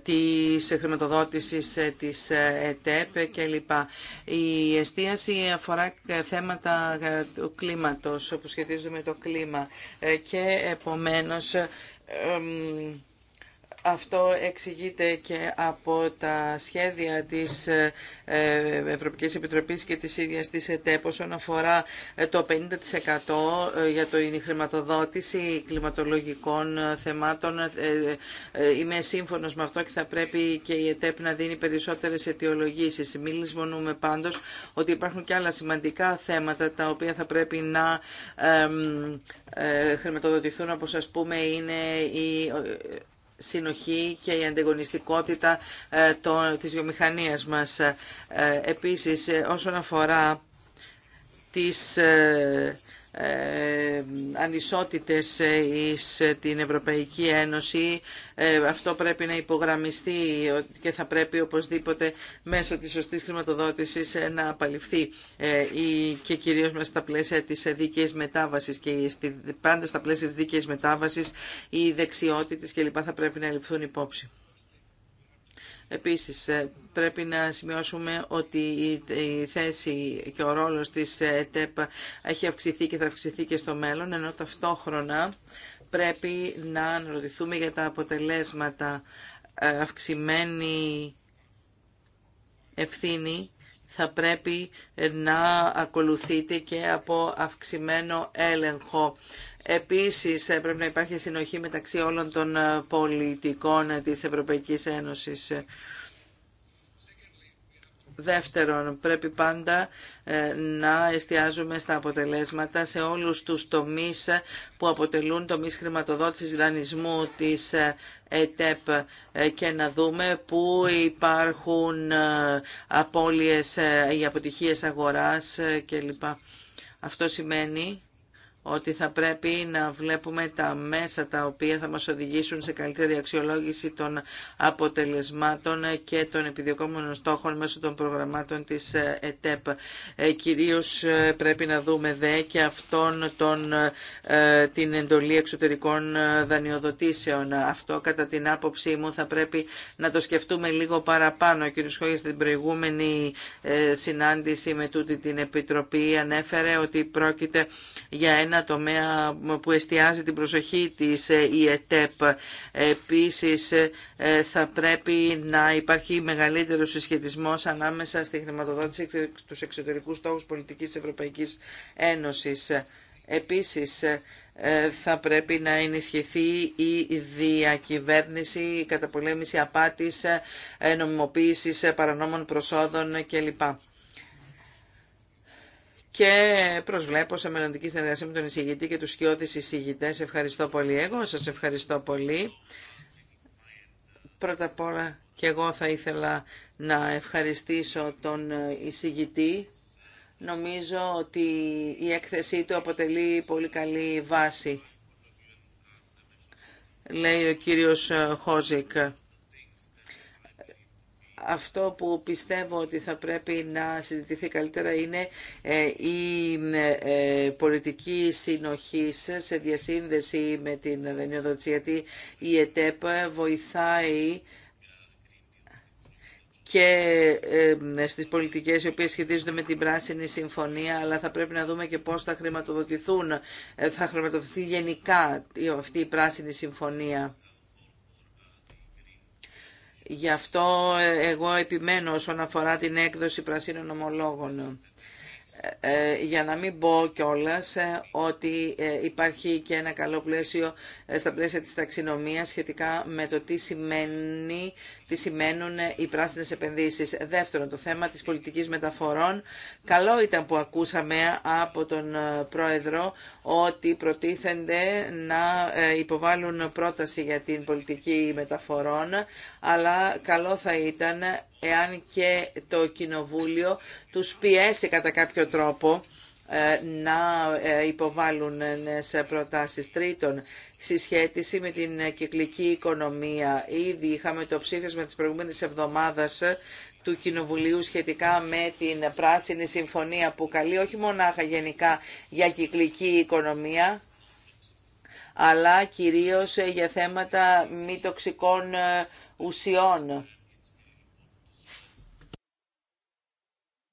[SPEAKER 4] της χρηματοδότησης της ΕΤΕΠ κλπ. Η εστίαση αφορά θέματα του κλίματος όπως σχετίζονται με το κλίμα και επομένως εμ αυτό εξηγείται και από τα σχέδια της ε, Ευρωπαϊκής Επιτροπής και της ίδιας της ΕΤΕΠ όσον αφορά ε, το 50% ε, για το χρηματοδότηση κλιματολογικών θεμάτων. Είμαι σύμφωνος με αυτό και θα πρέπει και η ΕΤΕΠ να δίνει περισσότερες αιτιολογήσεις. Μιλήσουμε πάντω πάντως ότι υπάρχουν και άλλα σημαντικά θέματα τα οποία θα πρέπει να χρηματοδοτηθούν όπως ας πούμε είναι η συνοχή και η ανταγωνιστικότητα ε, της βιομηχανίας μας. Ε, επίσης, ε, όσον αφορά τις ε, ανισότητες ε, εις ε, την Ευρωπαϊκή Ένωση. Αυτό πρέπει να υπογραμμιστεί και θα πρέπει οπωσδήποτε μέσω της σωστής χρηματοδότησης να απαλληφθεί και κυρίως μέσα στα πλαίσια της δίκαιης μετάβασης και πάντα στα πλαίσια της δίκαιης μετάβασης οι δεξιότητες κλπ. θα πρέπει να ληφθούν υπόψη. Επίσης, ε, πρέπει να σημειώσουμε ότι η θέση και ο ρόλος της ΕΤΕΠ έχει αυξηθεί και θα αυξηθεί και στο μέλλον, ενώ ταυτόχρονα πρέπει να αναρωτηθούμε για τα αποτελέσματα ε, αυξημένη ευθύνη θα πρέπει να ακολουθείται και από αυξημένο έλεγχο Επίσης ε, πρέπει να υπάρχει συνοχή μεταξύ όλων των ε, πολιτικών ε, της Ευρωπαϊκής Ένωσης. Δεύτερον, πρέπει πάντα να εστιάζουμε στα αποτελέσματα σε όλους τους τομείς που αποτελούν τομείς χρηματοδότησης δανεισμού της ΕΤΕΠ και να δούμε πού υπάρχουν απώλειες ή αποτυχίες αγοράς κλπ. Αυτό σημαίνει ότι θα πρέπει να βλέπουμε τα μέσα τα οποία θα μας οδηγήσουν σε καλύτερη αξιολόγηση των αποτελεσμάτων και των επιδιωκόμενων στόχων μέσω των προγραμμάτων της ε, ΕΤΕΠ. Ε, κυρίως ε, πρέπει να δούμε δε και αυτόν τον, την εντολή εξωτερικών δανειοδοτήσεων. Αυτό κατά την άποψή μου θα πρέπει να το σκεφτούμε λίγο παραπάνω. Ο κ. Χόγης στην προηγούμενη συνάντηση με τούτη την Επιτροπή ανέφερε ότι πρόκειται για ένα ένα τομέα που εστιάζει την προσοχή της ε, η ΕΤΕΠ. Επίσης ε, θα πρέπει να υπάρχει μεγαλύτερο συσχετισμός ανάμεσα στη χρηματοδότηση τους εξωτερικούς στόχους πολιτικής Ευρωπαϊκής Ένωσης. Επίσης, ε, θα πρέπει να ενισχυθεί η διακυβέρνηση, η καταπολέμηση απάτης, νομιμοποίησης παρανόμων προσόδων κλπ και προσβλέπω σε μελλοντική συνεργασία με τον εισηγητή και τους σκιώδεις εισηγητές. Ευχαριστώ πολύ εγώ, σας ευχαριστώ πολύ. Πρώτα απ' όλα και εγώ θα ήθελα να ευχαριστήσω τον εισηγητή. Νομίζω ότι η έκθεσή του αποτελεί πολύ καλή βάση, λέει ο κύριος Χόζικ αυτό που πιστεύω ότι θα πρέπει να συζητηθεί καλύτερα είναι ε, η ε, ε, πολιτική συνοχή σε διασύνδεση με την δανειοδότηση, γιατί η ΕΤΕΠ βοηθάει και στις πολιτικές οι οποίες σχετίζονται με την Πράσινη Συμφωνία, αλλά θα πρέπει να δούμε και πώς θα χρηματοδοτηθούν, θα χρηματοδοτηθεί γενικά αυτή η Πράσινη Συμφωνία. Γι' αυτό ε, εγώ επιμένω όσον αφορά την έκδοση πρασίνων ομολόγων. Ε, για να μην πω κιόλα ε, ότι ε, υπάρχει και ένα καλό πλαίσιο στα πλαίσια της ταξινομίας σχετικά με το τι, σημαίνει, τι σημαίνουν οι πράσινες επενδύσεις. Δεύτερον, το θέμα της πολιτικής μεταφορών. Καλό ήταν που ακούσαμε από τον Πρόεδρο ότι προτίθενται να υποβάλουν πρόταση για την πολιτική μεταφορών, αλλά καλό θα ήταν εάν και το Κοινοβούλιο τους πιέσει κατά κάποιο τρόπο ε, να ε, υποβάλουν σε προτάσεις τρίτων σχέση με την κυκλική οικονομία. Ήδη είχαμε το ψήφισμα της προηγούμενης εβδομάδας του Κοινοβουλίου σχετικά με την Πράσινη Συμφωνία που καλεί όχι μονάχα γενικά για κυκλική οικονομία αλλά κυρίως για θέματα μη τοξικών ε, ουσιών.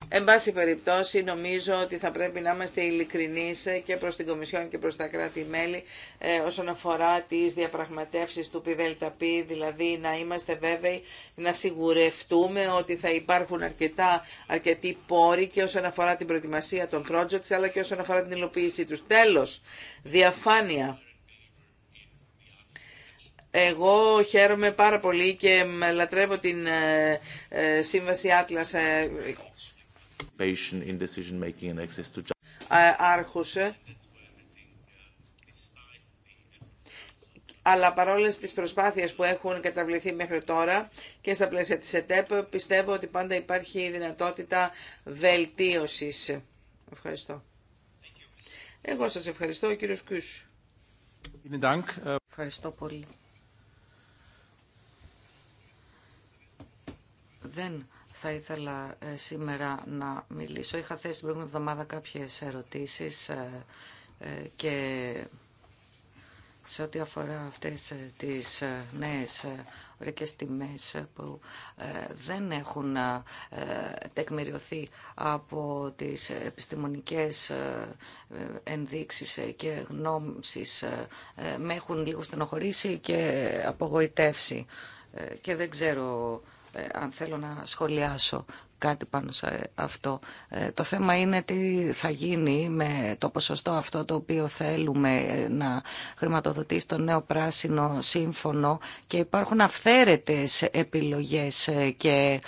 [SPEAKER 4] Εν πάση περιπτώσει, νομίζω ότι θα πρέπει να είμαστε ειλικρινεί και προς την Κομισιόν και προς τα κράτη-μέλη ε, όσον αφορά τις διαπραγματεύσεις του ΠΙΔΕΛΤΑΠΗ, δηλαδή να είμαστε βέβαιοι να σιγουρευτούμε ότι θα υπάρχουν αρκετά, αρκετοί πόροι και όσον αφορά την προετοιμασία των projects, αλλά και όσον αφορά την υλοποίησή τους. Τέλος, διαφάνεια. Εγώ χαίρομαι πάρα πολύ και λατρεύω την ε, ε, σύμβαση Atlas in decision making and access to άρχουσε. Αλλά παρόλε τι προσπάθειες που έχουν καταβληθεί μέχρι τώρα και στα πλαίσια τη ΕΤΕΠ, πιστεύω ότι πάντα υπάρχει η δυνατότητα βελτίωση. Ευχαριστώ. Εγώ σας ευχαριστώ, κύριος Κιού.
[SPEAKER 3] Ευχαριστώ πολύ. Δεν θα ήθελα ε, σήμερα να μιλήσω. Είχα θέσει την προηγούμενη εβδομάδα κάποιες ερωτήσεις ε, ε, και σε ό,τι αφορά αυτές τις νέες ωραίες τιμές που δεν έχουν τεκμηριωθεί από τις επιστημονικές ενδείξεις και γνώμσεις με έχουν λίγο στενοχωρήσει και απογοητεύσει και δεν ξέρω ε, αν θέλω να σχολιάσω κάτι πάνω σε αυτό. Ε, το θέμα είναι τι θα γίνει με το ποσοστό αυτό το οποίο θέλουμε ε, να χρηματοδοτήσει το νέο πράσινο σύμφωνο και υπάρχουν αυθαίρετες επιλογές και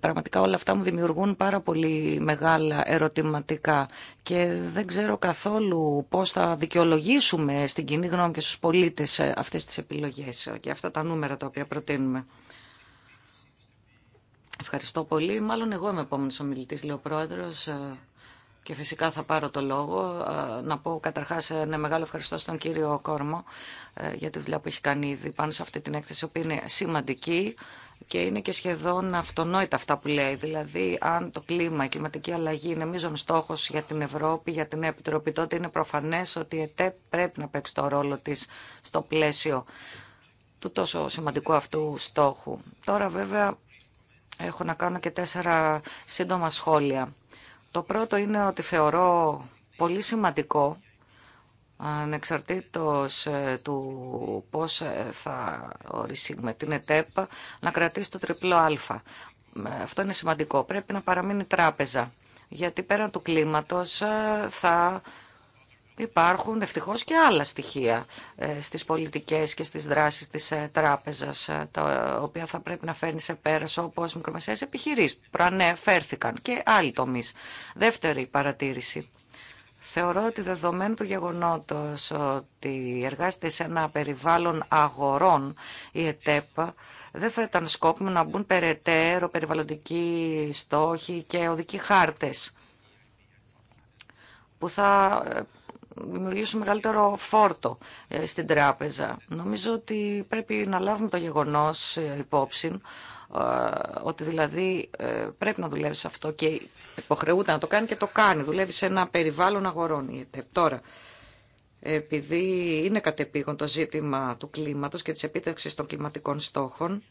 [SPEAKER 3] πραγματικά όλα αυτά μου δημιουργούν πάρα πολύ μεγάλα ερωτηματικά και δεν ξέρω καθόλου πώς θα δικαιολογήσουμε στην κοινή γνώμη και στους πολίτες αυτές τις επιλογές και αυτά τα νούμερα τα οποία προτείνουμε. Ευχαριστώ πολύ. Μάλλον εγώ είμαι επόμενο ομιλητή, λέει ο πρόεδρο, ε, Και φυσικά θα πάρω το λόγο. Ε, να πω καταρχά ε, ένα μεγάλο ευχαριστώ στον κύριο Κόρμο για τη δουλειά που έχει κάνει ήδη πάνω σε αυτή την έκθεση, που είναι σημαντική και είναι και σχεδόν αυτονόητα αυτά που λέει. Δηλαδή, αν το κλίμα, η κλιματική αλλαγή είναι μείζον στόχο για την Ευρώπη, για την Επιτροπή, τότε είναι προφανέ ότι η ΕΤΕ πρέπει να παίξει το ρόλο τη στο πλαίσιο του τόσο σημαντικού αυτού στόχου. Τώρα βέβαια Έχω να κάνω και τέσσερα σύντομα σχόλια. Το πρώτο είναι ότι θεωρώ πολύ σημαντικό ανεξαρτήτως ε, του πώς ε, θα οριστεί με την ΕΤΕΠ, να κρατήσει το τριπλό α. Ε, αυτό είναι σημαντικό. Πρέπει να παραμείνει τράπεζα, γιατί πέραν του κλίματος θα Υπάρχουν ευτυχώς και άλλα στοιχεία ε, στις πολιτικές και στις δράσεις της ε, τράπεζας, ε, τα οποία θα πρέπει να φέρνει σε πέρας όπως μικρομεσαίες επιχειρήσεις που προανέφερθηκαν και άλλοι τομείς. Δεύτερη παρατήρηση. Θεωρώ ότι δεδομένου του γεγονότος ότι εργάζεται σε ένα περιβάλλον αγορών η ΕΤΕΠ, δεν θα ήταν σκόπιμο να μπουν περαιτέρω περιβαλλοντικοί στόχοι και οδικοί χάρτες που θα δημιουργήσουν μεγαλύτερο φόρτο ε, στην τράπεζα. Νομίζω ότι πρέπει να λάβουμε το γεγονός ε, υπόψη ε, ότι δηλαδή πρέπει να δουλεύει αυτό και υποχρεούται να το κάνει και το κάνει. Δουλεύει σε ένα περιβάλλον αγορών η Τώρα, επειδή είναι κατεπήγον το ζήτημα του κλίματος και της επίτευξης των κλιματικών στόχων,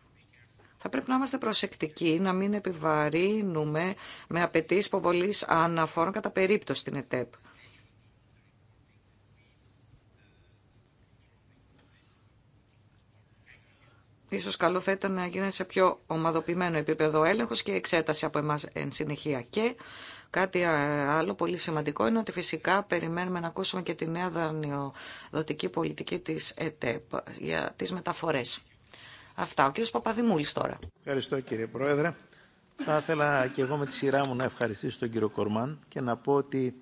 [SPEAKER 3] θα πρέπει να είμαστε προσεκτικοί, να μην επιβαρύνουμε με απαιτήσει υποβολή αναφόρων κατά περίπτωση στην ΕΤΕΠ. Ίσως καλό θα ήταν να γίνει σε πιο ομαδοποιημένο επίπεδο έλεγχος και εξέταση από εμάς εν συνεχεία. Και κάτι ε, άλλο πολύ σημαντικό είναι ότι φυσικά περιμένουμε να ακούσουμε και τη νέα δανειοδοτική πολιτική της ΕΤΕΠ για
[SPEAKER 1] τις μεταφορές. Αυτά. Ο κύριος Παπαδημούλης τώρα. Ευχαριστώ κύριε Πρόεδρε. Θα ήθελα και εγώ με τη σειρά μου να ευχαριστήσω τον κύριο Κορμάν και να πω ότι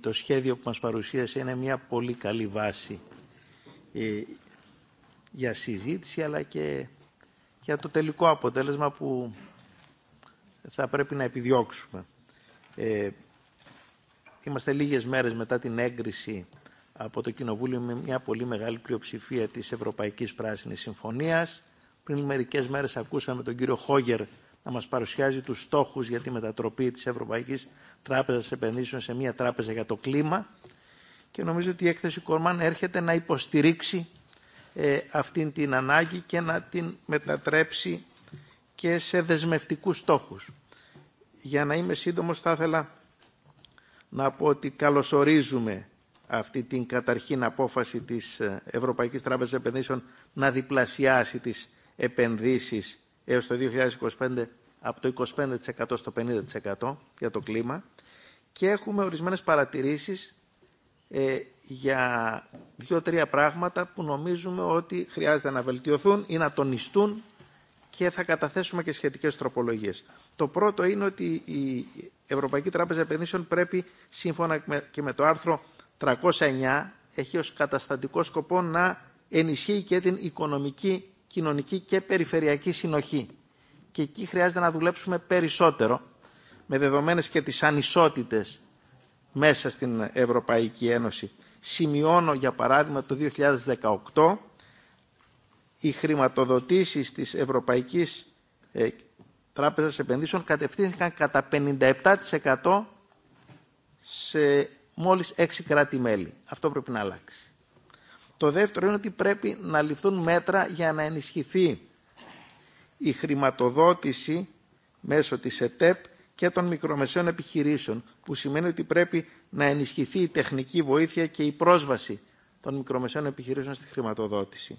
[SPEAKER 1] το σχέδιο που μας παρουσίασε είναι μια πολύ καλή βάση για συζήτηση αλλά και για το τελικό αποτέλεσμα που θα πρέπει να επιδιώξουμε. Ε, είμαστε λίγες μέρες μετά την έγκριση από το Κοινοβούλιο με μια πολύ μεγάλη πλειοψηφία της Ευρωπαϊκής Πράσινης Συμφωνίας. Πριν μερικές μέρες ακούσαμε τον κύριο Χόγερ να μας παρουσιάζει τους στόχους για τη μετατροπή της Ευρωπαϊκής Τράπεζας Επενδύσεων σε μια τράπεζα για το κλίμα και νομίζω ότι η έκθεση Κορμάν έρχεται να υποστηρίξει ε, αυτήν την ανάγκη και να την μετατρέψει και σε δεσμευτικούς στόχους. Για να είμαι σύντομος θα ήθελα να πω ότι καλωσορίζουμε αυτή την καταρχήν απόφαση της ε, Ευρωπαϊκής Τράπεζας Επενδύσεων να διπλασιάσει τις επενδύσεις έως το 2025 από το 25% στο 50% για το κλίμα και έχουμε ορισμένες παρατηρήσεις ε, για δύο-τρία πράγματα που νομίζουμε ότι χρειάζεται να βελτιωθούν ή να τονιστούν και θα καταθέσουμε και σχετικές τροπολογίες. Το πρώτο είναι ότι η Ευρωπαϊκή Τράπεζα Επενδύσεων πρέπει, σύμφωνα και με το άρθρο 309, έχει ως καταστατικό σκοπό να ενισχύει και την οικονομική, κοινωνική και περιφερειακή συνοχή. Και εκεί χρειάζεται να δουλέψουμε περισσότερο, με δεδομένες και τις ανισότητες μέσα στην Ευρωπαϊκή Ένωση σημειώνω για παράδειγμα το 2018 οι χρηματοδοτήσεις της Ευρωπαϊκής ε, Τράπεζας Επενδύσεων κατευθύνθηκαν κατά 57% σε μόλις 6 κράτη-μέλη. Αυτό πρέπει να αλλάξει. Το δεύτερο είναι ότι πρέπει να ληφθούν μέτρα για να ενισχυθεί η χρηματοδότηση μέσω της ΕΤΕΠ και των μικρομεσαίων επιχειρήσεων, που σημαίνει ότι πρέπει να ενισχυθεί η τεχνική βοήθεια και η πρόσβαση των μικρομεσαίων επιχειρήσεων στη χρηματοδότηση.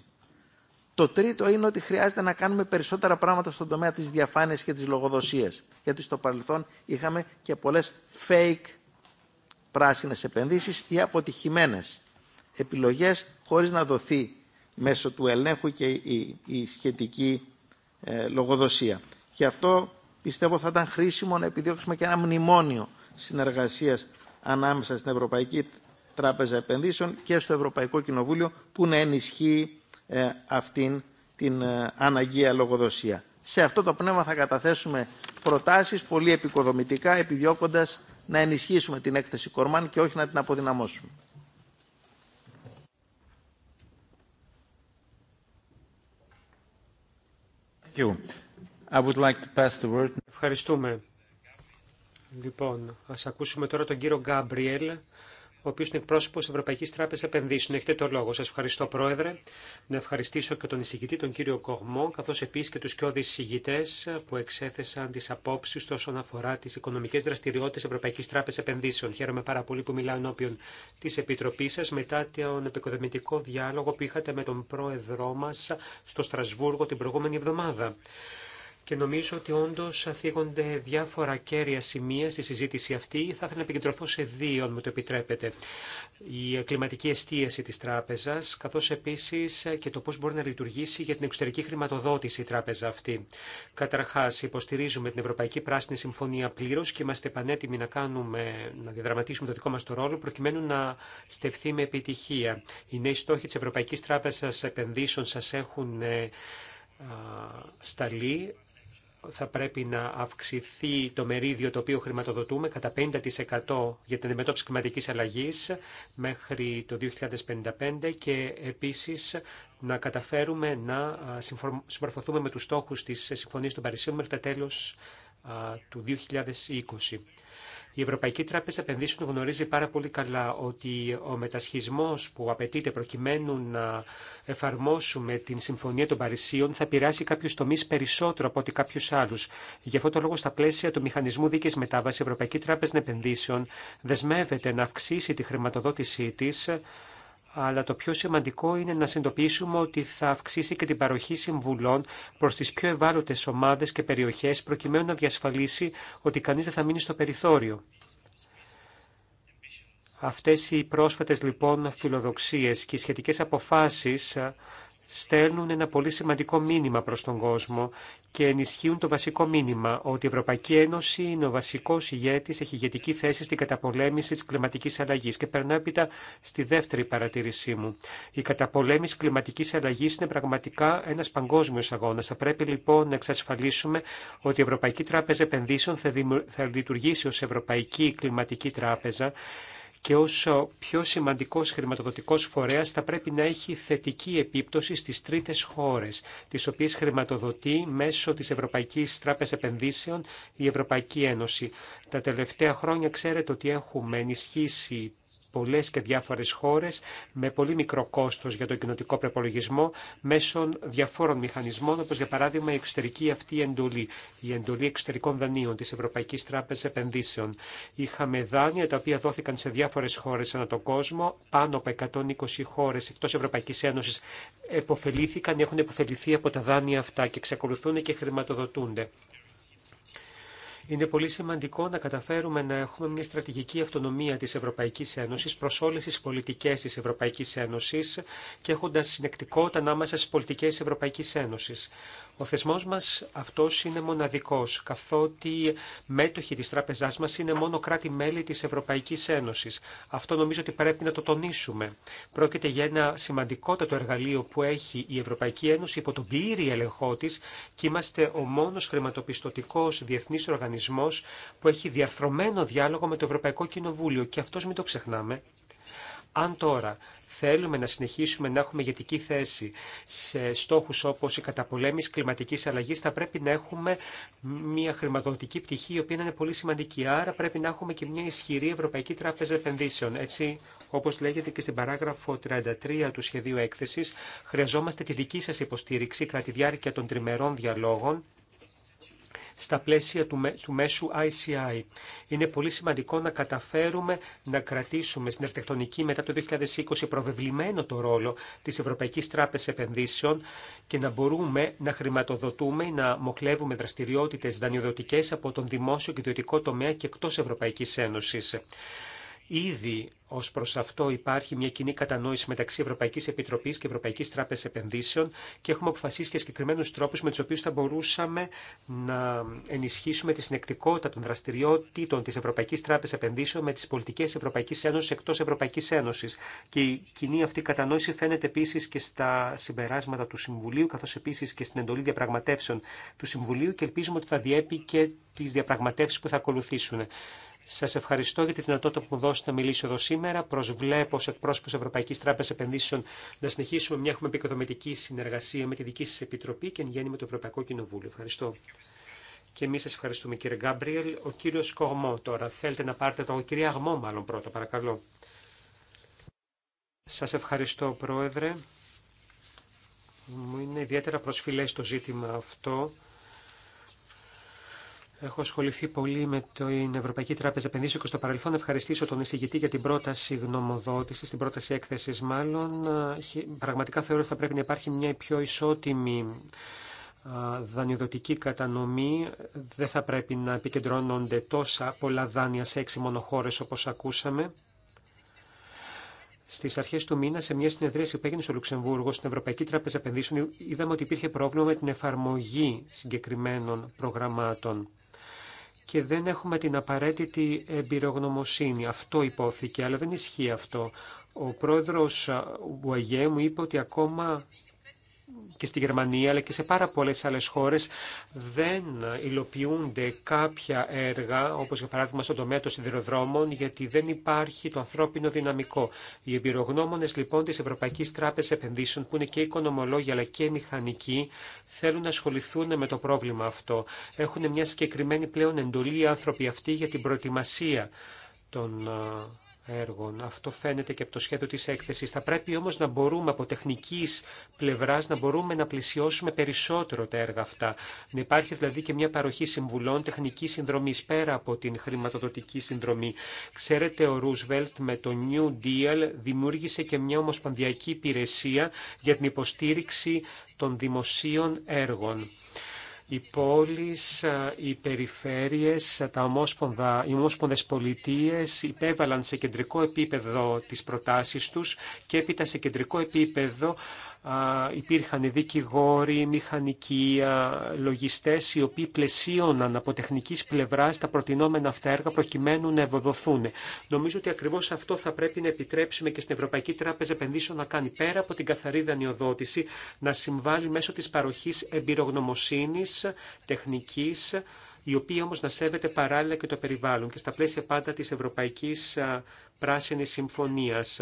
[SPEAKER 1] Το τρίτο είναι ότι χρειάζεται να κάνουμε περισσότερα πράγματα στον τομέα της διαφάνειας και της λογοδοσίας. Γιατί στο παρελθόν είχαμε και πολλές fake πράσινες επενδύσεις ή αποτυχημένες επιλογές χωρίς να δοθεί μέσω του ελέγχου και η, η σχετική ε, λογοδοσία. Γι' αυτό πιστεύω θα ήταν χρήσιμο να επιδιώξουμε και ένα μνημόνιο συνεργασίας ανάμεσα στην Ευρωπαϊκή Τράπεζα Επενδύσεων και στο Ευρωπαϊκό Κοινοβούλιο που να ενισχύει ε, αυτήν την ε, αναγκαία λογοδοσία. Σε αυτό το πνεύμα θα καταθέσουμε προτάσεις πολύ επικοδομητικά επιδιώκοντας να ενισχύσουμε την έκθεση Κορμάν και όχι να την αποδυναμώσουμε.
[SPEAKER 2] Ευχαριστούμε. Λοιπόν, α ακούσουμε τώρα τον κύριο Γκάμπριελ, ο οποίο είναι εκπρόσωπο Ευρωπαϊκή Τράπεζα Επενδύσεων. Έχετε το λόγο. Σα ευχαριστώ, Πρόεδρε. Να ευχαριστήσω και τον εισηγητή, τον κύριο Κογμό, καθώ επίση και του κοιόδη εισηγητέ που εξέθεσαν τι απόψει του όσον αφορά τι οικονομικέ δραστηριότητε Ευρωπαϊκή Τράπεζα Επενδύσεων. Χαίρομαι πάρα πολύ που μιλάω ενώπιον τη Επιτροπή σα μετά τον επικοδομητικό διάλογο που είχατε με τον Πρόεδρό μα στο Στρασβούργο την προηγούμενη εβδομάδα και νομίζω ότι όντω θίγονται διάφορα κέρια σημεία στη συζήτηση αυτή. Θα ήθελα να επικεντρωθώ σε δύο, αν μου το επιτρέπετε. Η κλιματική εστίαση τη τράπεζα, καθώ επίση και το πώ μπορεί να λειτουργήσει για την εξωτερική χρηματοδότηση η τράπεζα αυτή. Καταρχά, υποστηρίζουμε την Ευρωπαϊκή Πράσινη Συμφωνία πλήρω και είμαστε πανέτοιμοι να, κάνουμε, να διαδραματίσουμε το δικό μα το ρόλο προκειμένου να στεφθεί με επιτυχία. Οι νέοι στόχοι τη Ευρωπαϊκή Τράπεζα Επενδύσεων σα έχουν ε, σταλεί θα πρέπει να αυξηθεί το μερίδιο το οποίο χρηματοδοτούμε κατά 50% για την αντιμετώπιση κλιματικής αλλαγής μέχρι το 2055 και επίσης να καταφέρουμε να συμμορφωθούμε με τους στόχους της Συμφωνίας των Παρισίων μέχρι τα τέλος του 2020. Η Ευρωπαϊκή Τράπεζα Επενδύσεων γνωρίζει πάρα πολύ καλά ότι ο μετασχισμός που απαιτείται προκειμένου να εφαρμόσουμε την Συμφωνία των Παρισίων θα πειράσει κάποιου τομεί περισσότερο από ότι κάποιου άλλου. Γι' αυτό το λόγο, στα πλαίσια του Μηχανισμού Δίκαιη Μετάβαση, η Ευρωπαϊκή Τράπεζα Επενδύσεων δεσμεύεται να αυξήσει τη χρηματοδότησή τη αλλά το πιο σημαντικό είναι να συνειδητοποιήσουμε ότι θα αυξήσει και την παροχή συμβουλών προς τις πιο ευάλωτες ομάδες και περιοχές, προκειμένου να διασφαλίσει ότι κανείς δεν θα μείνει στο περιθώριο. Αυτές οι πρόσφατες λοιπόν φιλοδοξίες και οι σχετικές αποφάσεις στέλνουν ένα πολύ σημαντικό μήνυμα προς τον κόσμο και ενισχύουν το βασικό μήνυμα ότι η Ευρωπαϊκή Ένωση είναι ο βασικός ηγέτης, έχει ηγετική θέση στην καταπολέμηση της κλιματικής αλλαγής. Και περνά έπειτα στη δεύτερη παρατήρησή μου. Η καταπολέμηση κλιματικής αλλαγής είναι πραγματικά ένας παγκόσμιος αγώνας. Θα πρέπει λοιπόν να εξασφαλίσουμε ότι η Ευρωπαϊκή Τράπεζα Επενδύσεων θα, λειτουργήσει ως Ευρωπαϊκή Κλιματική Τράπεζα και ως πιο σημαντικός χρηματοδοτικός φορέας θα πρέπει να έχει θετική επίπτωση στις τρίτες χώρες, τις οποίες χρηματοδοτεί μέσω της Ευρωπαϊκής Τράπεζας Επενδύσεων η Ευρωπαϊκή Ένωση. Τα τελευταία χρόνια ξέρετε ότι έχουμε ενισχύσει Πολλέ και διάφορε χώρες με πολύ μικρό κόστο για τον κοινοτικό προπολογισμό μέσω διαφόρων μηχανισμών όπως για παράδειγμα η εξωτερική αυτή εντολή, η εντολή εξωτερικών δανείων τη Ευρωπαϊκή Τράπεζα Επενδύσεων. Είχαμε δάνεια τα οποία δόθηκαν σε διάφορες χώρες ανά τον κόσμο, πάνω από 120 χώρε εκτό Ευρωπαϊκή Ένωση εποφελήθηκαν, έχουν εποφεληθεί από τα δάνεια αυτά και εξακολουθούν και χρηματοδοτούνται. Είναι πολύ σημαντικό να καταφέρουμε να έχουμε μια στρατηγική αυτονομία της Ευρωπαϊκής Ένωσης προς όλες τις πολιτικές της Ευρωπαϊκής Ένωσης και έχοντας συνεκτικότητα ανάμεσα στις πολιτικές της Ευρωπαϊκής Ένωσης. Ο θεσμός μας αυτός είναι μοναδικός, καθότι μέτοχοι της τράπεζάς μας είναι μόνο κράτη-μέλη της Ευρωπαϊκής Ένωσης. Αυτό νομίζω ότι πρέπει να το τονίσουμε. Πρόκειται για ένα σημαντικότατο εργαλείο που έχει η Ευρωπαϊκή Ένωση υπό τον πλήρη ελεγχό της και είμαστε ο μόνος χρηματοπιστωτικός διεθνής οργανισμός που έχει διαρθρωμένο διάλογο με το Ευρωπαϊκό Κοινοβούλιο και αυτός μην το ξεχνάμε αν τώρα θέλουμε να συνεχίσουμε να έχουμε ηγετική θέση σε στόχους όπως η καταπολέμηση κλιματικής αλλαγής, θα πρέπει να έχουμε μια χρηματοδοτική πτυχή η οποία είναι πολύ σημαντική. Άρα πρέπει να έχουμε και μια ισχυρή Ευρωπαϊκή Τράπεζα Επενδύσεων. Έτσι, όπως λέγεται και στην παράγραφο 33 του σχεδίου έκθεσης, χρειαζόμαστε τη δική σας υποστήριξη κατά τη διάρκεια των τριμερών διαλόγων στα πλαίσια του, μέσου ICI. Είναι πολύ σημαντικό να καταφέρουμε να κρατήσουμε στην αρχιτεκτονική μετά το 2020 προβεβλημένο το ρόλο της Ευρωπαϊκής Τράπεζας Επενδύσεων και να μπορούμε να χρηματοδοτούμε ή να μοχλεύουμε δραστηριότητες δανειοδοτικές από τον δημόσιο και ιδιωτικό τομέα και εκτός Ευρωπαϊκής Ένωσης. Ήδη ω προ αυτό υπάρχει μια κοινή κατανόηση μεταξύ Ευρωπαϊκή Επιτροπή και Ευρωπαϊκή Τράπεζα Επενδύσεων και έχουμε αποφασίσει και συγκεκριμένου τρόπου με του οποίου θα μπορούσαμε να ενισχύσουμε τη συνεκτικότητα των δραστηριοτήτων τη Ευρωπαϊκή Τράπεζα Επενδύσεων με τι πολιτικέ Ευρωπαϊκή Ένωση εκτό Ευρωπαϊκή Ένωση. Και η κοινή αυτή κατανόηση φαίνεται επίση και στα συμπεράσματα του Συμβουλίου, καθώ επίση και στην εντολή διαπραγματεύσεων του Συμβουλίου και ελπίζουμε ότι θα διέπει και τι διαπραγματεύσει που θα ακολουθήσουν. Σα ευχαριστώ για τη δυνατότητα που μου δώσετε να μιλήσω εδώ σήμερα. Προσβλέπω ω εκπρόσωπο Ευρωπαϊκή Τράπεζα Επενδύσεων να συνεχίσουμε μια έχουμε επικοδομητική συνεργασία με τη δική σα επιτροπή και εν γέννη με το Ευρωπαϊκό Κοινοβούλιο. Ευχαριστώ. Και εμεί σα ευχαριστούμε, κύριε Γκάμπριελ. Ο κύριο Κογμό τώρα. Θέλετε να πάρετε τον κύριο Αγμό, μάλλον πρώτα, παρακαλώ. Σα ευχαριστώ, Πρόεδρε. Μου είναι ιδιαίτερα προσφυλέ το ζήτημα αυτό. Έχω ασχοληθεί πολύ με την Ευρωπαϊκή Τράπεζα Επενδύσεων και στο παρελθόν ευχαριστήσω τον εισηγητή για την πρόταση γνωμοδότηση, την πρόταση έκθεση μάλλον. Πραγματικά θεωρώ ότι θα πρέπει να υπάρχει μια πιο ισότιμη δανειοδοτική κατανομή. Δεν θα πρέπει να επικεντρώνονται τόσα πολλά δάνεια σε έξι μονοχώρε όπω ακούσαμε. Στι αρχέ του μήνα, σε μια συνεδρίαση που έγινε στο Λουξεμβούργο, στην Ευρωπαϊκή Τράπεζα Επενδύσεων, είδαμε ότι υπήρχε πρόβλημα με την εφαρμογή συγκεκριμένων προγραμμάτων και δεν έχουμε την απαραίτητη εμπειρογνωμοσύνη. Αυτό υπόθηκε, αλλά δεν ισχύει αυτό. Ο πρόεδρος Γουαγέ μου είπε ότι ακόμα και στη Γερμανία αλλά και σε πάρα πολλές άλλες χώρες δεν υλοποιούνται κάποια έργα όπως για παράδειγμα στον τομέα των σιδηροδρόμων γιατί δεν υπάρχει το ανθρώπινο δυναμικό. Οι εμπειρογνώμονες λοιπόν της Ευρωπαϊκής Τράπεζας Επενδύσεων που είναι και οικονομολόγοι αλλά και μηχανικοί θέλουν να ασχοληθούν με το πρόβλημα αυτό. Έχουν μια συγκεκριμένη πλέον εντολή οι άνθρωποι αυτοί για την προετοιμασία των έργων. Αυτό φαίνεται και από το σχέδιο της έκθεσης. Θα πρέπει όμως να μπορούμε από τεχνικής πλευράς να μπορούμε να πλησιώσουμε περισσότερο τα έργα αυτά. Να υπάρχει δηλαδή και μια παροχή συμβουλών τεχνικής συνδρομής πέρα από την χρηματοδοτική συνδρομή. Ξέρετε, ο Ρούσβελτ με το New Deal δημιούργησε και μια ομοσπονδιακή υπηρεσία για την υποστήριξη των δημοσίων έργων οι πόλεις, οι περιφέρειες, τα ομόσπονδα, οι ομόσπονδες πολιτείες υπέβαλαν σε κεντρικό επίπεδο τις προτάσεις τους και έπειτα σε κεντρικό επίπεδο υπήρχαν δικηγόροι, μηχανικοί, λογιστές οι οποίοι πλαισίωναν από τεχνικής πλευράς τα προτινόμενα αυτά έργα προκειμένου να ευοδοθούν. Νομίζω ότι ακριβώς αυτό θα πρέπει να επιτρέψουμε και στην Ευρωπαϊκή Τράπεζα Επενδύσεων να κάνει πέρα από την καθαρή δανειοδότηση, να συμβάλλει μέσω της παροχής εμπειρογνωμοσύνης, τεχνικής, η οποία όμως να σέβεται παράλληλα και το περιβάλλον και στα πλαίσια πάντα της Ευρωπαϊκής Πράσινης Συμφωνίας.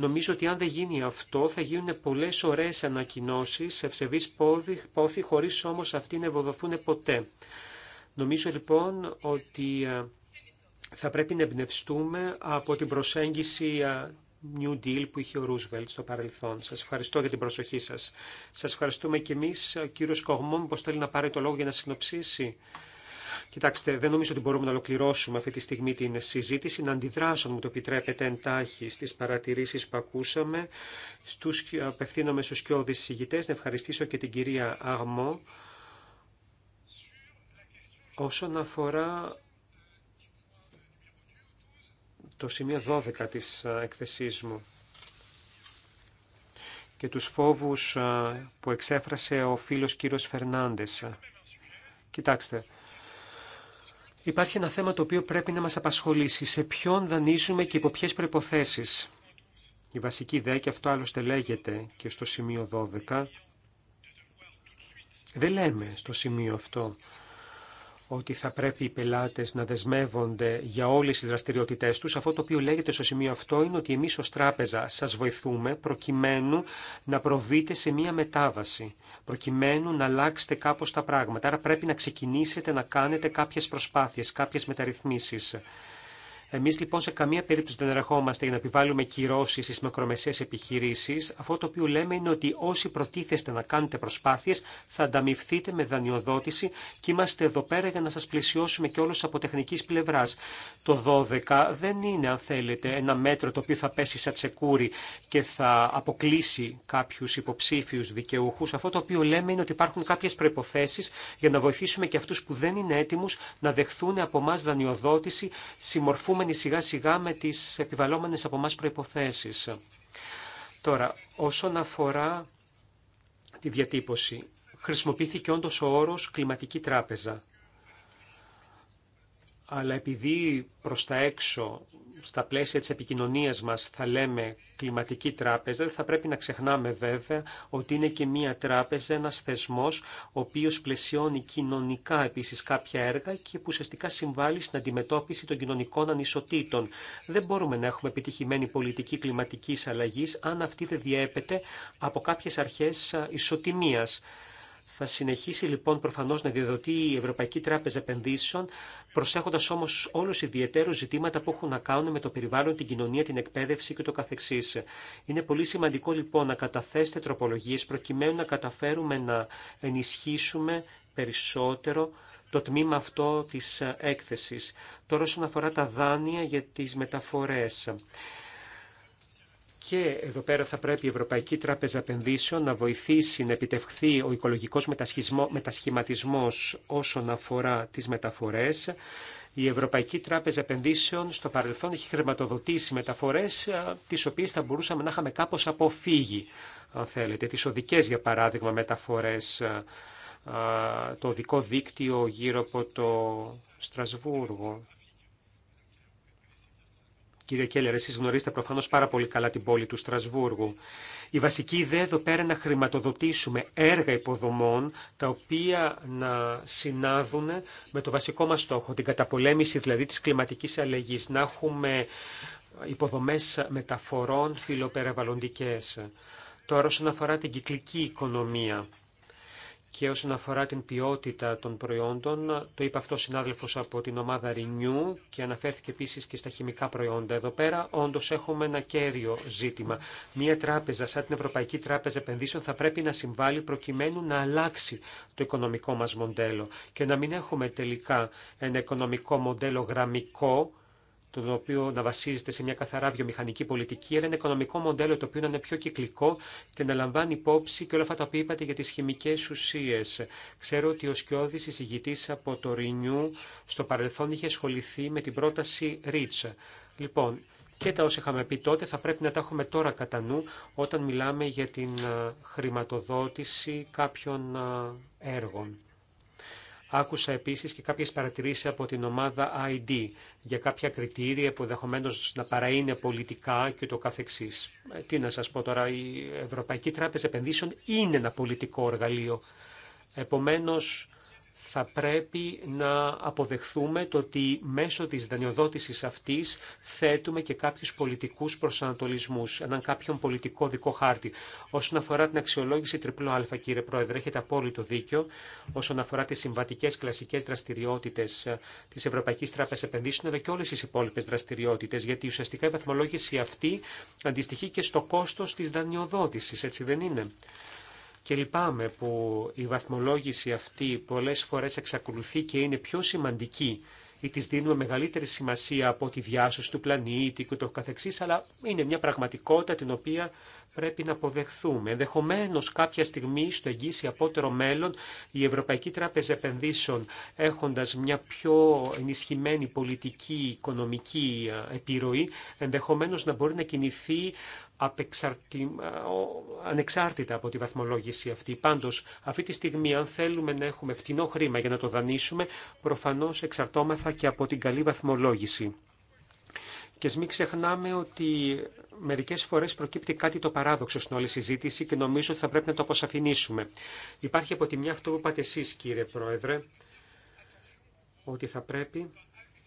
[SPEAKER 2] Νομίζω ότι αν δεν γίνει αυτό θα γίνουν πολλές ωραίες ανακοινώσεις σε ευσεβείς πόδι, πόθη χωρίς όμως αυτοί να ευοδοθούν ποτέ. Νομίζω λοιπόν ότι ε, θα πρέπει να εμπνευστούμε από την προσέγγιση ε, New Deal που είχε ο Ρούσβελτ στο παρελθόν. Σας ευχαριστώ για την προσοχή σας. Σας ευχαριστούμε και εμείς. Ε, ο κύριος Κογμόν, πώς θέλει να πάρει το λόγο για να συνοψίσει. Κοιτάξτε, δεν νομίζω ότι μπορούμε να ολοκληρώσουμε αυτή τη στιγμή την συζήτηση, να αντιδράσω, μου το επιτρέπετε, εντάχει στι παρατηρήσει που ακούσαμε. Στους, απευθύνομαι στου κοιόδη συζητητέ, να ευχαριστήσω και την κυρία Αγμό. Όσον αφορά το σημείο 12 της εκθεσής μου και τους φόβους που εξέφρασε ο φίλος κύριος Φερνάντες. Κοιτάξτε, Υπάρχει ένα θέμα το οποίο πρέπει να μας απασχολήσει. Σε ποιον δανείζουμε και υπό ποιες προϋποθέσεις. Η βασική ιδέα, και αυτό άλλωστε λέγεται και στο σημείο 12, δεν λέμε στο σημείο αυτό ότι θα πρέπει οι πελάτες να δεσμεύονται για όλε τι δραστηριότητέ τους. Αυτό το οποίο λέγεται στο σημείο αυτό είναι ότι εμείς ως τράπεζα σας βοηθούμε προκειμένου να προβείτε σε μία μετάβαση, προκειμένου να αλλάξετε κάπω τα πράγματα. Άρα πρέπει να ξεκινήσετε να κάνετε κάποιες προσπάθειες, κάποιε μεταρρυθμίσει. Εμεί λοιπόν σε καμία περίπτωση δεν ερχόμαστε για να επιβάλλουμε κυρώσει στι μικρομεσαίε επιχειρήσει. Αυτό το οποίο λέμε είναι ότι όσοι προτίθεστε να κάνετε προσπάθειε θα ανταμυφθείτε με δανειοδότηση και είμαστε εδώ πέρα για να σα πλησιώσουμε κιόλα από τεχνική πλευρά. Το 12 δεν είναι, αν θέλετε, ένα μέτρο το οποίο θα πέσει σε τσεκούρι και θα αποκλείσει κάποιου υποψήφιου δικαιούχου. Αυτό το οποίο λέμε είναι ότι υπάρχουν κάποιε προποθέσει για να βοηθήσουμε και αυτού που δεν είναι έτοιμου να δεχθούν από εμά δανειοδότηση, συμμορφούμε συμμορφούμενοι σιγά σιγά με τις επιβαλλόμενες από εμάς προϋποθέσεις. Τώρα, όσον αφορά τη διατύπωση, χρησιμοποιήθηκε όντως ο όρος κλιματική τράπεζα. Αλλά επειδή προς τα έξω στα πλαίσια της επικοινωνίας μας θα λέμε κλιματική τράπεζα, δεν θα πρέπει να ξεχνάμε βέβαια ότι είναι και μία τράπεζα, ένας θεσμός, ο οποίος πλαισιώνει κοινωνικά επίσης κάποια έργα και που ουσιαστικά συμβάλλει στην αντιμετώπιση των κοινωνικών ανισοτήτων. Δεν μπορούμε να έχουμε επιτυχημένη πολιτική κλιματικής αλλαγής αν αυτή δεν διέπεται από κάποιες αρχές ισοτιμίας. Θα συνεχίσει λοιπόν προφανώ να διαδοτεί η Ευρωπαϊκή Τράπεζα Επενδύσεων, προσέχοντα όμω όλου ιδιαίτερου ζητήματα που έχουν να κάνουν με το περιβάλλον, την κοινωνία, την εκπαίδευση και το κ.ο.κ. Είναι πολύ σημαντικό λοιπόν να καταθέσετε τροπολογίε προκειμένου να καταφέρουμε να ενισχύσουμε περισσότερο το τμήμα αυτό της έκθεσης. Τώρα όσον αφορά τα δάνεια για τις μεταφορές. Και εδώ πέρα θα πρέπει η Ευρωπαϊκή Τράπεζα Επενδύσεων να βοηθήσει να επιτευχθεί ο οικολογικός μετασχηματισμός όσον αφορά τις μεταφορές. Η Ευρωπαϊκή Τράπεζα Επενδύσεων στο παρελθόν έχει χρηματοδοτήσει μεταφορές τις οποίες θα μπορούσαμε να είχαμε κάπως αποφύγει, αν θέλετε. Τις οδικές, για παράδειγμα, μεταφορές, το οδικό δίκτυο γύρω από το Στρασβούργο. Κύριε Κέλλερ, εσεί, γνωρίζετε προφανώς πάρα πολύ καλά την πόλη του Στρασβούργου. Η βασική ιδέα εδώ πέρα είναι να χρηματοδοτήσουμε έργα υποδομών, τα οποία να συνάδουν με το βασικό μας στόχο, την καταπολέμηση δηλαδή της κλιματικής αλλαγή, να έχουμε υποδομές μεταφορών φιλοπεριβαλλοντικές. Τώρα όσον αφορά την κυκλική οικονομία, και όσον αφορά την ποιότητα των προϊόντων, το είπε αυτό ο συνάδελφος από την ομάδα Renew και αναφέρθηκε επίσης και στα χημικά προϊόντα. Εδώ πέρα όντως έχουμε ένα κέριο ζήτημα. Μία τράπεζα σαν την Ευρωπαϊκή Τράπεζα Επενδύσεων θα πρέπει να συμβάλλει προκειμένου να αλλάξει το οικονομικό μας μοντέλο και να μην έχουμε τελικά ένα οικονομικό μοντέλο γραμμικό το οποίο να βασίζεται σε μια καθαρά βιομηχανική πολιτική, αλλά ένα οικονομικό μοντέλο το οποίο να είναι πιο κυκλικό και να λαμβάνει υπόψη και όλα αυτά τα οποία είπατε για τι χημικέ ουσίε. Ξέρω ότι ο Σκιώδη, εισηγητή από το Ρινιού, στο παρελθόν είχε ασχοληθεί με την πρόταση REACH. Λοιπόν, και τα όσα είχαμε πει τότε θα πρέπει να τα έχουμε τώρα κατά νου όταν μιλάμε για την ε, χρηματοδότηση κάποιων ε, έργων. Άκουσα επίσης και κάποιες παρατηρήσεις από την ομάδα ID για κάποια κριτήρια που ενδεχομένω να παραείνε πολιτικά και το καθεξής. Ε, τι να σας πω τώρα, η Ευρωπαϊκή Τράπεζα Επενδύσεων είναι ένα πολιτικό εργαλείο. Επομένως, θα πρέπει να αποδεχθούμε το ότι μέσω της δανειοδότησης αυτής θέτουμε και κάποιους πολιτικούς προσανατολισμούς, έναν κάποιον πολιτικό δικό χάρτη. Όσον αφορά την αξιολόγηση τριπλό α, κύριε Πρόεδρε, έχετε απόλυτο δίκιο. Όσον αφορά τις συμβατικές κλασικές δραστηριότητες ε, της Ευρωπαϊκής Τράπεζας Επενδύσεων, αλλά και όλες τις υπόλοιπες δραστηριότητες, γιατί ουσιαστικά η βαθμολόγηση αυτή αντιστοιχεί και στο κόστος της δανειοδότησης, έτσι δεν είναι και λυπάμαι που η βαθμολόγηση αυτή πολλές φορές εξακολουθεί και είναι πιο σημαντική ή της δίνουμε μεγαλύτερη σημασία από τη διάσωση του πλανήτη και το καθεξής, αλλά είναι μια πραγματικότητα την οποία πρέπει να αποδεχθούμε. Ενδεχομένω κάποια στιγμή στο εγγύσει απότερο μέλλον η Ευρωπαϊκή Τράπεζα Επενδύσεων έχοντας μια πιο ενισχυμένη πολιτική, οικονομική ε, επιρροή, ενδεχομένως να μπορεί να κινηθεί ανεξάρτητα από τη βαθμολόγηση αυτή. Πάντως, αυτή τη στιγμή, αν θέλουμε να έχουμε φτηνό χρήμα για να το δανείσουμε, προφανώς εξαρτώμεθα και από την καλή βαθμολόγηση. Και μην ξεχνάμε ότι μερικέ φορέ προκύπτει κάτι το παράδοξο στην όλη συζήτηση και νομίζω ότι θα πρέπει να το αποσαφηνίσουμε. Υπάρχει από τη μια αυτό που είπατε εσεί, κύριε Πρόεδρε, ότι θα πρέπει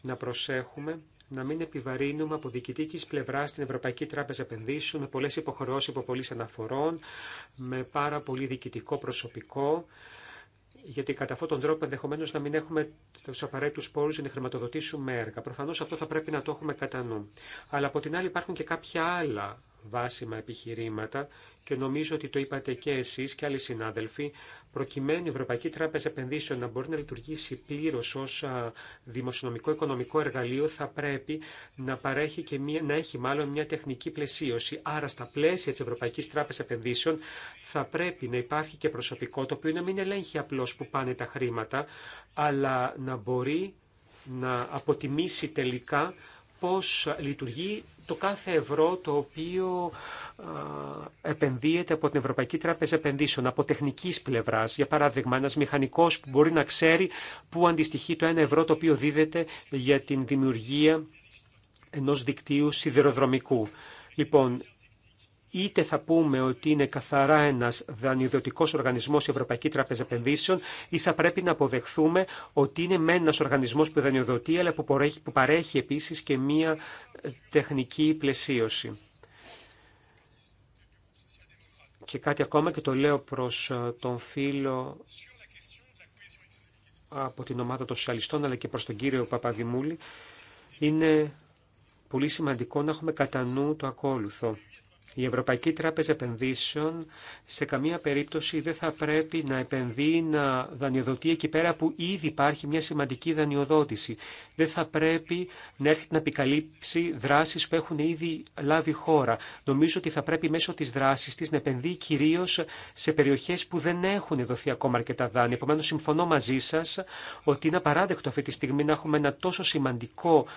[SPEAKER 2] να προσέχουμε να μην επιβαρύνουμε από διοικητική πλευρά την Ευρωπαϊκή Τράπεζα Επενδύσεων με πολλέ υποχρεώσει υποβολή αναφορών, με πάρα πολύ διοικητικό προσωπικό, γιατί κατά αυτόν τον τρόπο ενδεχομένω να μην έχουμε του απαραίτητου πόρου για να χρηματοδοτήσουμε έργα. Προφανώ αυτό θα πρέπει να το έχουμε κατά νου. Αλλά από την άλλη υπάρχουν και κάποια άλλα βάσιμα επιχειρήματα και νομίζω ότι το είπατε και εσείς και άλλοι συνάδελφοι, προκειμένου η Ευρωπαϊκή Τράπεζα Επενδύσεων να μπορεί να λειτουργήσει πλήρως ως δημοσιονομικό οικονομικό εργαλείο, θα πρέπει να, παρέχει και να έχει μάλλον μια τεχνική πλαισίωση. Άρα στα πλαίσια της Ευρωπαϊκής Τράπεζα Επενδύσεων θα πρέπει να υπάρχει και προσωπικό, το οποίο να μην ελέγχει απλώς που πάνε τα χρήματα, αλλά να μπορεί να αποτιμήσει τελικά πώς λειτουργεί το κάθε ευρώ το οποίο ε, επενδύεται από την Ευρωπαϊκή Τράπεζα Επενδύσεων από τεχνικής πλευράς. Για παράδειγμα, ένας μηχανικός που μπορεί να ξέρει πού αντιστοιχεί το ένα ευρώ το οποίο δίδεται για την δημιουργία ενός δικτύου σιδηροδρομικού. Λοιπόν, είτε θα πούμε ότι είναι καθαρά ένας δανειοδοτικός οργανισμός η Ευρωπαϊκή Τράπεζα Επενδύσεων ή θα πρέπει να αποδεχθούμε ότι είναι με ένα οργανισμός που δανειοδοτεί αλλά που παρέχει, που παρέχει επίσης και μία ε, τεχνική πλαισίωση. Και κάτι ακόμα και το λέω προς ε, τον φίλο από την ομάδα των Σοσιαλιστών αλλά και προς τον κύριο Παπαδημούλη είναι πολύ σημαντικό να έχουμε κατά νου το ακόλουθο. Η Ευρωπαϊκή Τράπεζα Επενδύσεων σε καμία περίπτωση δεν θα πρέπει να επενδύει, να δανειοδοτεί εκεί πέρα που ήδη υπάρχει μια σημαντική δανειοδότηση. Δεν θα πρέπει να έρχεται να επικαλύψει δράσεις που έχουν ήδη λάβει χώρα. Νομίζω ότι θα πρέπει μέσω της δράσης της να επενδύει κυρίως σε περιοχές που δεν έχουν δοθεί ακόμα αρκετά δάνεια. Επομένως, συμφωνώ μαζί σας ότι είναι απαράδεκτο αυτή τη στιγμή να έχουμε ένα τόσο σημαντικό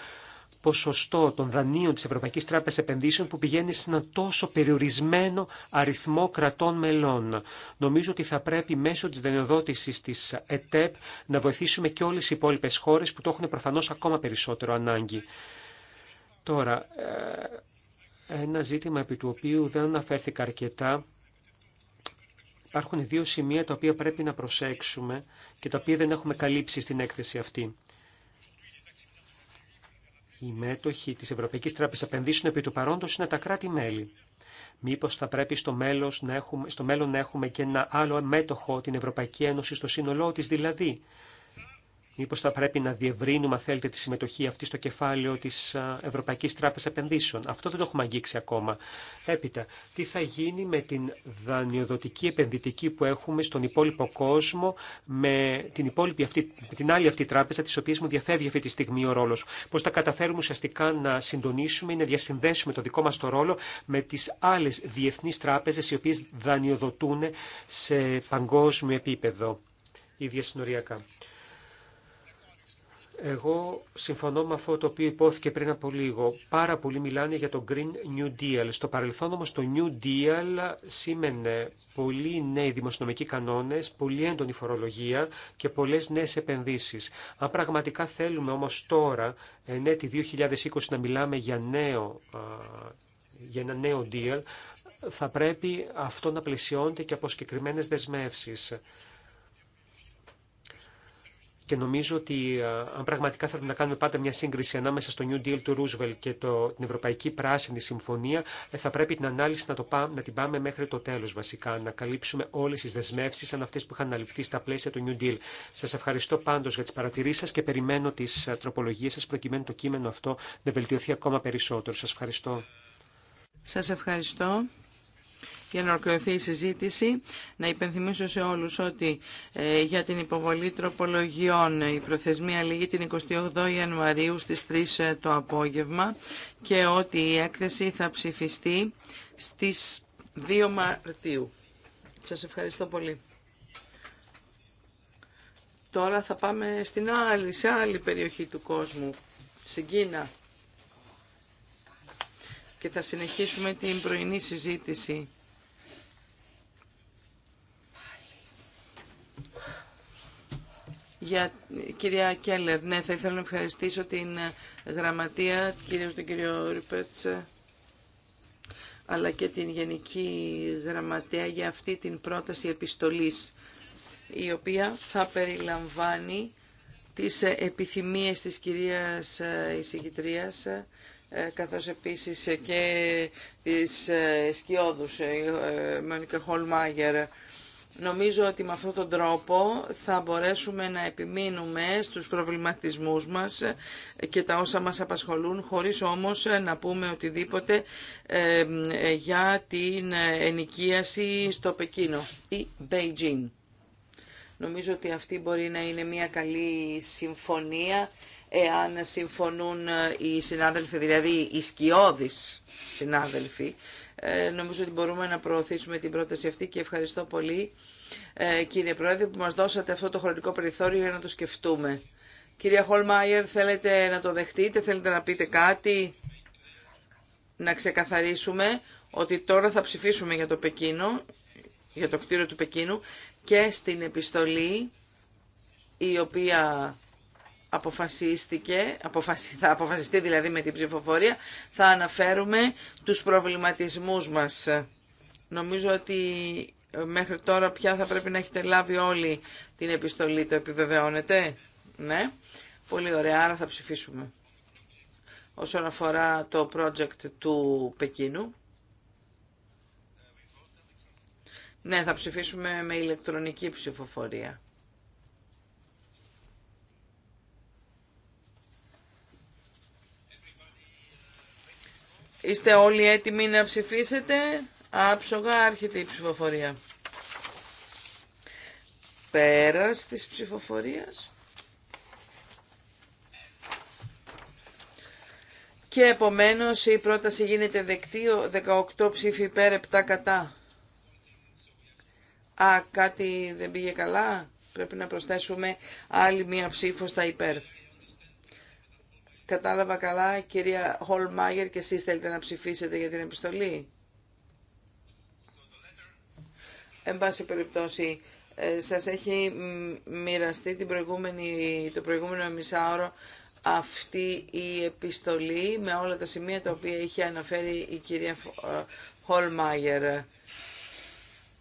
[SPEAKER 2] ποσοστό των δανείων της Ευρωπαϊκής Τράπεζας Επενδύσεων που πηγαίνει σε ένα τόσο περιορισμένο αριθμό κρατών μελών. Νομίζω ότι θα πρέπει μέσω της δανειοδότησης της ΕΤΕΠ να βοηθήσουμε και όλες οι υπόλοιπες χώρες που το έχουν προφανώς ακόμα περισσότερο ανάγκη. Τώρα, ε, ένα ζήτημα επί του οποίου δεν αναφέρθηκα αρκετά Υπάρχουν δύο σημεία τα οποία πρέπει να προσέξουμε και τα οποία δεν έχουμε καλύψει στην έκθεση αυτή οι μέτοχοι της Ευρωπαϊκής Τράπεζας επενδύσουν επί του παρόντος είναι τα κράτη-μέλη. Μήπως θα πρέπει στο, μέλος να έχουμε, στο μέλλον να έχουμε και ένα άλλο μέτοχο την Ευρωπαϊκή Ένωση στο σύνολό της δηλαδή. Μήπως θα πρέπει να διευρύνουμε, αν θέλετε, τη συμμετοχή αυτή στο κεφάλαιο της Ευρωπαϊκής Τράπεζας Επενδύσεων. Αυτό δεν το έχουμε αγγίξει ακόμα. Έπειτα, τι θα γίνει με την δανειοδοτική επενδυτική που έχουμε στον υπόλοιπο κόσμο, με την, υπόλοιπη αυτή, την άλλη αυτή τράπεζα, της οποίας μου διαφεύγει αυτή τη στιγμή ο ρόλος. Πώς θα καταφέρουμε ουσιαστικά να συντονίσουμε ή να διασυνδέσουμε το δικό μας το ρόλο με τις άλλες διεθνείς τράπεζες, οι οποίες δανειοδοτούν σε παγκόσμιο επίπεδο ή διασυνοριακά. Εγώ συμφωνώ με αυτό το οποίο υπόθηκε πριν από λίγο. Πάρα πολλοί μιλάνε για το Green New Deal. Στο παρελθόν όμως το New Deal σήμαινε πολλοί νέοι δημοσιονομικοί κανόνες, πολύ έντονη φορολογία και πολλές νέες επενδύσεις. Αν πραγματικά θέλουμε όμως τώρα, εν έτη 2020, να μιλάμε για, νέο, για ένα νέο deal, θα πρέπει αυτό να πλησιώνεται και από συγκεκριμένε δεσμεύσεις και νομίζω ότι αν πραγματικά θέλουμε να κάνουμε πάντα μια σύγκριση ανάμεσα στο New Deal του Roosevelt και το, την Ευρωπαϊκή Πράσινη Συμφωνία, ε, θα πρέπει την ανάλυση να, το πάμε, να την πάμε μέχρι το τέλος βασικά, να καλύψουμε όλες τις δεσμεύσεις σαν αυτές που είχαν αναλυφθεί στα πλαίσια του New Deal. Σας ευχαριστώ πάντως για τις παρατηρήσεις σας και περιμένω τις τροπολογίες σας προκειμένου το κείμενο αυτό να βελτιωθεί ακόμα περισσότερο. Σας ευχαριστώ.
[SPEAKER 4] Σας ευχαριστώ για να ολοκληρωθεί η συζήτηση. Να υπενθυμίσω σε όλους ότι ε, για την υποβολή τροπολογιών η προθεσμία λήγει την 28 Ιανουαρίου στις 3 ε, το απόγευμα και ότι η έκθεση θα ψηφιστεί στις 2 Μαρτίου. Σας ευχαριστώ πολύ. Τώρα θα πάμε στην άλλη, σε άλλη περιοχή του κόσμου, στην Κίνα. Και θα συνεχίσουμε την πρωινή συζήτηση Για... Κυρία Κέλλερ, ναι, θα ήθελα να ευχαριστήσω την ε, γραμματεία, κυρίως τον κύριο Ριπέτς, ε, αλλά και την Γενική Γραμματεία για αυτή την πρόταση επιστολής, η οποία θα περιλαμβάνει τις ε, επιθυμίες της κυρίας εισηγητρίας, καθώς επίσης και της σκιώδους Μόνικα Χολμάγερ, Νομίζω ότι με αυτόν τον τρόπο θα μπορέσουμε να επιμείνουμε στους προβληματισμούς μας και τα όσα μας απασχολούν, χωρίς όμως να πούμε οτιδήποτε ε, ε, για την ενοικίαση στο Πεκίνο ή Beijing. Νομίζω ότι αυτή μπορεί να είναι μια καλή συμφωνία, εάν συμφωνούν οι συνάδελφοι, δηλαδή οι σκιώδεις συνάδελφοι, ε, νομίζω ότι μπορούμε να προωθήσουμε την πρόταση αυτή και ευχαριστώ πολύ ε, κύριε Πρόεδρε που μας δώσατε αυτό το χρονικό περιθώριο για να το σκεφτούμε. Κυρία Χολμάιερ, θέλετε να το δεχτείτε, θέλετε να πείτε κάτι, να ξεκαθαρίσουμε ότι τώρα θα ψηφίσουμε για το Πεκίνο, για το κτίριο του Πεκίνου και στην επιστολή η οποία αποφασίστηκε, θα αποφασιστεί δηλαδή με την ψηφοφορία, θα αναφέρουμε τους προβληματισμούς μας. Νομίζω ότι ε, μέχρι τώρα πια θα πρέπει να έχετε λάβει όλη την επιστολή, το επιβεβαιώνετε. Ναι, πολύ ωραία, άρα θα ψηφίσουμε. Όσον αφορά το project του Πεκίνου, ναι, θα ψηφίσουμε με ηλεκτρονική ψηφοφορία. Είστε όλοι έτοιμοι να ψηφίσετε. Άψογα άρχεται η ψηφοφορία. Πέρας της ψηφοφορίας. Και επομένως η πρόταση γίνεται δεκτή, 18 ψήφοι υπέρ, 7 κατά. Α, κάτι δεν πήγε καλά. Πρέπει να προσθέσουμε άλλη μία ψήφο στα υπέρ. Κατάλαβα καλά, κυρία Χολμάγερ, και εσείς θέλετε να ψηφίσετε για την επιστολή. Εν πάση περιπτώσει, ε, σας έχει μοιραστεί την προηγούμενη, το προηγούμενο μισάωρο αυτή η επιστολή με όλα τα σημεία τα οποία είχε αναφέρει η κυρία ε, Χολμάγερ.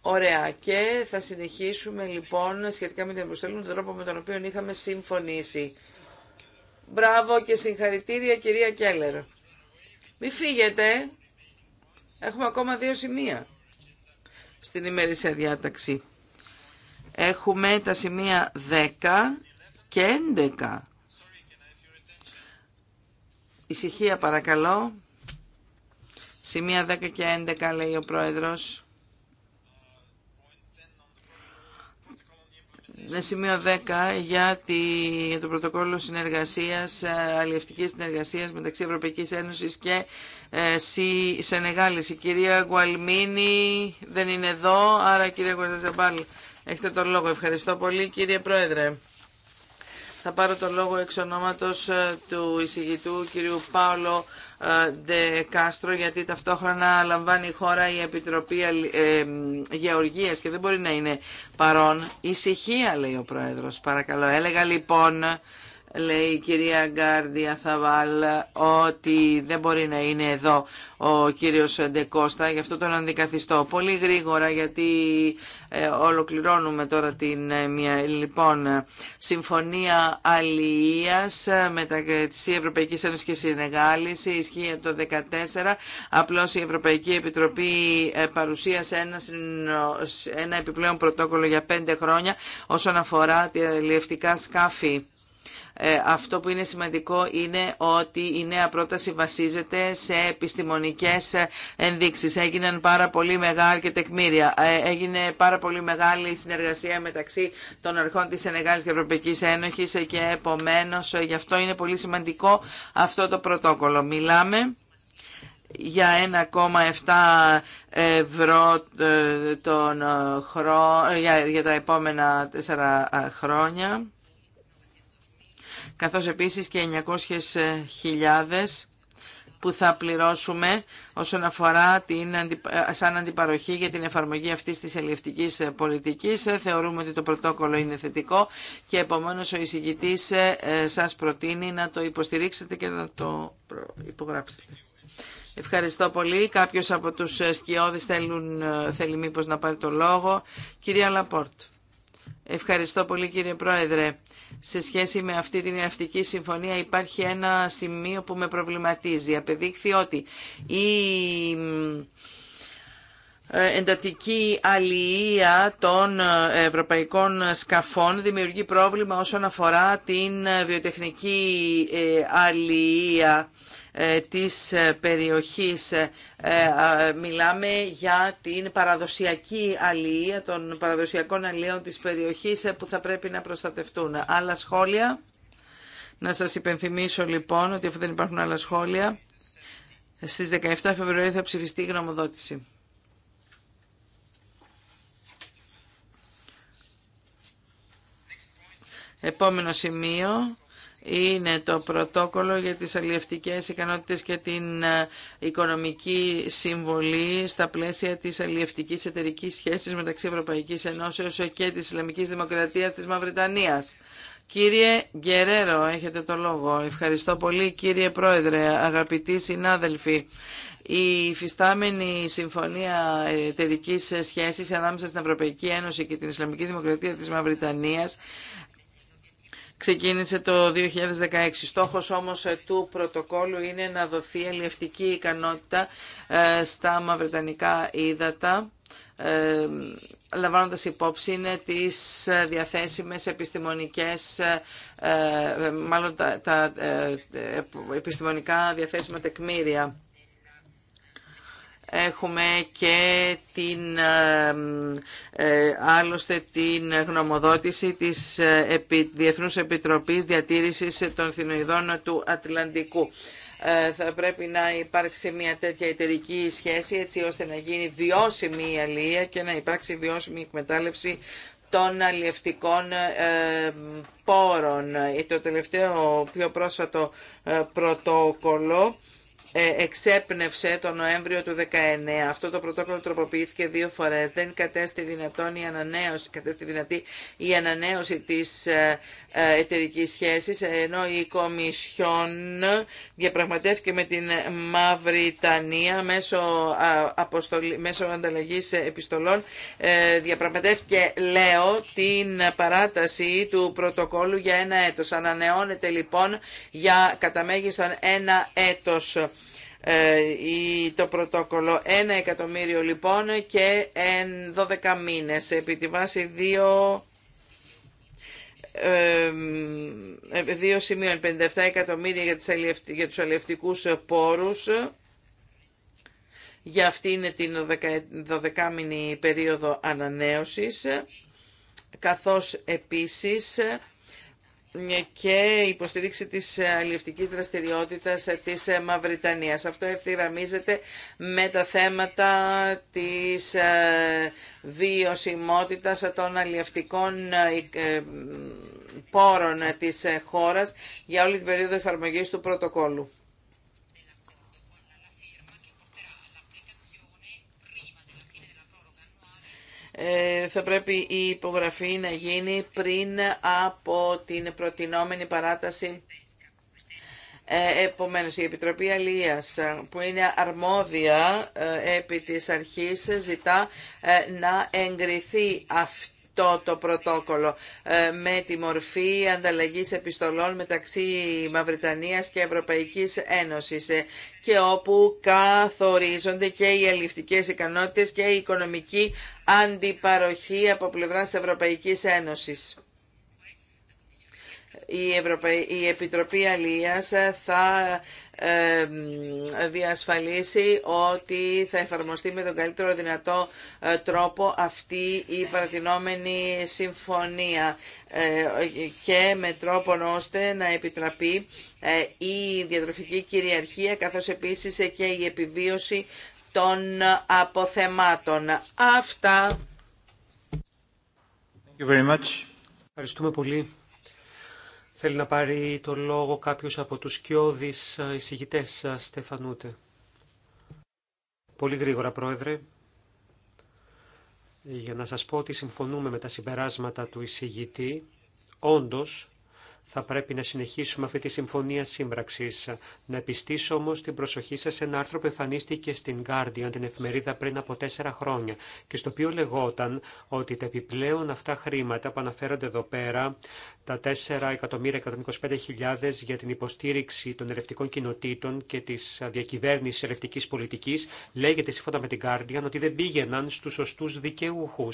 [SPEAKER 4] Ωραία. Και θα συνεχίσουμε λοιπόν σχετικά με την επιστολή με τον τρόπο με τον οποίο είχαμε συμφωνήσει. Μπράβο και συγχαρητήρια κυρία Κέλλερ. Μη φύγετε. Έχουμε ακόμα δύο σημεία στην ημερήσια διάταξη. Έχουμε τα σημεία 10 και 11. Ησυχία παρακαλώ. Σημεία 10 και 11 λέει ο πρόεδρος. Ναι, σημείο 10 για το πρωτοκόλλο συνεργασίας, ε, αλληλευτικής συνεργασίας μεταξύ Ευρωπαϊκής Ένωσης και ε, Σενεγάλης. Η κυρία Γουαλμίνη δεν είναι εδώ, άρα κυρία Γουαλμίνη έχετε τον λόγο. Ευχαριστώ πολύ κύριε Πρόεδρε. Θα πάρω το λόγο εξ ονόματος ε, του εισηγητού κυρίου Πάολο ε, Ντε Κάστρο γιατί ταυτόχρονα λαμβάνει η χώρα η Επιτροπή ε, Γεωργίας και δεν μπορεί να είναι παρόν. Ησυχία λέει ο Πρόεδρος παρακαλώ. Έλεγα λοιπόν λέει η κυρία Γκάρδια Θαβάλ ότι δεν μπορεί να είναι εδώ ο κύριος Ντεκώστα, γι' αυτό τον αντικαθιστώ. Πολύ γρήγορα γιατί ε, ολοκληρώνουμε τώρα την ε, μια λοιπόν συμφωνία αλληλείας ε, μεταξύ Ευρωπαϊκής Ένωσης και Συνεγάλης ισχύει από το 2014 απλώς η Ευρωπαϊκή Επιτροπή ε, παρουσίασε ένα, ένα επιπλέον πρωτόκολλο για πέντε χρόνια όσον αφορά τη αλληλευτικά σκάφη ε, αυτό που είναι σημαντικό είναι ότι η νέα πρόταση βασίζεται σε επιστημονικές ε, ενδείξεις. Έγιναν πάρα πολύ μεγάλη και τεκμήρια. Ε, έγινε πάρα πολύ μεγάλη συνεργασία μεταξύ των αρχών της Ενεγάλη και Ευρωπαϊκή Ένωση και επομένως γι' αυτό είναι πολύ σημαντικό αυτό το πρωτόκολλο. Μιλάμε για 1,7 ευρώ τον για τα επόμενα τέσσερα χρόνια καθώς επίσης και 900.000 που θα πληρώσουμε όσον αφορά την σαν αντιπαροχή για την εφαρμογή αυτής της ελληνικής πολιτικής. Θεωρούμε ότι το πρωτόκολλο είναι θετικό και επομένως ο εισηγητής ε, σας προτείνει να το υποστηρίξετε και να το υπογράψετε. Ευχαριστώ πολύ. Κάποιος από τους σκιώδεις θέλουν, ε, θέλει μήπως να πάρει το λόγο. Κυρία Λαπόρτ. Ευχαριστώ πολύ κύριε Πρόεδρε. Σε σχέση με αυτή την ναυτική Συμφωνία υπάρχει ένα σημείο που με προβληματίζει. Απεδείχθη ότι η ε, εντατική αλληλεία των ε, ευρωπαϊκών σκαφών δημιουργεί πρόβλημα όσον αφορά την ε, βιοτεχνική αλληλεία ε, της ε, περιοχής. Ε, μιλάμε για την παραδοσιακή αλληλεία των παραδοσιακών αλληλείων της περιοχής που θα πρέπει να προστατευτούν. Άλλα σχόλια. Να σας υπενθυμίσω λοιπόν ότι αφού δεν υπάρχουν άλλα σχόλια, στις 17 Φεβρουαρίου θα ψηφιστεί η γνωμοδότηση. Επόμενο σημείο είναι το πρωτόκολλο για τις αλλιευτικές ικανότητες και την ε, οικονομική συμβολή στα πλαίσια της αλλιευτικής εταιρικής σχέσης μεταξύ Ευρωπαϊκής Ενώσεως και της Ισλαμικής Δημοκρατίας της Μαυριτανίας. Κύριε Γκερέρο, έχετε το λόγο. Ευχαριστώ πολύ κύριε Πρόεδρε, αγαπητοί συνάδελφοι. Η υφιστάμενη συμφωνία εταιρική σχέση ανάμεσα στην Ευρωπαϊκή Ένωση και την Ισλαμική Δημοκρατία της Μαυριτανίας ξεκίνησε το 2016. Στόχος όμως ε, του πρωτοκόλλου είναι να δοθεί ελευτική ικανότητα ε, στα μαυρετανικά ύδατα ε, λαμβάνοντα υπόψη είναι τις διαθέσιμες επιστημονικές, μάλλον τα επιστημονικά διαθέσιμα τεκμήρια έχουμε και την, ε, άλλωστε την γνωμοδότηση της ε, Διεθνούς Επιτροπής Διατήρησης των Θηνοειδών του Ατλαντικού ε, θα πρέπει να υπάρξει μια τέτοια εταιρική σχέση έτσι ώστε να γίνει βιώσιμη η αλληλεία και να υπάρξει βιώσιμη εκμετάλλευση των αλλιευτικών πόρων. Το τελευταίο πιο πρόσφατο πρωτόκολλο ε, εξέπνευσε το Νοέμβριο του 19. Αυτό το πρωτόκολλο τροποποιήθηκε δύο φορές. Δεν κατέστη δυνατόν η ανανέωση, κατέστη δυνατή η ανανέωση της ε, ε, εταιρική σχέσης, ενώ η Κομισιόν διαπραγματεύτηκε με την Μαυριτανία μέσω, αποστολή, μέσω ανταλλαγής επιστολών. Διαπραγματεύτηκε, λέω, την παράταση του πρωτοκόλλου για ένα έτος. Ανανεώνεται λοιπόν για κατά μέγιστον ένα έτος. Ε, το πρωτόκολλο 1 εκατομμύριο λοιπόν και 12 μήνες επί τη βάση 2 ε, δύο σημείων 57 εκατομμύρια για, τις για τους αλλιευτικούς πόρους για αυτή είναι την 12μηνη περίοδο ανανέωσης καθώς επίσης και υποστηρίξη της αλληλευτικής δραστηριότητας της Μαυριτανίας. Αυτό ευθυγραμμίζεται με τα θέματα της ε, βιωσιμότητας των αλληλευτικών ε, ε, πόρων της χώρας για όλη την περίοδο εφαρμογής του πρωτοκόλου. Ε, θα πρέπει η υπογραφή να γίνει πριν από την προτινόμενη παράταση ε, Επομένως, η Επιτροπή Αλίας, που είναι αρμόδια ε, επί της αρχής, ζητά να εγκριθεί αυτή αυτό το πρωτόκολλο ε, με τη μορφή ανταλλαγής επιστολών μεταξύ Μαυριτανίας και Ευρωπαϊκής Ένωσης ε, και όπου καθορίζονται και οι αλληλευτικές ικανότητες και η οικονομική αντιπαροχή από πλευράς Ευρωπαϊκής Ένωσης η, Επιτροπή Αλίας θα διασφαλίσει ότι θα εφαρμοστεί με τον καλύτερο δυνατό ε, τρόπο αυτή η παρατηνόμενη συμφωνία ε, και με τρόπο ώστε να επιτραπεί ε, η διατροφική κυριαρχία καθώς επίσης και η επιβίωση των αποθεμάτων. Αυτά.
[SPEAKER 2] Thank you very Ευχαριστούμε πολύ. Θέλει να πάρει το λόγο κάποιος από τους σκιώδεις ε, εισηγητές ε, Στεφανούτε. Πολύ γρήγορα, Πρόεδρε, για να σας πω ότι συμφωνούμε με τα συμπεράσματα του εισηγητή. Όντως, θα πρέπει να συνεχίσουμε αυτή τη συμφωνία σύμπραξη. Να επιστήσω όμω την προσοχή σα σε ένα άρθρο που εμφανίστηκε στην Guardian, την εφημερίδα, πριν από τέσσερα χρόνια και στο οποίο λεγόταν ότι τα επιπλέον αυτά χρήματα που αναφέρονται εδώ πέρα, τα 4.125.000 για την υποστήριξη των ελευτικών κοινοτήτων και τη διακυβέρνηση ελευτική πολιτική, λέγεται σύμφωνα με την Guardian ότι δεν πήγαιναν στου σωστού δικαιούχου.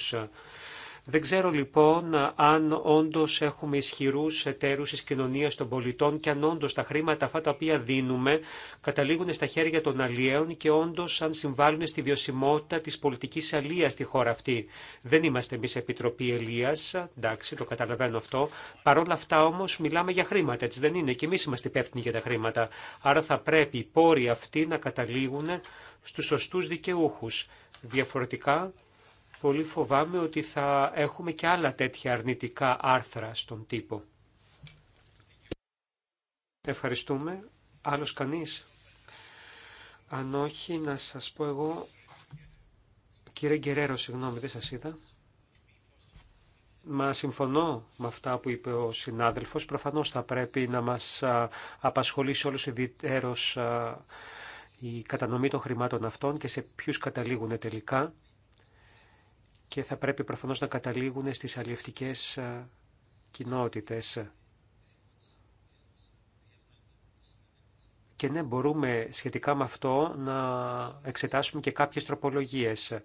[SPEAKER 2] Δεν ξέρω λοιπόν αν όντω έχουμε ισχυρού εταίρου τη κοινωνία των πολιτών και αν όντω τα χρήματα αυτά τα οποία δίνουμε καταλήγουν στα χέρια των αλλιέων και όντω αν συμβάλλουν στη βιωσιμότητα τη πολιτική αλλία στη χώρα αυτή. Δεν είμαστε εμεί Επιτροπή Ελία, εντάξει, το καταλαβαίνω αυτό. Παρ' όλα αυτά όμω μιλάμε για χρήματα, έτσι δεν είναι. Και εμεί είμαστε υπεύθυνοι για τα χρήματα. Άρα θα πρέπει οι πόροι αυτοί να καταλήγουν στου σωστού δικαιούχου. Διαφορετικά πολύ φοβάμαι ότι θα έχουμε και άλλα τέτοια αρνητικά άρθρα στον τύπο. Ευχαριστούμε. Άλλος κανείς. Αν όχι, να σας πω εγώ... Κύριε Γκερέρο, συγγνώμη, δεν σας είδα. Μα συμφωνώ με αυτά που είπε ο συνάδελφος. Προφανώς θα πρέπει να μας απασχολήσει όλους ιδιαίτερος η κατανομή των χρημάτων αυτών και σε ποιους καταλήγουν τελικά και θα πρέπει προφανώς να καταλήγουν στις αλλιευτικές ε, κοινότητες. Και ναι, μπορούμε σχετικά με αυτό να εξετάσουμε και κάποιες τροπολογίες.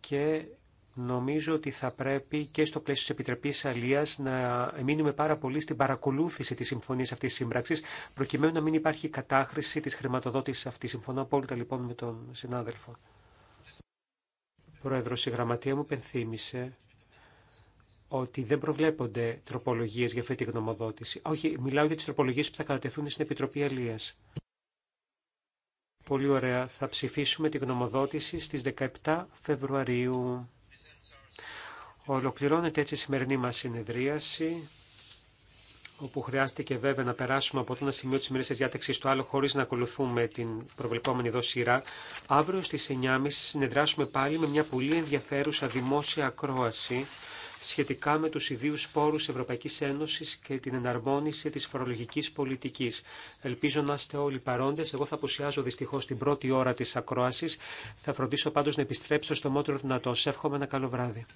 [SPEAKER 2] Και νομίζω ότι θα πρέπει και στο πλαίσιο της Επιτροπής Αλίας να μείνουμε πάρα πολύ στην παρακολούθηση της συμφωνίας αυτής της σύμπραξης, προκειμένου να μην υπάρχει κατάχρηση της χρηματοδότησης αυτής. Συμφωνώ απόλυτα λοιπόν με τον συνάδελφο. Πρόεδρος, η γραμματεία μου πενθύμησε ότι δεν προβλέπονται τροπολογίες για αυτή τη γνωμοδότηση. Όχι, μιλάω για τις τροπολογίες που θα κατατεθούν στην Επιτροπή Αλίας. Πολύ ωραία. Θα ψηφίσουμε τη γνωμοδότηση στις 17 Φεβρουαρίου. Ολοκληρώνεται έτσι η σημερινή μας συνεδρίαση όπου χρειάστηκε βέβαια να περάσουμε από το ένα σημείο της της διάταξης στο άλλο χωρίς να ακολουθούμε την προβλεπόμενη εδώ σειρά, αύριο στις 9.30 συνεδράσουμε πάλι με μια πολύ ενδιαφέρουσα δημόσια ακρόαση σχετικά με τους ιδίους πόρους Ευρωπαϊκής Ένωσης και την εναρμόνιση της φορολογικής πολιτικής. Ελπίζω να είστε όλοι παρόντες. Εγώ θα απουσιάζω δυστυχώς την πρώτη ώρα της ακρόασης. Θα φροντίσω πάντως να επιστρέψω στο μότρο δυνατό. Σε εύχομαι ένα καλό βράδυ.